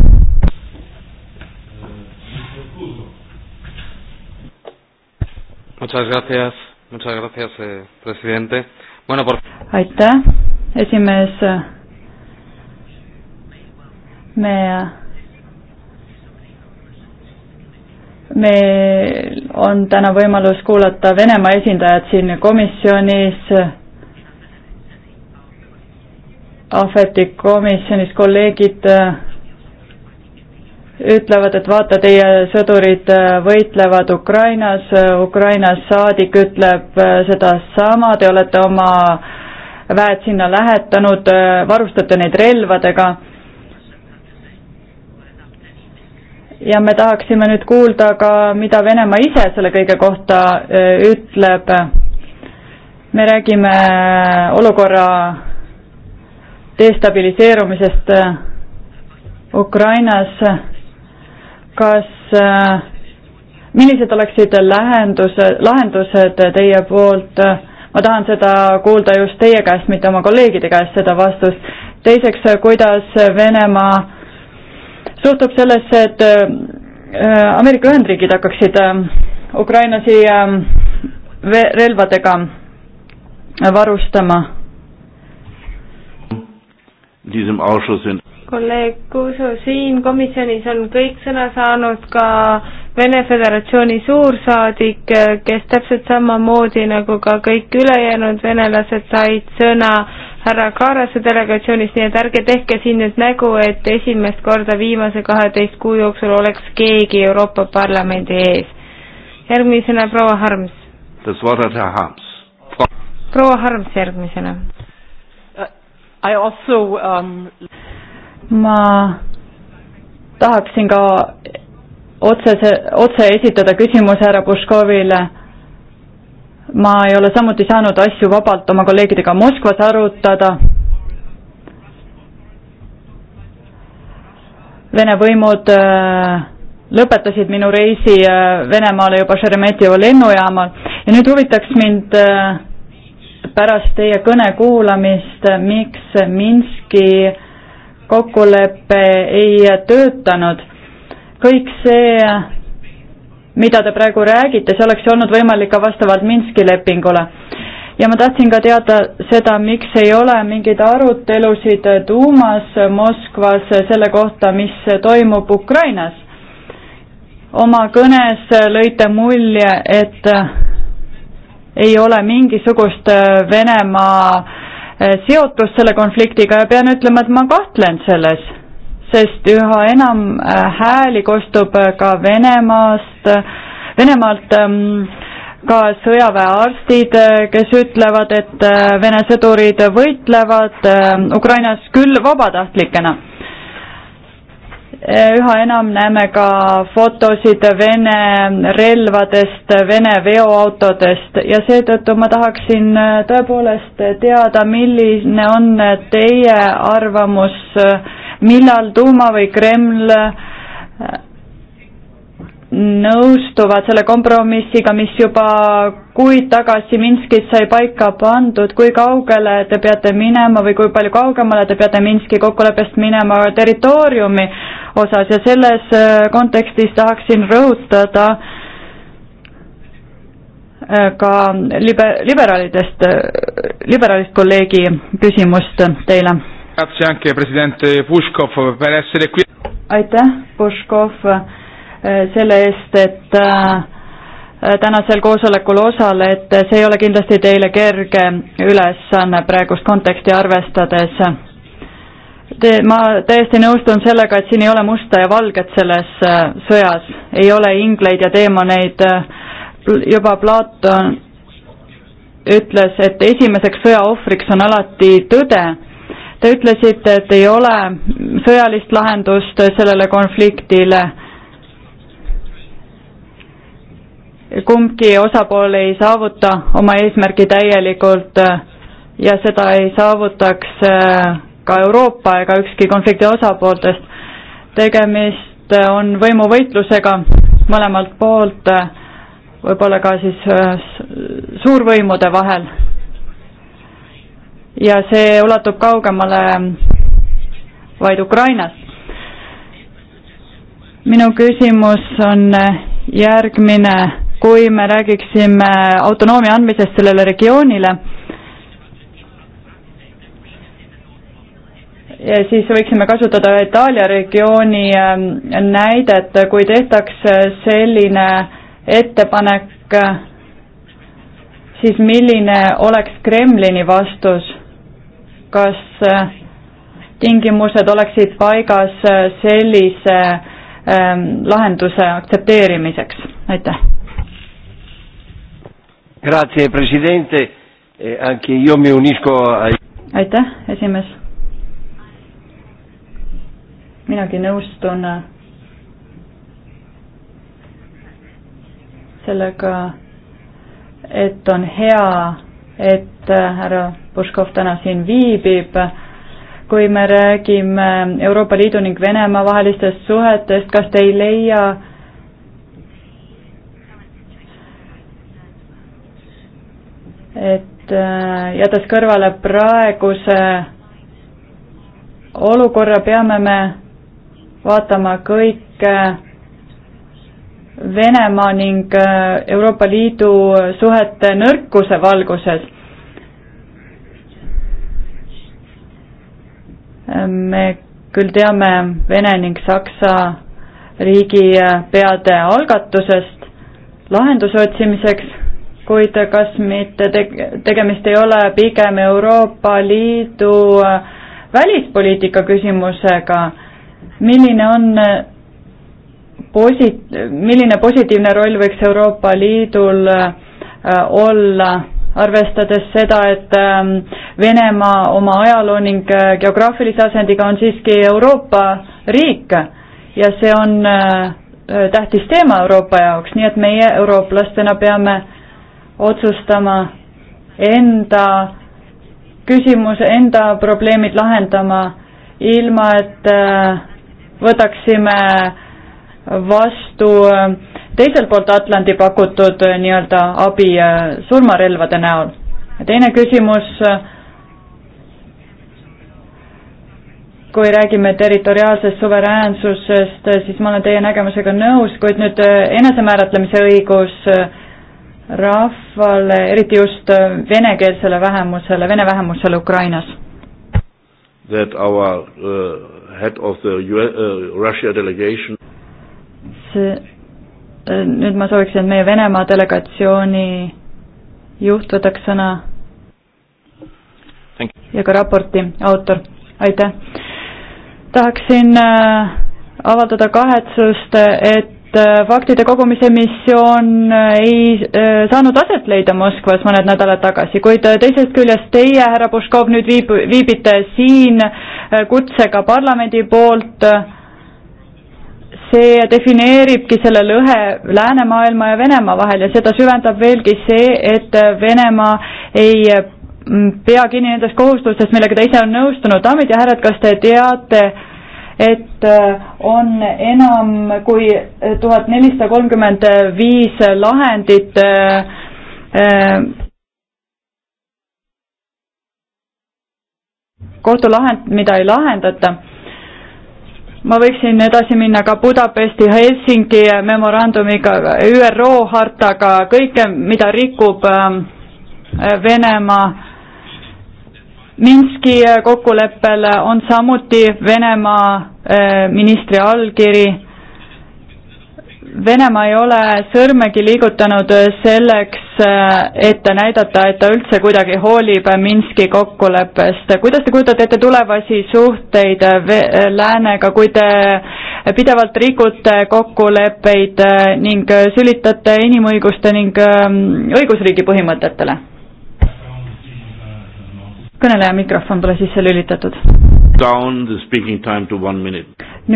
Muchas gracias, muchas gracias, eh, presidente. Bueno, por... Aitäh, esimees, me, meil on täna võimalus kuulata Venemaa esindajat siin komisjonis, Ahveti komisjonis kolleegid ütlevad, et vaata, teie sõdurid võitlevad Ukrainas, Ukrainas saadik ütleb sedasama, te olete oma väed sinna lähetanud, äh, varustate neid relvadega. ja me tahaksime nüüd kuulda ka, mida Venemaa ise selle kõige kohta äh, ütleb. me räägime äh, olukorra destabiliseerumisest Ukrainas. kas äh, millised oleksid lähendused, lahendused teie poolt äh, ma tahan seda kuulda just teie käest, mitte oma kolleegide käest, seda vastust. teiseks, kuidas Venemaa suhtub sellesse, et äh, Ameerika Ühendriigid hakkaksid äh, ukrainlasi ähm, relvadega varustama? kolleeg Kuusu, siin komisjonis on kõik sõna saanud ka äh, Vene Föderatsiooni suursaadik, eh, kes täpselt samamoodi nagu ka kõik ülejäänud venelased said sõna härra Kaarase delegatsioonist, nii et ärge tehke siin nüüd nägu, et esimest korda viimase kaheteist kuu jooksul oleks keegi Euroopa Parlamendi ees. järgmisena proua Harms. proua Harms järgmisena. I also um... ma tahaksin ka otsese, otse esitada küsimuse härra Puškovile. ma ei ole samuti saanud asju vabalt oma kolleegidega Moskvas arutada. Vene võimud äh, lõpetasid minu reisi äh, Venemaale juba Šeremetjevo lennujaamal ja nüüd huvitaks mind äh, pärast teie kõne kuulamist, miks Minski kokkulepe ei töötanud kõik see, mida te praegu räägite, see oleks olnud võimalik ka vastavalt Minski lepingule. ja ma tahtsin ka teada seda, miks ei ole mingeid arutelusid Duumas Moskvas selle kohta, mis toimub Ukrainas. oma kõnes lõite mulje, et ei ole mingisugust Venemaa seotust selle konfliktiga ja pean ütlema, et ma kahtlen selles sest üha enam äh, hääli kostub äh, ka Venemaast, äh, Venemaalt ähm, ka sõjaväearstid, kes ütlevad, et Vene sõdurid võitlevad Ukrainas küll vabatahtlikena üha enam näeme ka fotosid Vene relvadest, Vene veoautodest ja seetõttu ma tahaksin tõepoolest teada, milline on teie arvamus äh, millal tuuma või Kreml äh, nõustuvad selle kompromissiga, mis juba kuid tagasi Minskis sai paika pandud, kui kaugele te peate minema või kui palju kaugemale te peate Minski kokkuleppest minema territooriumi osas ja selles äh, kontekstis tahaksin rõhutada äh, ka libe-, liberaalidest, liberaalist kolleegi küsimust teile Grazie anche Presidente Puškov per essere qui. aitäh, Puškov, eh, selle eest, et eh, eh, tänasel koosolekul osaled, see ei ole kindlasti teile kerge ülesanne praegust konteksti arvestades. Te, ma täiesti nõustun sellega, et siin ei ole musta ja valget selles sõjas, ei ole ingleid ja teemoneid, juba Platon ütles, et esimeseks sõja ohvriks on alati tõde Te ütlesite, et ei ole sõjalist lahendust sellele konfliktile. kumbki osapool ei saavuta oma eesmärki täielikult ja seda ei saavutaks äh, ka Euroopa ega ükski konflikti osapooltest. tegemist on võimuvõitlusega mõlemalt poolt, äh, võib-olla ka siis äh, suurvõimude vahel ja see ulatub kaugemale vaid Ukrainast. minu küsimus on järgmine, kui me räägiksime autonoomia andmisest sellele regioonile, ja siis võiksime kasutada Itaalia regiooni ähm, näidet, kui tehtaks selline ettepanek, siis milline oleks Kremlini vastus kas äh, tingimused oleksid paigas äh, sellise ähm, lahenduse aktsepteerimiseks, aitäh. Grazie presidente, e anche io mi unisco a... aitäh, esimees. minagi nõustun äh, sellega, et on hea et äh, härra Puškov täna siin viibib. kui me räägime Euroopa Liidu ning Venemaa vahelistest suhetest, kas te ei leia, et äh, jättes kõrvale praeguse olukorra, peame me vaatama kõike äh, Venemaa ning äh, Euroopa Liidu suhete nõrkuse valguses. me küll teame Vene ning Saksa riigipeade äh, algatusest lahenduse otsimiseks, kuid kas mitte teg-, tegemist ei ole pigem Euroopa Liidu äh, välispoliitika küsimusega, milline on posi-, milline positiivne roll võiks Euroopa Liidul äh, olla, arvestades seda, et ähm, Venemaa oma ajaloo ning äh, geograafilise asendiga on siiski Euroopa riik ja see on äh, tähtis teema Euroopa jaoks, nii et meie eurooplastena peame otsustama enda küsimuse, enda probleemid lahendama, ilma et võtaksime äh, vastu eh, teiselt poolt Atlandi pakutud eh, nii-öelda abi eh, surmarelvade näol. teine küsimus, kui räägime territoriaalsest suveräänsusest, siis ma olen teie nägemusega nõus, kuid nüüd enesemääratlemise õigus rahvale, eriti just venekeelsele vähemusele, vene vähemusele Ukrainas? That our uh, head of the US, uh, Russia delegation see, äh, nüüd ma sooviksin, et meie Venemaa delegatsiooni juht võtaks sõna ja ka raporti autor, aitäh. tahaksin äh, avaldada kahetsust, et äh, faktide kogumise missioon ei saanud aset leida Moskvas mõned nädalad tagasi, kuid teisest küljest teie, härra Puškov, nüüd viib, viibite siin kutsega parlamendi poolt äh, see defineeribki selle lõhe läänemaailma ja Venemaa vahel ja seda süvendab veelgi see, et Venemaa ei mm, pea kinni nendest kohustustest, millega ta ise on nõustunud. daamid ja härrad, kas te teate, et äh, on enam kui tuhat nelisada kolmkümmend viis lahendit äh, äh, kohtulahend, mida ei lahendata ma võiksin edasi minna ka Budapesti, Helsingi memorandumiga, ÜRO hartaga, kõike, mida rikub ähm, Venemaa. Minski äh, kokkuleppel on samuti Venemaa äh, ministri allkiri Venemaa ei ole sõrmegi liigutanud äh, selleks, äh, et näidata, et ta üldse kuidagi hoolib Minski kokkuleppest. kuidas te kujutate ette tulevasi suhteid äh, läänega, kui te pidevalt rikute kokkuleppeid ning sülitate inimõiguste ning ähm, õigusriigi põhimõtetele? kõneleja mikrofon pole sisse lülitatud.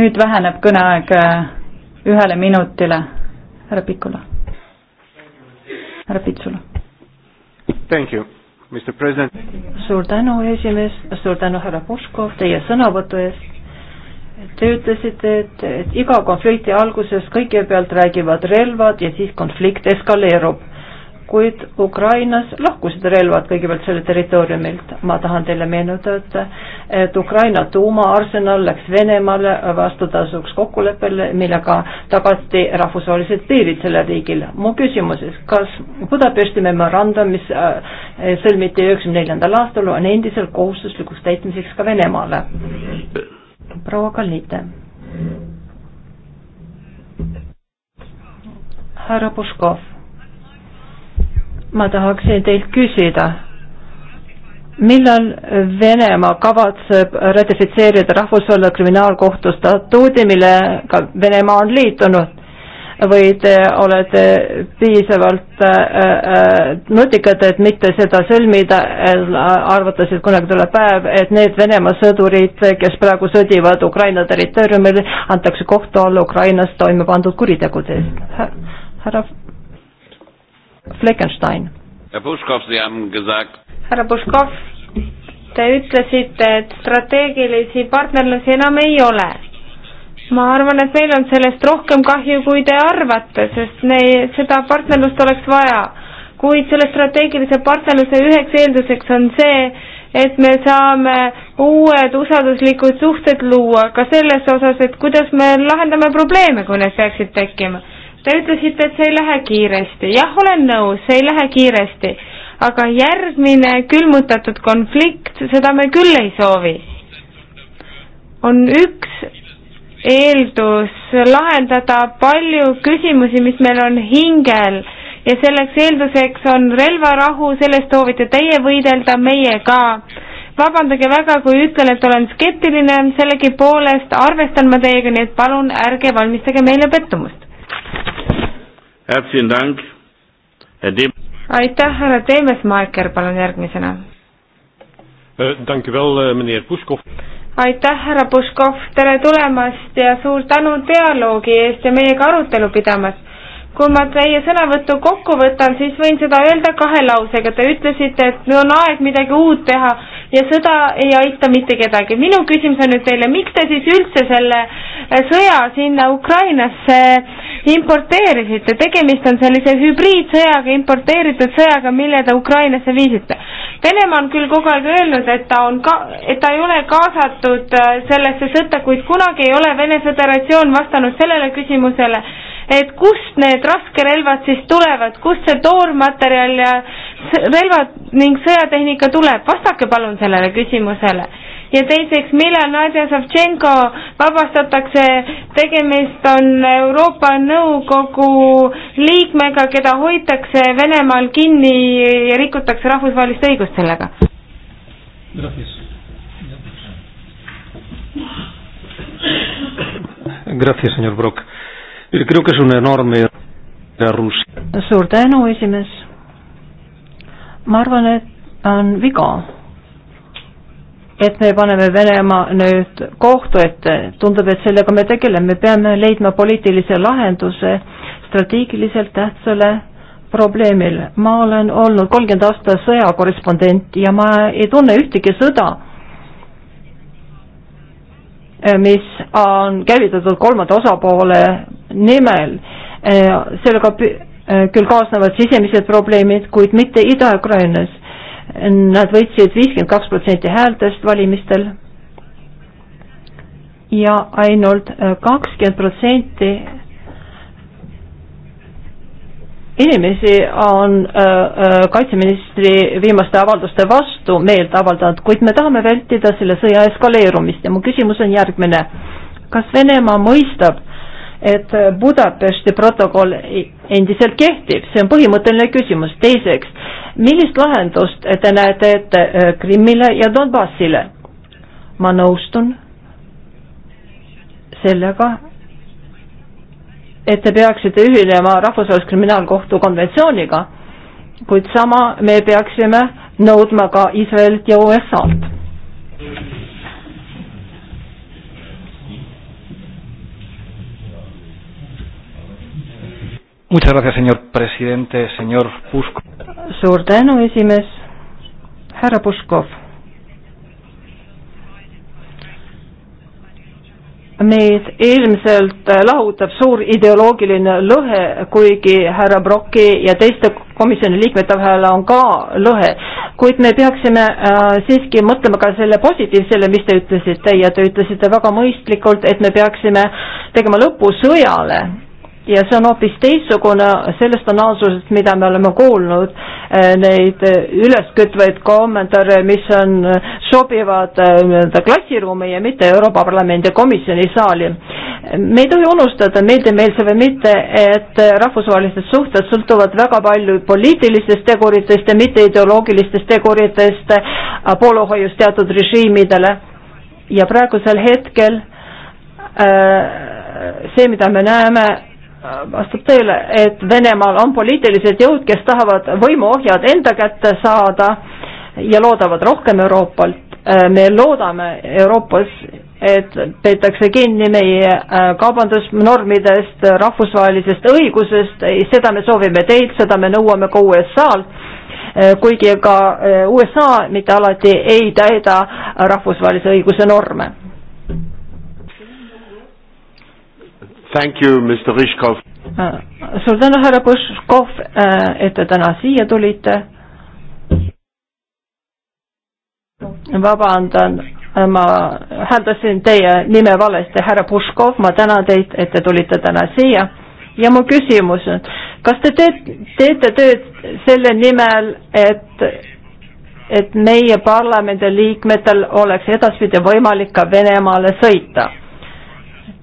nüüd väheneb kõneaeg ühele minutile. härra Pikula. härra Pitsula. Thank you, Mr President. suur tänu, esimees, suur tänu, härra Puškov, teie sõnavõtu eest. Te ütlesite, et, et iga konflikti alguses kõigepealt räägivad relvad ja siis konflikt eskaleerub kuid Ukrainas lahkusid relvad kõigepealt selle territooriumilt. ma tahan teile meenutada, et Ukraina tuumaarsenal läks Venemaale vastutasuks kokkuleppele, millega tagati rahvusvahelised piirid sellel riigil. mu küsimus, kas Budapesti memorandum, mis äh, sõlmiti üheksakümne neljandal aastal, on endiselt kohustuslikuks täitmiseks ka Venemaale? proua Kalnite. härra Puškov ma tahaksin teilt küsida, millal Venemaa kavatseb ratifitseerida rahvusvahelise kriminaalkohtu statuudi, millega Venemaa on liitunud või te olete piisavalt äh, äh nutikad, et mitte seda sõlmida, arvates, et kunagi tuleb päev, et need Venemaa sõdurid, kes praegu sõdivad Ukraina territooriumil, antakse kohtu alla Ukrainas toime pandud kuritegude eest. härra Fleckenstein. härra Puškov, te ütlesite, et strateegilisi partnerlusi enam ei ole. ma arvan, et meil on sellest rohkem kahju, kui te arvate, sest me, seda partnerlust oleks vaja. kuid selle strateegilise partnerluse üheks eelduseks on see, et me saame uued usalduslikud suhted luua ka selles osas, et kuidas me lahendame probleeme, kui need peaksid tekkima Te ütlesite, et see ei lähe kiiresti. jah, olen nõus, see ei lähe kiiresti. aga järgmine külmutatud konflikt, seda me küll ei soovi. on üks eeldus lahendada palju küsimusi, mis meil on hingel ja selleks eelduseks on relvarahu, sellest soovite teie võidelda, meie ka. vabandage väga, kui ütlen, et olen skeptiline, sellegipoolest arvestan ma teiega, nii et palun ärge valmistage meile pettumust aitäh, härra Teemesmaeker, palun järgmisena. Eh, eh, aitäh, härra Puškov, tere tulemast ja suur tänu dialoogi eest ja meiega arutelu pidamast kui ma teie sõnavõttu kokku võtan, siis võin seda öelda kahe lausega. Te ütlesite, et on aeg midagi uut teha ja sõda ei aita mitte kedagi. minu küsimus on nüüd teile, miks te siis üldse selle äh, sõja sinna Ukrainasse importeerisite? tegemist on sellise hübriidsõjaga, importeeritud sõjaga, mille te Ukrainasse viisite. Venemaa on küll kogu aeg öelnud, et ta on ka, et ta ei ole kaasatud äh, sellesse sõtta, kuid kunagi ei ole Vene Föderatsioon vastanud sellele küsimusele et kust need raskerelvad siis tulevad, kust see toormaterjal ja relvad ning sõjatehnika tuleb, vastake palun sellele küsimusele ja teiseks, millal Nadja Savtšenko vabastatakse, tegemist on Euroopa Nõukogu liikmega, keda hoitakse Venemaal kinni ja rikutakse rahvusvahelist õigust sellega. Gracias, señor Brock suur tänu, esimees. ma arvan, et on viga, et me paneme Venemaa nüüd kohtu ette. tundub, et sellega me tegeleme, peame leidma poliitilise lahenduse strateegiliselt tähtsale probleemile. ma olen olnud kolmkümmend aastat sõjakorrespondent ja ma ei tunne ühtegi sõda Äh, mis on käivitatud kolmanda osapoole nimel. Äh, sellega äh, küll kaasnevad sisemised probleemid, kuid mitte Ida-Ukrainas. Nad võitsid viiskümmend kaks protsenti häältest valimistel ja ainult kakskümmend protsenti inimesi on äh, äh, kaitseministri viimaste avalduste vastu meelt avaldanud, kuid me tahame vältida selle sõja eskaleerumist ja mu küsimus on järgmine. kas Venemaa mõistab, et Budapesti protokoll e-, endiselt kehtib, see on põhimõtteline küsimus. teiseks, millist lahendust te näete ette äh, Krimmile ja Donbassile? ma nõustun sellega, et te peaksite ühinema Rahvusvahelise Kriminaalkohtu konventsiooniga, kuid sama me peaksime nõudma ka Iisraelilt ja USA-lt. Muchas gracias, señor presidente, señor Puskov. Suur tänu, esimees, härra Puskov meid ilmselt äh, lahutab suur ideoloogiline lõhe, kuigi härra Brocki ja teiste komisjoni liikmete vahel on ka lõhe, kuid me peaksime äh, siiski mõtlema ka selle positiivsele, mis te ütlesite ja te ütlesite väga mõistlikult, et me peaksime tegema lõpu sõjale ja see on hoopis teistsugune sellest banaalsusest, mida me oleme kuulnud, eh, neid eh, üleskütvaid kommentaare, mis on eh, sobivad nii-öelda klassiruumi ja mitte Euroopa Parlamendi komisjoni saali. me ei tohi unustada, meeldib meile see või mitte, et rahvusvahelised suhted sõltuvad väga palju poliitilistest teguritest ja mitte ideoloogilistest teguritest, poolehoiust teatud režiimidele ja praegusel hetkel äh, see, mida me näeme, vastab tõele, et Venemaal on poliitilised jõud, kes tahavad võimuohjad enda kätte saada ja loodavad rohkem Euroopalt. Äh, me loodame Euroopas, et peetakse kinni meie äh, kaubandusnormidest, rahvusvahelisest õigusest, seda me soovime teilt, seda me nõuame ka USA-lt äh, kuigi ka USA mitte alati ei täida rahvusvahelise õiguse norme Thank you, Mr Rishkov. Äh, suur tänu, härra Puškov, äh, et te täna siia tulite. vabandan, äh, ma hääldasin teie nime valesti, härra Puškov, ma tänan teid, et te tulite täna siia ja mu küsimus on, kas te teed, teete tööd selle nimel, et, et meie parlamendi liikmetel oleks edaspidi võimalik ka Venemaale sõita?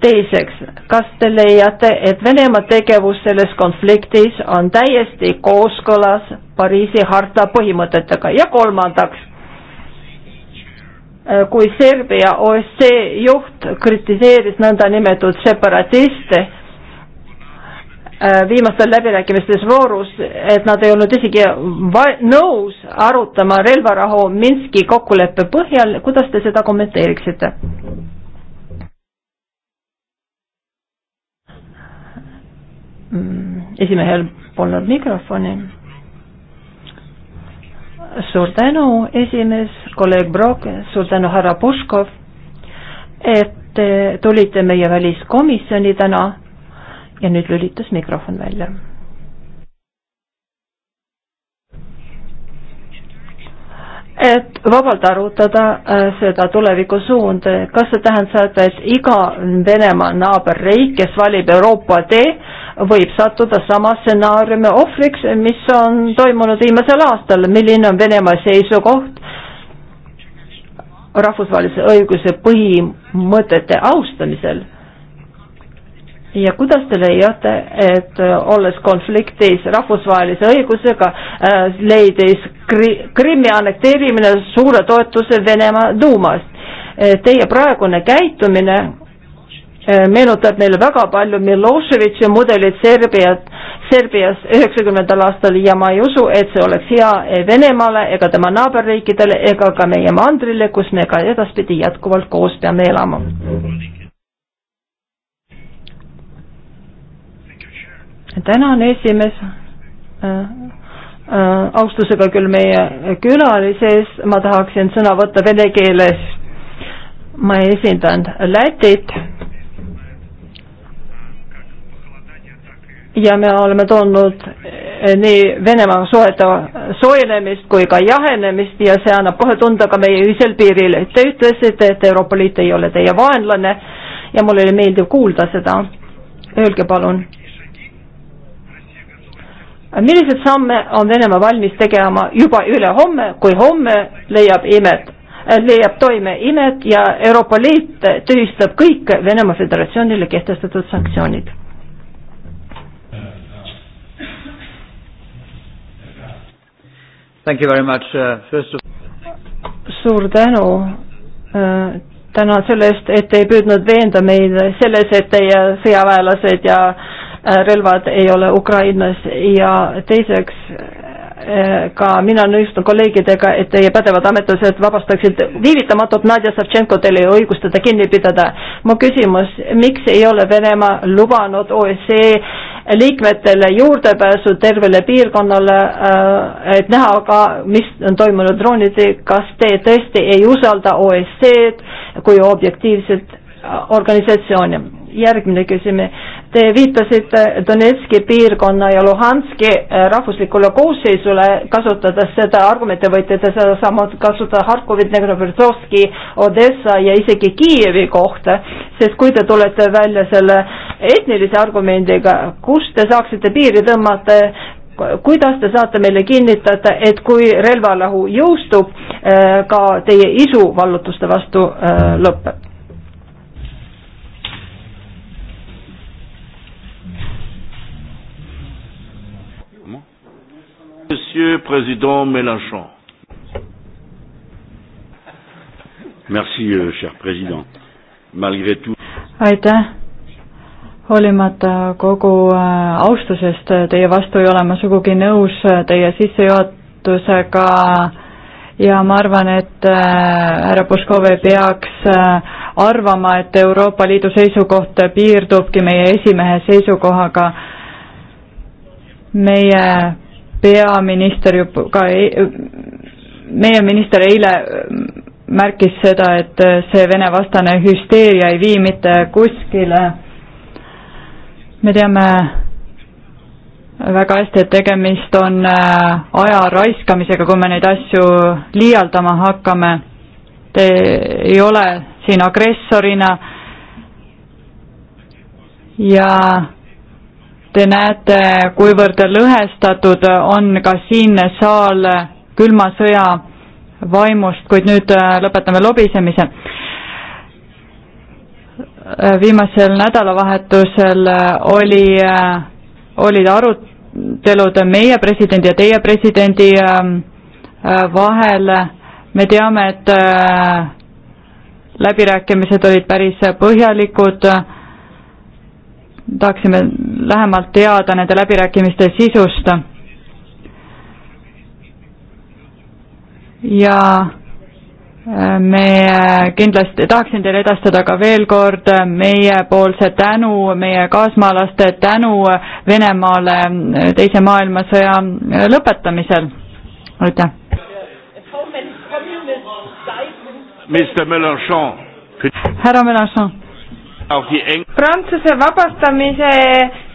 teiseks, kas te leiate, et Venemaa tegevus selles konfliktis on täiesti kooskõlas Pariisi harta põhimõtetega ja kolmandaks, äh, kui Serbia OSCE juht kritiseeris nõndanimetatud separatiste äh, viimastel läbirääkimistes voorus, et nad ei olnud isegi nõus arutama relvarahu Minski kokkuleppe põhjal, kuidas te seda kommenteeriksite? Mm, esimehel polnud mikrofoni. suur tänu, esimees, kolleeg Brok, suur tänu, härra Puškov, et te tulite meie väliskomisjoni täna ja nüüd lülitus mikrofon välja. et vabalt arutada äh, seda tulevikusuunda, kas see tähendab seda, et iga Venemaa naaberriik, kes valib Euroopa tee, võib sattuda sama stsenaariumi ohvriks, mis on toimunud viimasel aastal, milline on Venemaa seisukoht rahvusvahelise õiguse põhimõtete austamisel ja kuidas te leiate, et olles konfliktis rahvusvahelise õigusega äh,, leidis kri, Krimmi annekteerimine suure toetuse Venemaa duumast. Äh, teie praegune käitumine Äh, meenutab meile väga palju Miloševitši mudelit Serbiat, Serbias üheksakümnendal aastal ja ma ei usu, et see oleks hea Venemaale ega tema naaberriikidele ega ka meie mandrile, kus me ka edaspidi jätkuvalt koos peame elama. tänan, esimees äh, äh, austusega küll meie külalise ees, ma tahaksin sõna võtta vene keeles. ma esindan Lätit ja me oleme toonud eh, nii Venemaa suhete soojenemist kui ka jahenemist ja see annab kohe tunda ka meie ühisel piiril. Te ütlesite, et Euroopa Liit ei ole teie vaenlane ja mulle oli meeldiv kuulda seda. Öelge palun, millised samme on Venemaa valmis tegema juba ülehomme, kui homme leiab imet, leiab toime imet ja Euroopa Liit tühistab kõik Venemaa Föderatsioonile kehtestatud sanktsioonid? Thank you very much, uh, first of suur tänu uh, äh, täna selle eest, et te ei püüdnud veenda meid selles, et teie sõjaväelased ja äh, relvad ei ole Ukrainas ja teiseks äh, ka mina olen nõustunud kolleegidega, et teie pädevad ametused vabastaksid viivitamatult Nadja Savtšenkodele ja õigustada kinni pidada. mu küsimus, miks ei ole Venemaa lubanud OSCE liikmetele juurdepääsu tervele piirkonnale, äh, et näha ka, mis on toimunud droonidega, kas te tõesti ei usalda OSCE-d kui objektiivset äh, organisatsiooni. järgmine küsimus, Te viitasite Donetski piirkonna ja Luhanski eh, rahvuslikule koosseisule, kasutades seda argumente, võite te seda sama kasutada Harkovi, Dnepropetrovski, Odessa ja isegi Kiievi kohta, sest kui te tulete välja selle etnilise argumendiga, kus te saaksite piiri tõmmata, kuidas te saate meile kinnitada, et kui relvalahu jõustub, eh, ka teie isu vallutuste vastu eh, lõpeb? Monsieur Président Mélenchon. Merci, euh, cher Président. Malgré tout. aitäh. hoolimata kogu äh, austusest äh, teie vastu ei ole ma sugugi nõus äh, teie sissejuhatusega ja ma arvan, et härra Puškov ei peaks arvama, et Euroopa Liidu seisukoht piirdubki meie esimehe seisukohaga. meie peaminister juba ka ei, meie minister eile märkis seda, et see Vene-vastane hüsteeria ei vii mitte kuskile. me teame väga hästi, et tegemist on äh, aja raiskamisega, kui me neid asju liialdama hakkame. Te ei ole siin agressorina ja Te näete, kuivõrd lõhestatud on ka siinne saal külma sõja vaimust, kuid nüüd äh, lõpetame lobisemise. Äh, viimasel nädalavahetusel äh, oli, olid arutelud meie presidendi ja teie presidendi ähm, vahel. me teame, et läbirääkimised olid päris põhjalikud tahaksime lähemalt teada nende läbirääkimiste sisust. ja äh, me äh, kindlasti, tahaksin teile edastada ka veel kord äh, meiepoolse tänu, meie kaasmaalaste tänu Venemaale Teise maailmasõja lõpetamisel, aitäh. härra Mélenchon. Prantsuse vabastamise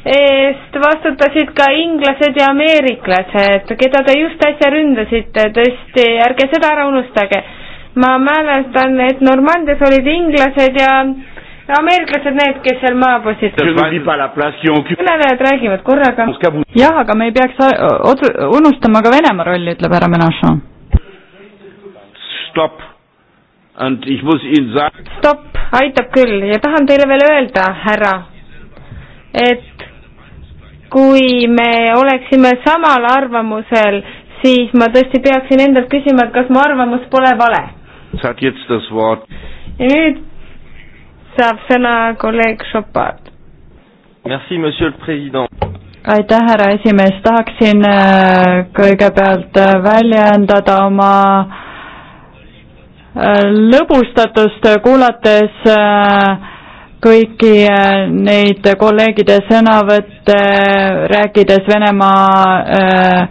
eest vastutasid ka inglased ja ameeriklased, keda te just äsja ründasite, tõesti, ärge seda ära unustage. ma mäletan, et Normandias olid inglased ja ameeriklased need, kes seal maabusid. kõnelejad räägivad korraga. jah, aga me ei peaks äh, otsu-, unustama ka Venemaa rolli, ütleb härra Menachon. stopp stopp, aitab küll ja tahan teile veel öelda, härra, et kui me oleksime samal arvamusel, siis ma tõesti peaksin endalt küsima, et kas mu arvamus pole vale. ja nüüd saab sõna kolleeg Chopard. aitäh, härra esimees, tahaksin äh, kõigepealt äh, väljendada oma lõbustatust, kuulates äh, kõiki äh, neid kolleegide sõnavõtte, rääkides Venemaa äh,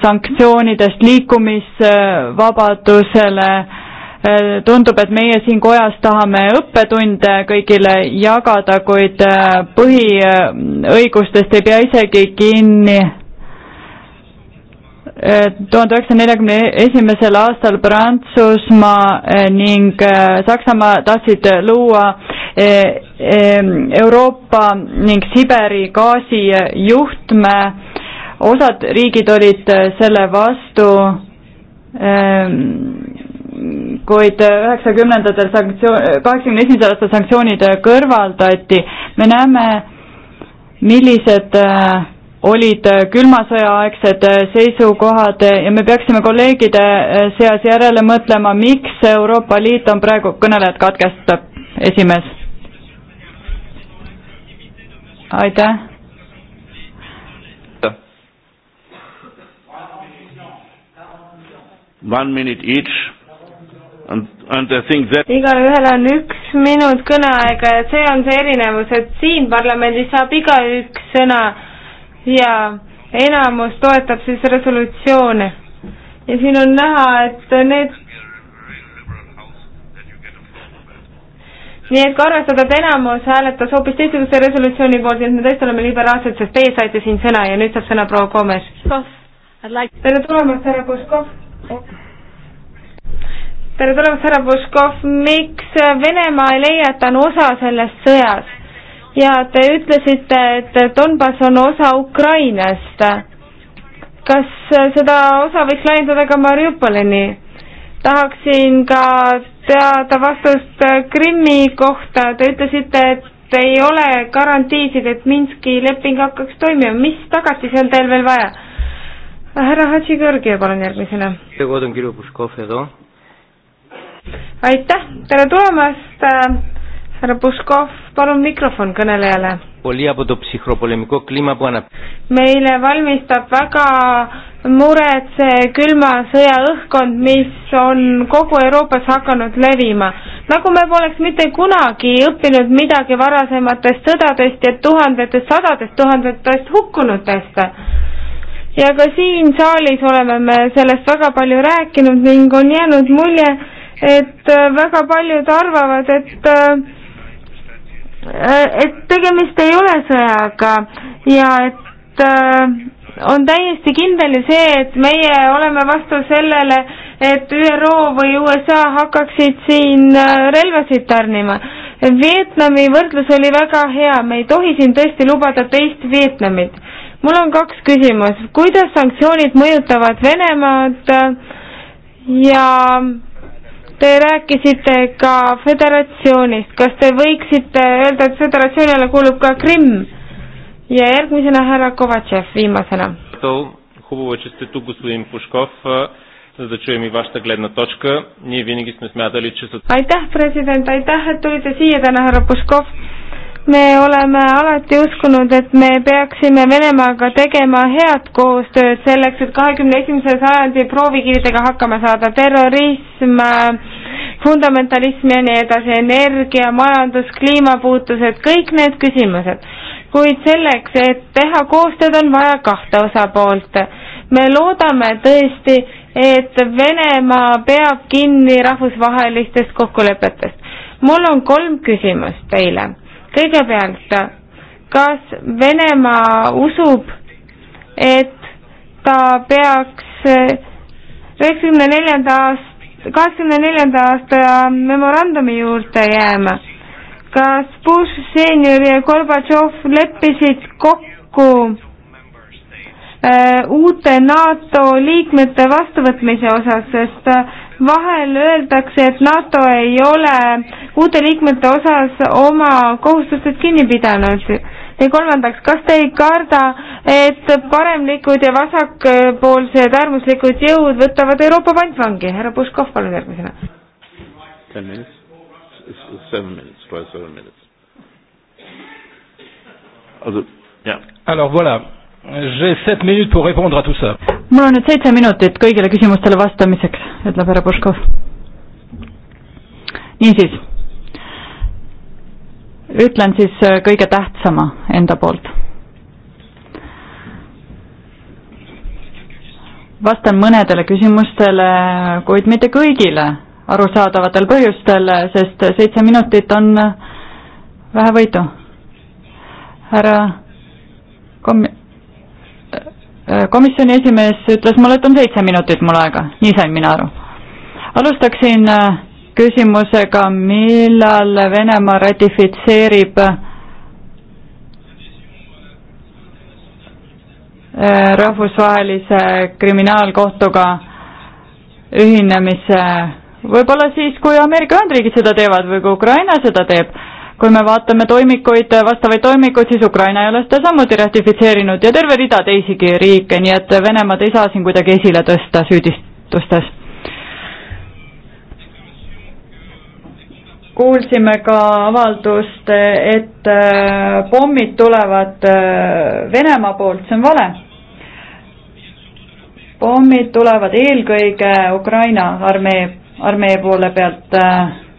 sanktsioonidest liikumisvabadusele, tundub, et meie siin kojas tahame õppetunde kõigile jagada, kuid põhiõigustest ei pea isegi kinni tuhande üheksasaja neljakümne esimesel aastal Prantsusmaa eh, ning eh, Saksamaa tahtsid luua eh, Euroopa ning Siberi gaasijuhtme, osad riigid olid selle vastu, kuid üheksakümnendatel sanktsioon, kaheksakümne esimesel aastal sanktsioonid kõrvaldati, me näeme, millised äh, olid äh, külma sõja aegsed äh, seisukohad äh, ja me peaksime kolleegide seas järele mõtlema, miks Euroopa Liit on praegu, kõnelejad katkestab, esimees. aitäh. One minute each and, and I think that igaühel on üks minut kõneaega ja see on see erinevus, et siin parlamendis saab igaüks sõna ja enamus toetab siis resolutsioone. ja siin on näha, et need nii et kui arvestada, et enamus hääletas hoopis teistsuguse resolutsiooni poolt, nii et me tõesti oleme liberaalsed, sest teie saite siin sõna ja nüüd saab sõna proua Gomes. tere tulemast, härra Puškov. tere tulemast, härra Puškov, miks Venemaa ei leia, et ta on osa sellest sõjast? ja te ütlesite, et Donbass on osa Ukrainast. kas seda osa võiks laiendada ka Mariupolini? tahaksin ka teada vastust Krimmi kohta, te ütlesite, et ei ole garantiisid, et Minski leping hakkaks toimima, mis tagatisi on teil veel vaja? härra Hadži Georgiev, palun järgmisena. aitäh, tere tulemast äh, härra Puškov, palun mikrofon kõnelejale. meile valmistab väga muret see külma sõja õhkkond, mis on kogu Euroopas hakanud levima. nagu me poleks mitte kunagi õppinud midagi varasematest sõdadest ja tuhandetest, sadadest tuhandetest hukkunutest ja ka siin saalis oleme me sellest väga palju rääkinud ning on jäänud mulje, et väga paljud arvavad, et äh, Äh, et tegemist ei ole sõjaga ja et äh, on täiesti kindel ju see, et meie oleme vastu sellele, et ÜRO või USA hakkaksid siin äh, relvasid tarnima. Vietnami võrdlus oli väga hea, me ei tohi siin tõesti lubada teist Vietnamit. mul on kaks küsimust, kuidas sanktsioonid mõjutavad Venemaad ja Te rääkisite ka föderatsioonist, kas te võiksite öelda, et föderatsioonile kuulub ka Krimm? ja järgmisena härra Kovatšev, viimasena. Хубаво, че сте тук, господин Пушков, за да чуем и вашата гледна точка. Ние винаги сме смятали, че... Aitäh, president, aitäh, et tulite siia täna, härra Puškov me oleme alati uskunud, et me peaksime Venemaaga tegema head koostööd selleks, et kahekümne esimese sajandi proovikividega hakkama saada, terrorism, fundamentalism ja nii edasi, energia, majandus, kliimapuutused, kõik need küsimused. kuid selleks, et teha koostööd, on vaja kahte osapoolt. me loodame tõesti, et Venemaa peab kinni rahvusvahelistest kokkulepetest. mul on kolm küsimust teile kõigepealt, kas Venemaa usub, et ta peaks üheksakümne neljanda aasta, kaheksakümne neljanda aasta memorandumi juurde jääma? kas Bush seenior ja Gorbatšov leppisid kokku äh, uute NATO liikmete vastuvõtmise osas, sest äh, vahel öeldakse, et NATO ei ole uute liikmete osas oma kohustustest kinni pidanud. ja kolmandaks, kas te ei karda, et paremlikud ja vasakpoolsed äärmuslikud jõud võtavad Euroopa pantvangi? härra Puškov, palun järgmisena. Alors voilà, mul on nüüd seitse minutit kõigile küsimustele vastamiseks, ütleb härra Puškov. niisiis, ütlen siis äh, kõige tähtsama enda poolt. vastan mõnedele küsimustele, kuid mitte kõigile arusaadavatel põhjustel, sest seitse minutit on äh, vähevõitu. härra Äh, komisjoni esimees ütles mulle, et on seitse minutit mul aega, nii sain mina aru. alustaksin äh, küsimusega, millal Venemaa ratifitseerib äh, rahvusvahelise kriminaalkohtuga ühinemise võib-olla siis, kui Ameerika Ühendriigid seda teevad või kui Ukraina seda teeb kui me vaatame toimikuid, vastavaid toimikuid, siis Ukraina ei ole seda samuti ratifitseerinud ja terve rida teisigi riike, nii et Venemaad ei saa siin kuidagi esile tõsta süüdistustes. kuulsime ka avaldust, et äh, pommid tulevad äh, Venemaa poolt, see on vale. pommid tulevad eelkõige Ukraina armee, armee poole pealt äh,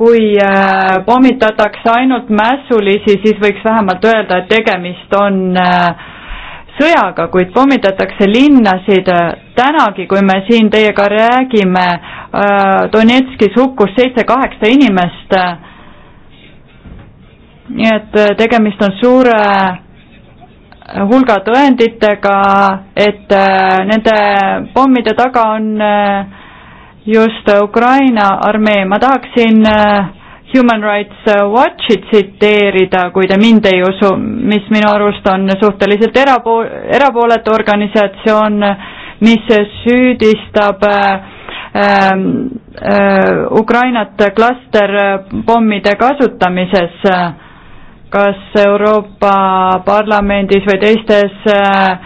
kui äh, pommitatakse ainult mässulisi, siis võiks vähemalt öelda, et tegemist on äh, sõjaga, kuid pommitatakse linnasid tänagi, kui me siin teiega räägime, äh, Donetskis hukkus seitse-kaheksa inimest. nii et tegemist on suure hulga tõenditega, et nende pommide taga on äh, just äh, Ukraina armee, ma tahaksin äh, Human Rights äh, Watchi tsiteerida, kui te mind ei usu, mis minu arust on suhteliselt erapool-, erapooletu organisatsioon, mis süüdistab äh, ähm, äh, Ukrainat klasterpommide kasutamises. kas Euroopa Parlamendis või teistes äh,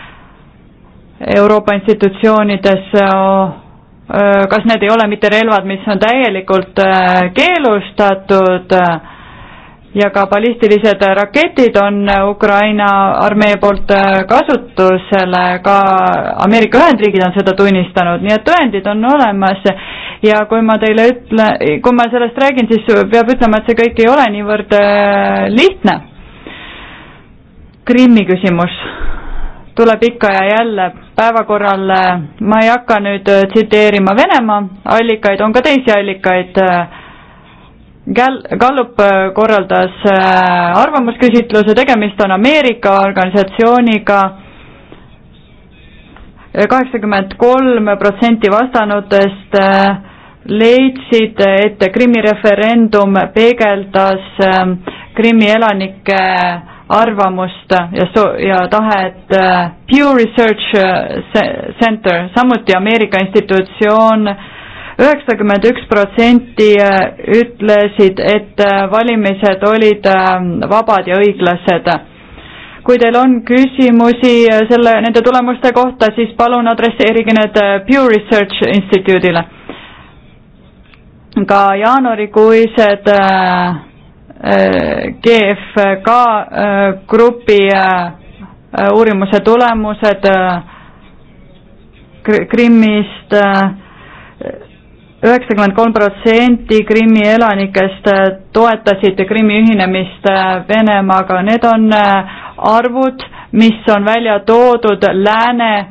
Euroopa institutsioonides äh, Äh, kas need ei ole mitte relvad, mis on täielikult äh, keelustatud ja ka ballistilised raketid on äh, Ukraina armee poolt kasutusele, ka Ameerika Ühendriigid on seda tunnistanud, nii et tõendid on olemas ja kui ma teile ütle, kui ma sellest räägin, siis peab ütlema, et see kõik ei ole niivõrd lihtne. Krimmi küsimus tuleb ikka ja jälle päevakorral, ma ei hakka nüüd äh, tsiteerima Venemaa allikaid, on ka teisi allikaid, Gal-, Gallup äh, korraldas äh, arvamusküsitluse, tegemist on Ameerika organisatsiooniga, kaheksakümmend kolm protsenti vastanutest leidsid, et Krimmi referendum peegeldas Krimmi elanike arvamust ja so-, ja tahet äh, Pew Research äh, Center, samuti Ameerika institutsioon, üheksakümmend üks protsenti äh, ütlesid, et valimised olid vabad ja õiglased. kui teil on küsimusi selle, nende tulemuste kohta, siis palun adresseerige need Pew Research Instituudile. ka jaanuarikuised äh, GFK äh, grupi äh, uurimuse tulemused äh, Krimmist, üheksakümmend kolm protsenti Krimmi elanikest toetasid Krimmi ühinemist Venemaaga, need on arvud, mis on välja toodud lääne äh,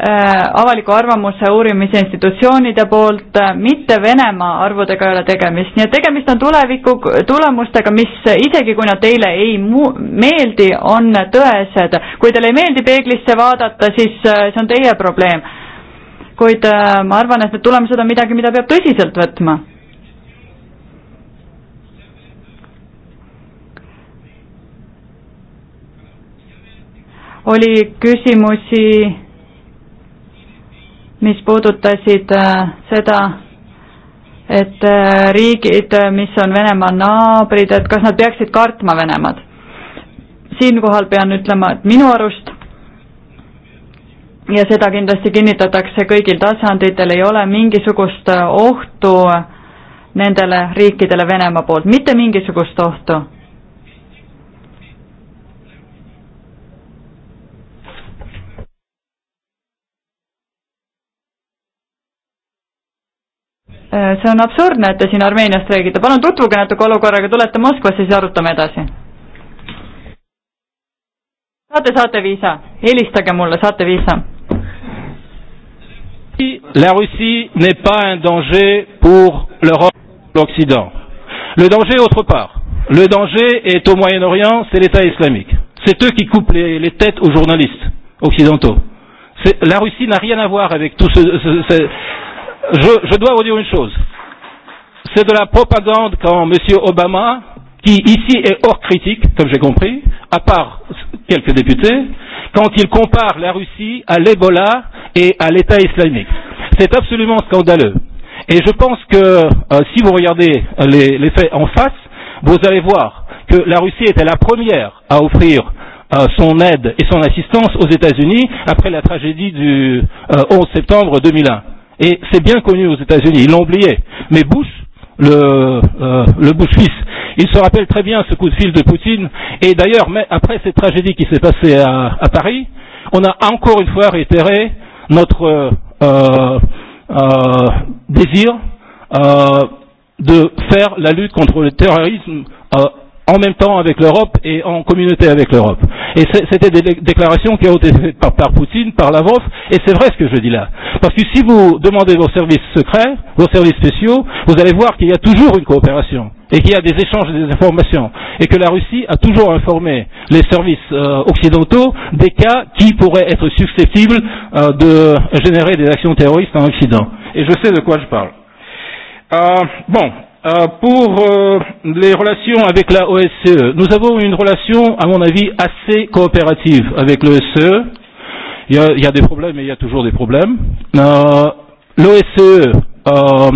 Äh, avaliku arvamuse uurimise institutsioonide poolt, äh, mitte Venemaa arvudega ei ole tegemist, nii et tegemist on tuleviku tulemustega, mis isegi kui nad teile ei mu-, meeldi, on tõesed. kui teile ei meeldi peeglisse vaadata, siis äh, see on teie probleem. kuid ma arvan, et need tulemused on midagi, mida peab tõsiselt võtma oli küsimusi mis puudutasid äh, seda, et äh, riigid, äh, mis on Venemaa naabrid, et kas nad peaksid kartma Venemaad. siinkohal pean ütlema, et minu arust ja seda kindlasti kinnitatakse kõigil tasanditel, ei ole mingisugust ohtu nendele riikidele Venemaa poolt, mitte mingisugust ohtu Äh, see on absurdne, et te siin Armeenias streigite, palun tutvuge natuke olukorraga, tulete Moskvasse, siis arutame edasi. saate, saate viisa, helistage mulle, saate viisa. La Russie n'est pas un danger pour l'Europe, l'Occident. Le danger autre part. Le danger est au Moyen-Orient, c'est l'État islamique. C'est eux qui coupent les, les têtes aux journalistes occidentaux. La Russie n'a rien à voir avec tout ce, ce, ce, je, je dois vous dire une chose. C'est de la propagande quand M. Obama, qui ici est hors critique, comme j'ai compris, à part quelques députés, quand il compare la Russie à l'Ebola et à l'État islamique. C'est absolument scandaleux. Et je pense que euh, si vous regardez euh, les, les faits en face, vous allez voir que la Russie était la première à offrir euh, son aide et son assistance aux États-Unis après la tragédie du euh, 11 septembre 2001 Et c'est bien connu aux États-Unis, ils l'ont oublié. Mais Bush, le, euh, le Bush fils, il se rappelle très bien ce coup de fil de Poutine. Et d'ailleurs, après cette tragédie qui s'est passée à, à Paris, on a encore une fois réitéré notre euh, euh, euh, désir euh, de faire la lutte contre le terrorisme euh, en même temps avec l'Europe et en communauté avec l'Europe. Et c'était des déclarations qui ont été faites par, par Poutine, par Lavrov, et c'est vrai ce que je dis là. Parce que si vous demandez vos services secrets, vos services spéciaux, vous allez voir qu'il y a toujours une coopération et qu'il y a des échanges des informations et que la Russie a toujours informé les services euh, occidentaux des cas qui pourraient être susceptibles euh, de générer des actions terroristes en Occident. Et je sais de quoi je parle. Euh, bon, Euh, pour euh, les relations avec la OSCE, nous avons une relation, à mon avis, assez coopérative avec l'OSCE. Il y, a, il y a des problèmes et il y a toujours des problèmes. Euh, L'OSCE euh,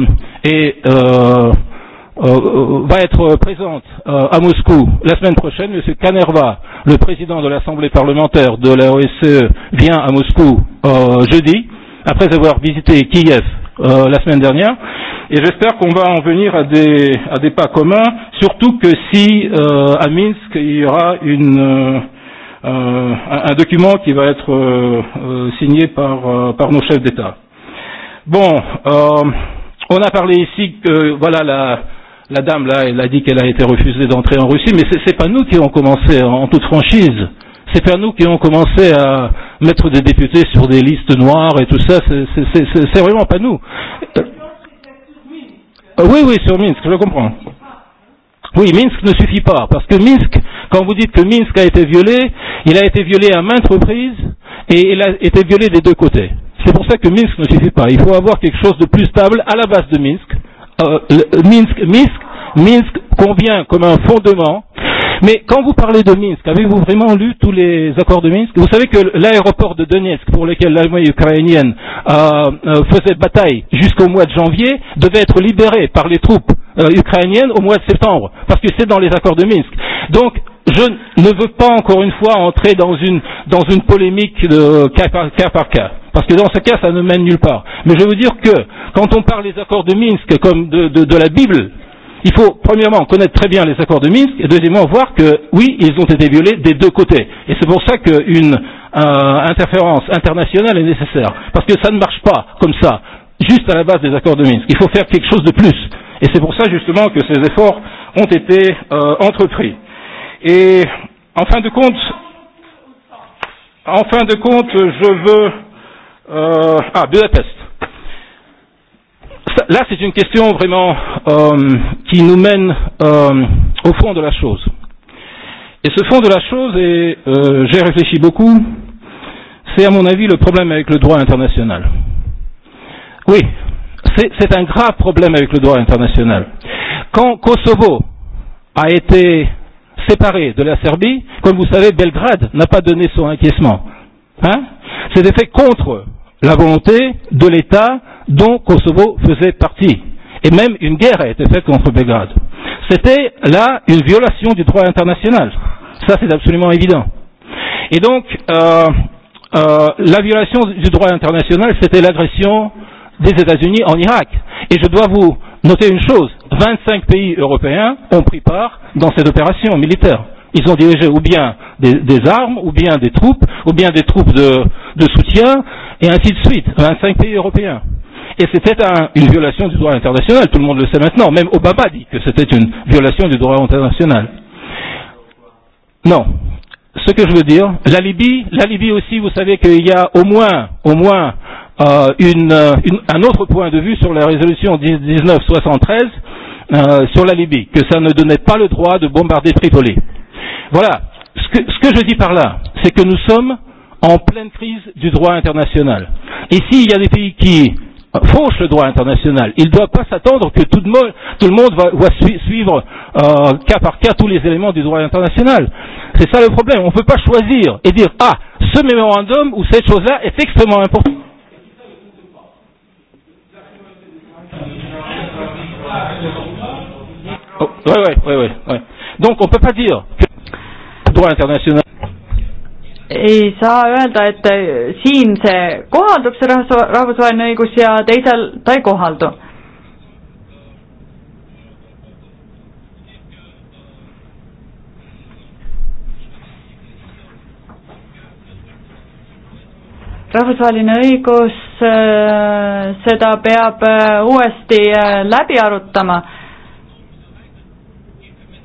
est, euh, euh, euh, va être présente euh, à Moscou la semaine prochaine. M. Kanerva, le président de l'Assemblée parlementaire de la OSCE, vient à Moscou euh, jeudi, après avoir visité Kiev euh, la semaine dernière. Et j'espère qu'on va en venir à des, à des pas communs, surtout que si euh, à Minsk, il y aura une, euh, un, un document qui va être euh, euh, signé par, euh, par nos chefs d'État. Bon, euh, on a parlé ici que voilà la, la dame là, elle a dit qu'elle a été refusée d'entrer en Russie, mais c'est pas nous qui avons commencé en, en toute franchise. Euh, c'est pas nous qui avons commencé à mettre des députés sur des listes noires et tout ça, c'est vraiment pas nous. Euh, oui, oui, sur Minsk, je comprends. Oui, Minsk ne suffit pas, parce que Minsk, quand vous dites que Minsk a été violé, il a été violé à maintes reprises et il a été violé des deux côtés. C'est pour ça que Minsk ne suffit pas. Il faut avoir quelque chose de plus stable à la base de Minsk. Euh, le, Minsk, Minsk, Minsk convient comme un fondement Mais quand vous parlez de Minsk, avez-vous vraiment lu tous les accords de Minsk Vous savez que l'aéroport de Donetsk, pour lequel l'Allemagne ukrainienne euh, euh, faisait bataille jusqu'au mois de janvier, devait être libéré par les troupes euh, ukrainiennes au mois de septembre, parce que c'est dans les accords de Minsk. Donc, je ne veux pas encore une fois entrer dans une, dans une polémique de cas par, cas par cas, parce que dans ce cas, ça ne mène nulle part. Mais je veux dire que quand on parle des accords de Minsk comme de, de, de la Bible, il faut premièrement connaître très bien les accords de Minsk et deuxièmement voir que oui, ils ont été violés des deux côtés. Et c'est pour ça qu'une euh, interférence internationale est nécessaire. Parce que ça ne marche pas comme ça, juste à la base des accords de Minsk. Il faut faire quelque chose de plus. Et c'est pour ça justement que ces efforts ont été euh, entrepris. Et en fin de compte, en fin de compte, je veux euh, ah Budapest là, c'est une question vraiment euh, qui nous mène euh, au fond de la chose. Et ce fond de la chose, et euh, j'ai réfléchi beaucoup, c'est à mon avis le problème avec le droit international. Oui, c'est un grave problème avec le droit international. Quand Kosovo a été séparé de la Serbie, comme vous savez, Belgrade n'a pas donné son acquiescement. Hein C'était fait contre la volonté de l'État dont Kosovo faisait partie. Et même une guerre a été faite contre Belgrade. C'était là une violation du droit international. Ça, c'est absolument évident. Et donc, euh, euh, la violation du droit international, c'était l'agression des États-Unis en Irak. Et je dois vous noter une chose, 25 pays européens ont pris part dans cette opération militaire. Ils ont dirigé ou bien des, des armes, ou bien des troupes, ou bien des troupes de, de soutien, et ainsi de suite. 25 pays européens. Et c'était un, une violation du droit international, tout le monde le sait maintenant. Même Obama dit que c'était une violation du droit international. Non. Ce que je veux dire, la Libye, la Libye aussi, vous savez qu'il y a au moins, au moins euh, une, euh, une, un autre point de vue sur la résolution 10, 1973 euh, sur la Libye, que ça ne donnait pas le droit de bombarder Tripoli. Voilà. Ce que, ce que je dis par là, c'est que nous sommes en pleine crise du droit international. Ici, il y a des pays qui fauche le droit international. Il ne doit pas s'attendre que tout le monde, tout le monde va, va su, suivre euh, cas par cas tous les éléments du droit international. C'est ça le problème. On ne peut pas choisir et dire ah ce mémorandum ou cette chose-là est extrêmement importante. Oh, oui, oui, oui, oui. Donc on ne peut pas dire que le droit international ei saa öelda, et äh, siin see kohaldub, see rahvusvaheline õigus ja teisel ta ei kohaldu. rahvusvaheline õigus, äh, seda peab äh, uuesti läbi arutama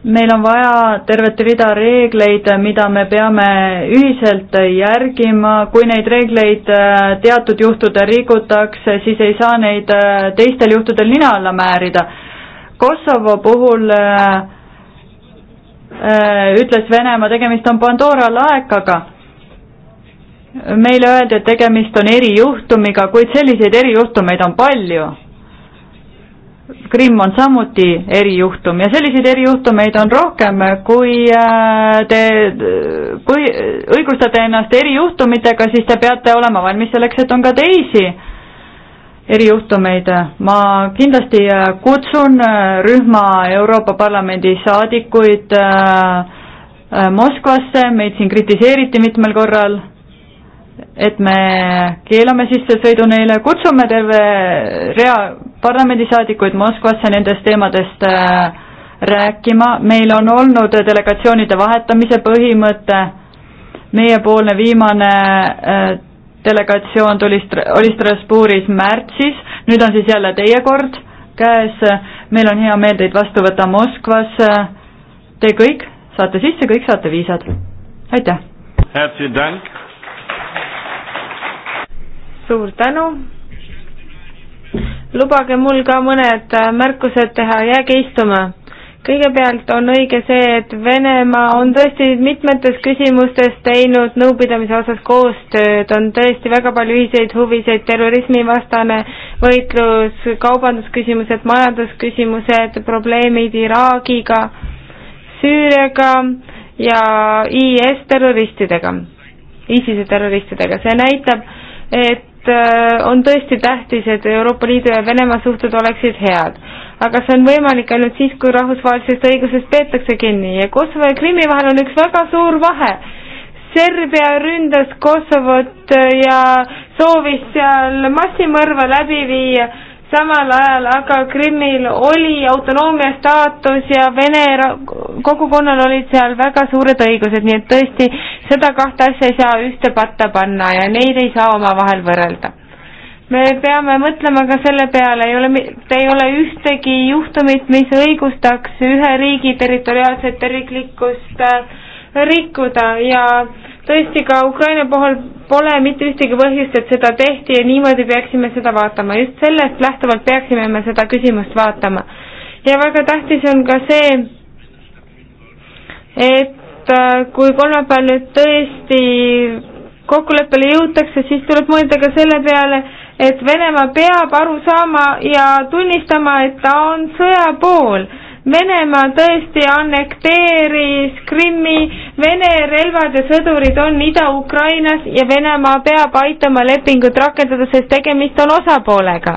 meil on vaja tervet rida reegleid, mida me peame ühiselt järgima, kui neid reegleid äh, teatud juhtudel rikutakse, siis ei saa neid äh, teistel juhtudel nina alla määrida. Kosovo puhul äh, ütles Venemaa, tegemist on Pandora laekaga. meile öeldi, et tegemist on erijuhtumiga, kuid selliseid erijuhtumeid on palju Krimm on samuti erijuhtum ja selliseid erijuhtumeid on rohkem, kui äh, te põhi, õigustate ennast erijuhtumitega, siis te peate olema valmis selleks, et on ka teisi erijuhtumeid. ma kindlasti äh, kutsun äh, rühma Euroopa Parlamendi saadikuid Moskvasse, meid siin kritiseeriti mitmel korral et me keelame sissesõidu neile, kutsume terve rea parlamendisaadikuid Moskvasse nendest teemadest äh, rääkima, meil on olnud delegatsioonide vahetamise põhimõte, meiepoolne viimane äh, delegatsioon tuli, oli Strasbourgis märtsis, nüüd on siis jälle teie kord käes, meil on hea meel teid vastu võtta Moskvas, te kõik saate sisse, kõik saate viisad, aitäh! suur tänu. lubage mul ka mõned äh, märkused teha, jääge istuma. kõigepealt on õige see, et Venemaa on tõesti mitmetes küsimustes teinud nõupidamise osas koostööd, on tõesti väga palju ühiseid huvisid, terrorismivastane võitlus, kaubandusküsimused, majandusküsimused, probleemid Iraagiga, Süüriaga ja IS terroristidega, ISISe terroristidega, see näitab, et et äh, on tõesti tähtis, et Euroopa Liidu ja Venemaa suhted oleksid head. aga see on võimalik ainult siis, kui rahvusvahelisest õigusest peetakse kinni ja Kosovo ja Krimmi vahel on üks väga suur vahe. Serbia ründas Kosovot ja soovis seal massimõrva läbi viia samal ajal aga Krimmil oli autonoomia staatus ja vene kogukonnal olid seal väga suured õigused, nii et tõesti seda kahte asja ei saa ühte patta panna ja neid ei saa omavahel võrrelda. me peame mõtlema ka selle peale, ei ole, ei ole ühtegi juhtumit, mis õigustaks ühe riigi territoriaalset terviklikkust äh, rikkuda ja äh, tõesti ka Ukraina puhul pole mitte ühtegi põhjust, et seda tehti ja niimoodi peaksime seda vaatama, just sellest lähtuvalt peaksime me seda küsimust vaatama. ja väga tähtis on ka see, et äh, kui kolmapäeval nüüd tõesti kokkuleppele jõutakse, siis tuleb mõelda ka selle peale, et Venemaa peab aru saama ja tunnistama, et ta on sõja pool Venemaa tõesti annekteeris Krimmi, Vene relvad ja sõdurid on Ida-Ukrainas ja Venemaa peab aitama lepingut rakendada, sest tegemist on osapoolega.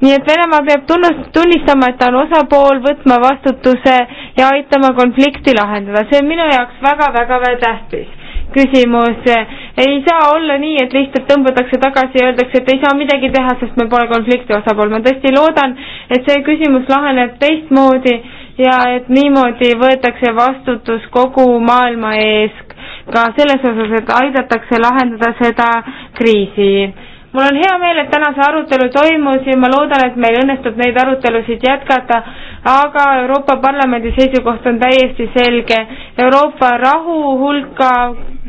nii et Venemaa peab tunnust-, tunnistama, et ta on osapool, võtma vastutuse ja aitama konflikti lahendada, see on minu jaoks väga-väga-väga tähtis küsimus. ei saa olla nii, et lihtsalt tõmbatakse tagasi ja öeldakse, et ei saa midagi teha, sest me pole konflikti osapool. ma tõesti loodan, et see küsimus laheneb teistmoodi ja et niimoodi võetakse vastutus kogu maailma ees ka selles osas, et aidatakse lahendada seda kriisi mul on hea meel, et täna see arutelu toimus ja ma loodan, et meil õnnestub neid arutelusid jätkata, aga Euroopa Parlamendi seisukoht on täiesti selge. Euroopa rahu hulka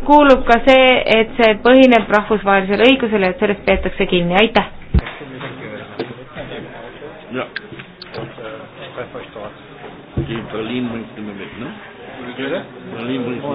kuulub ka see, et see põhineb rahvusvahelisel õigusel ja et sellest peetakse kinni, aitäh! Ja. In Berlin bringst du mir mit, ne? Berlin bringst du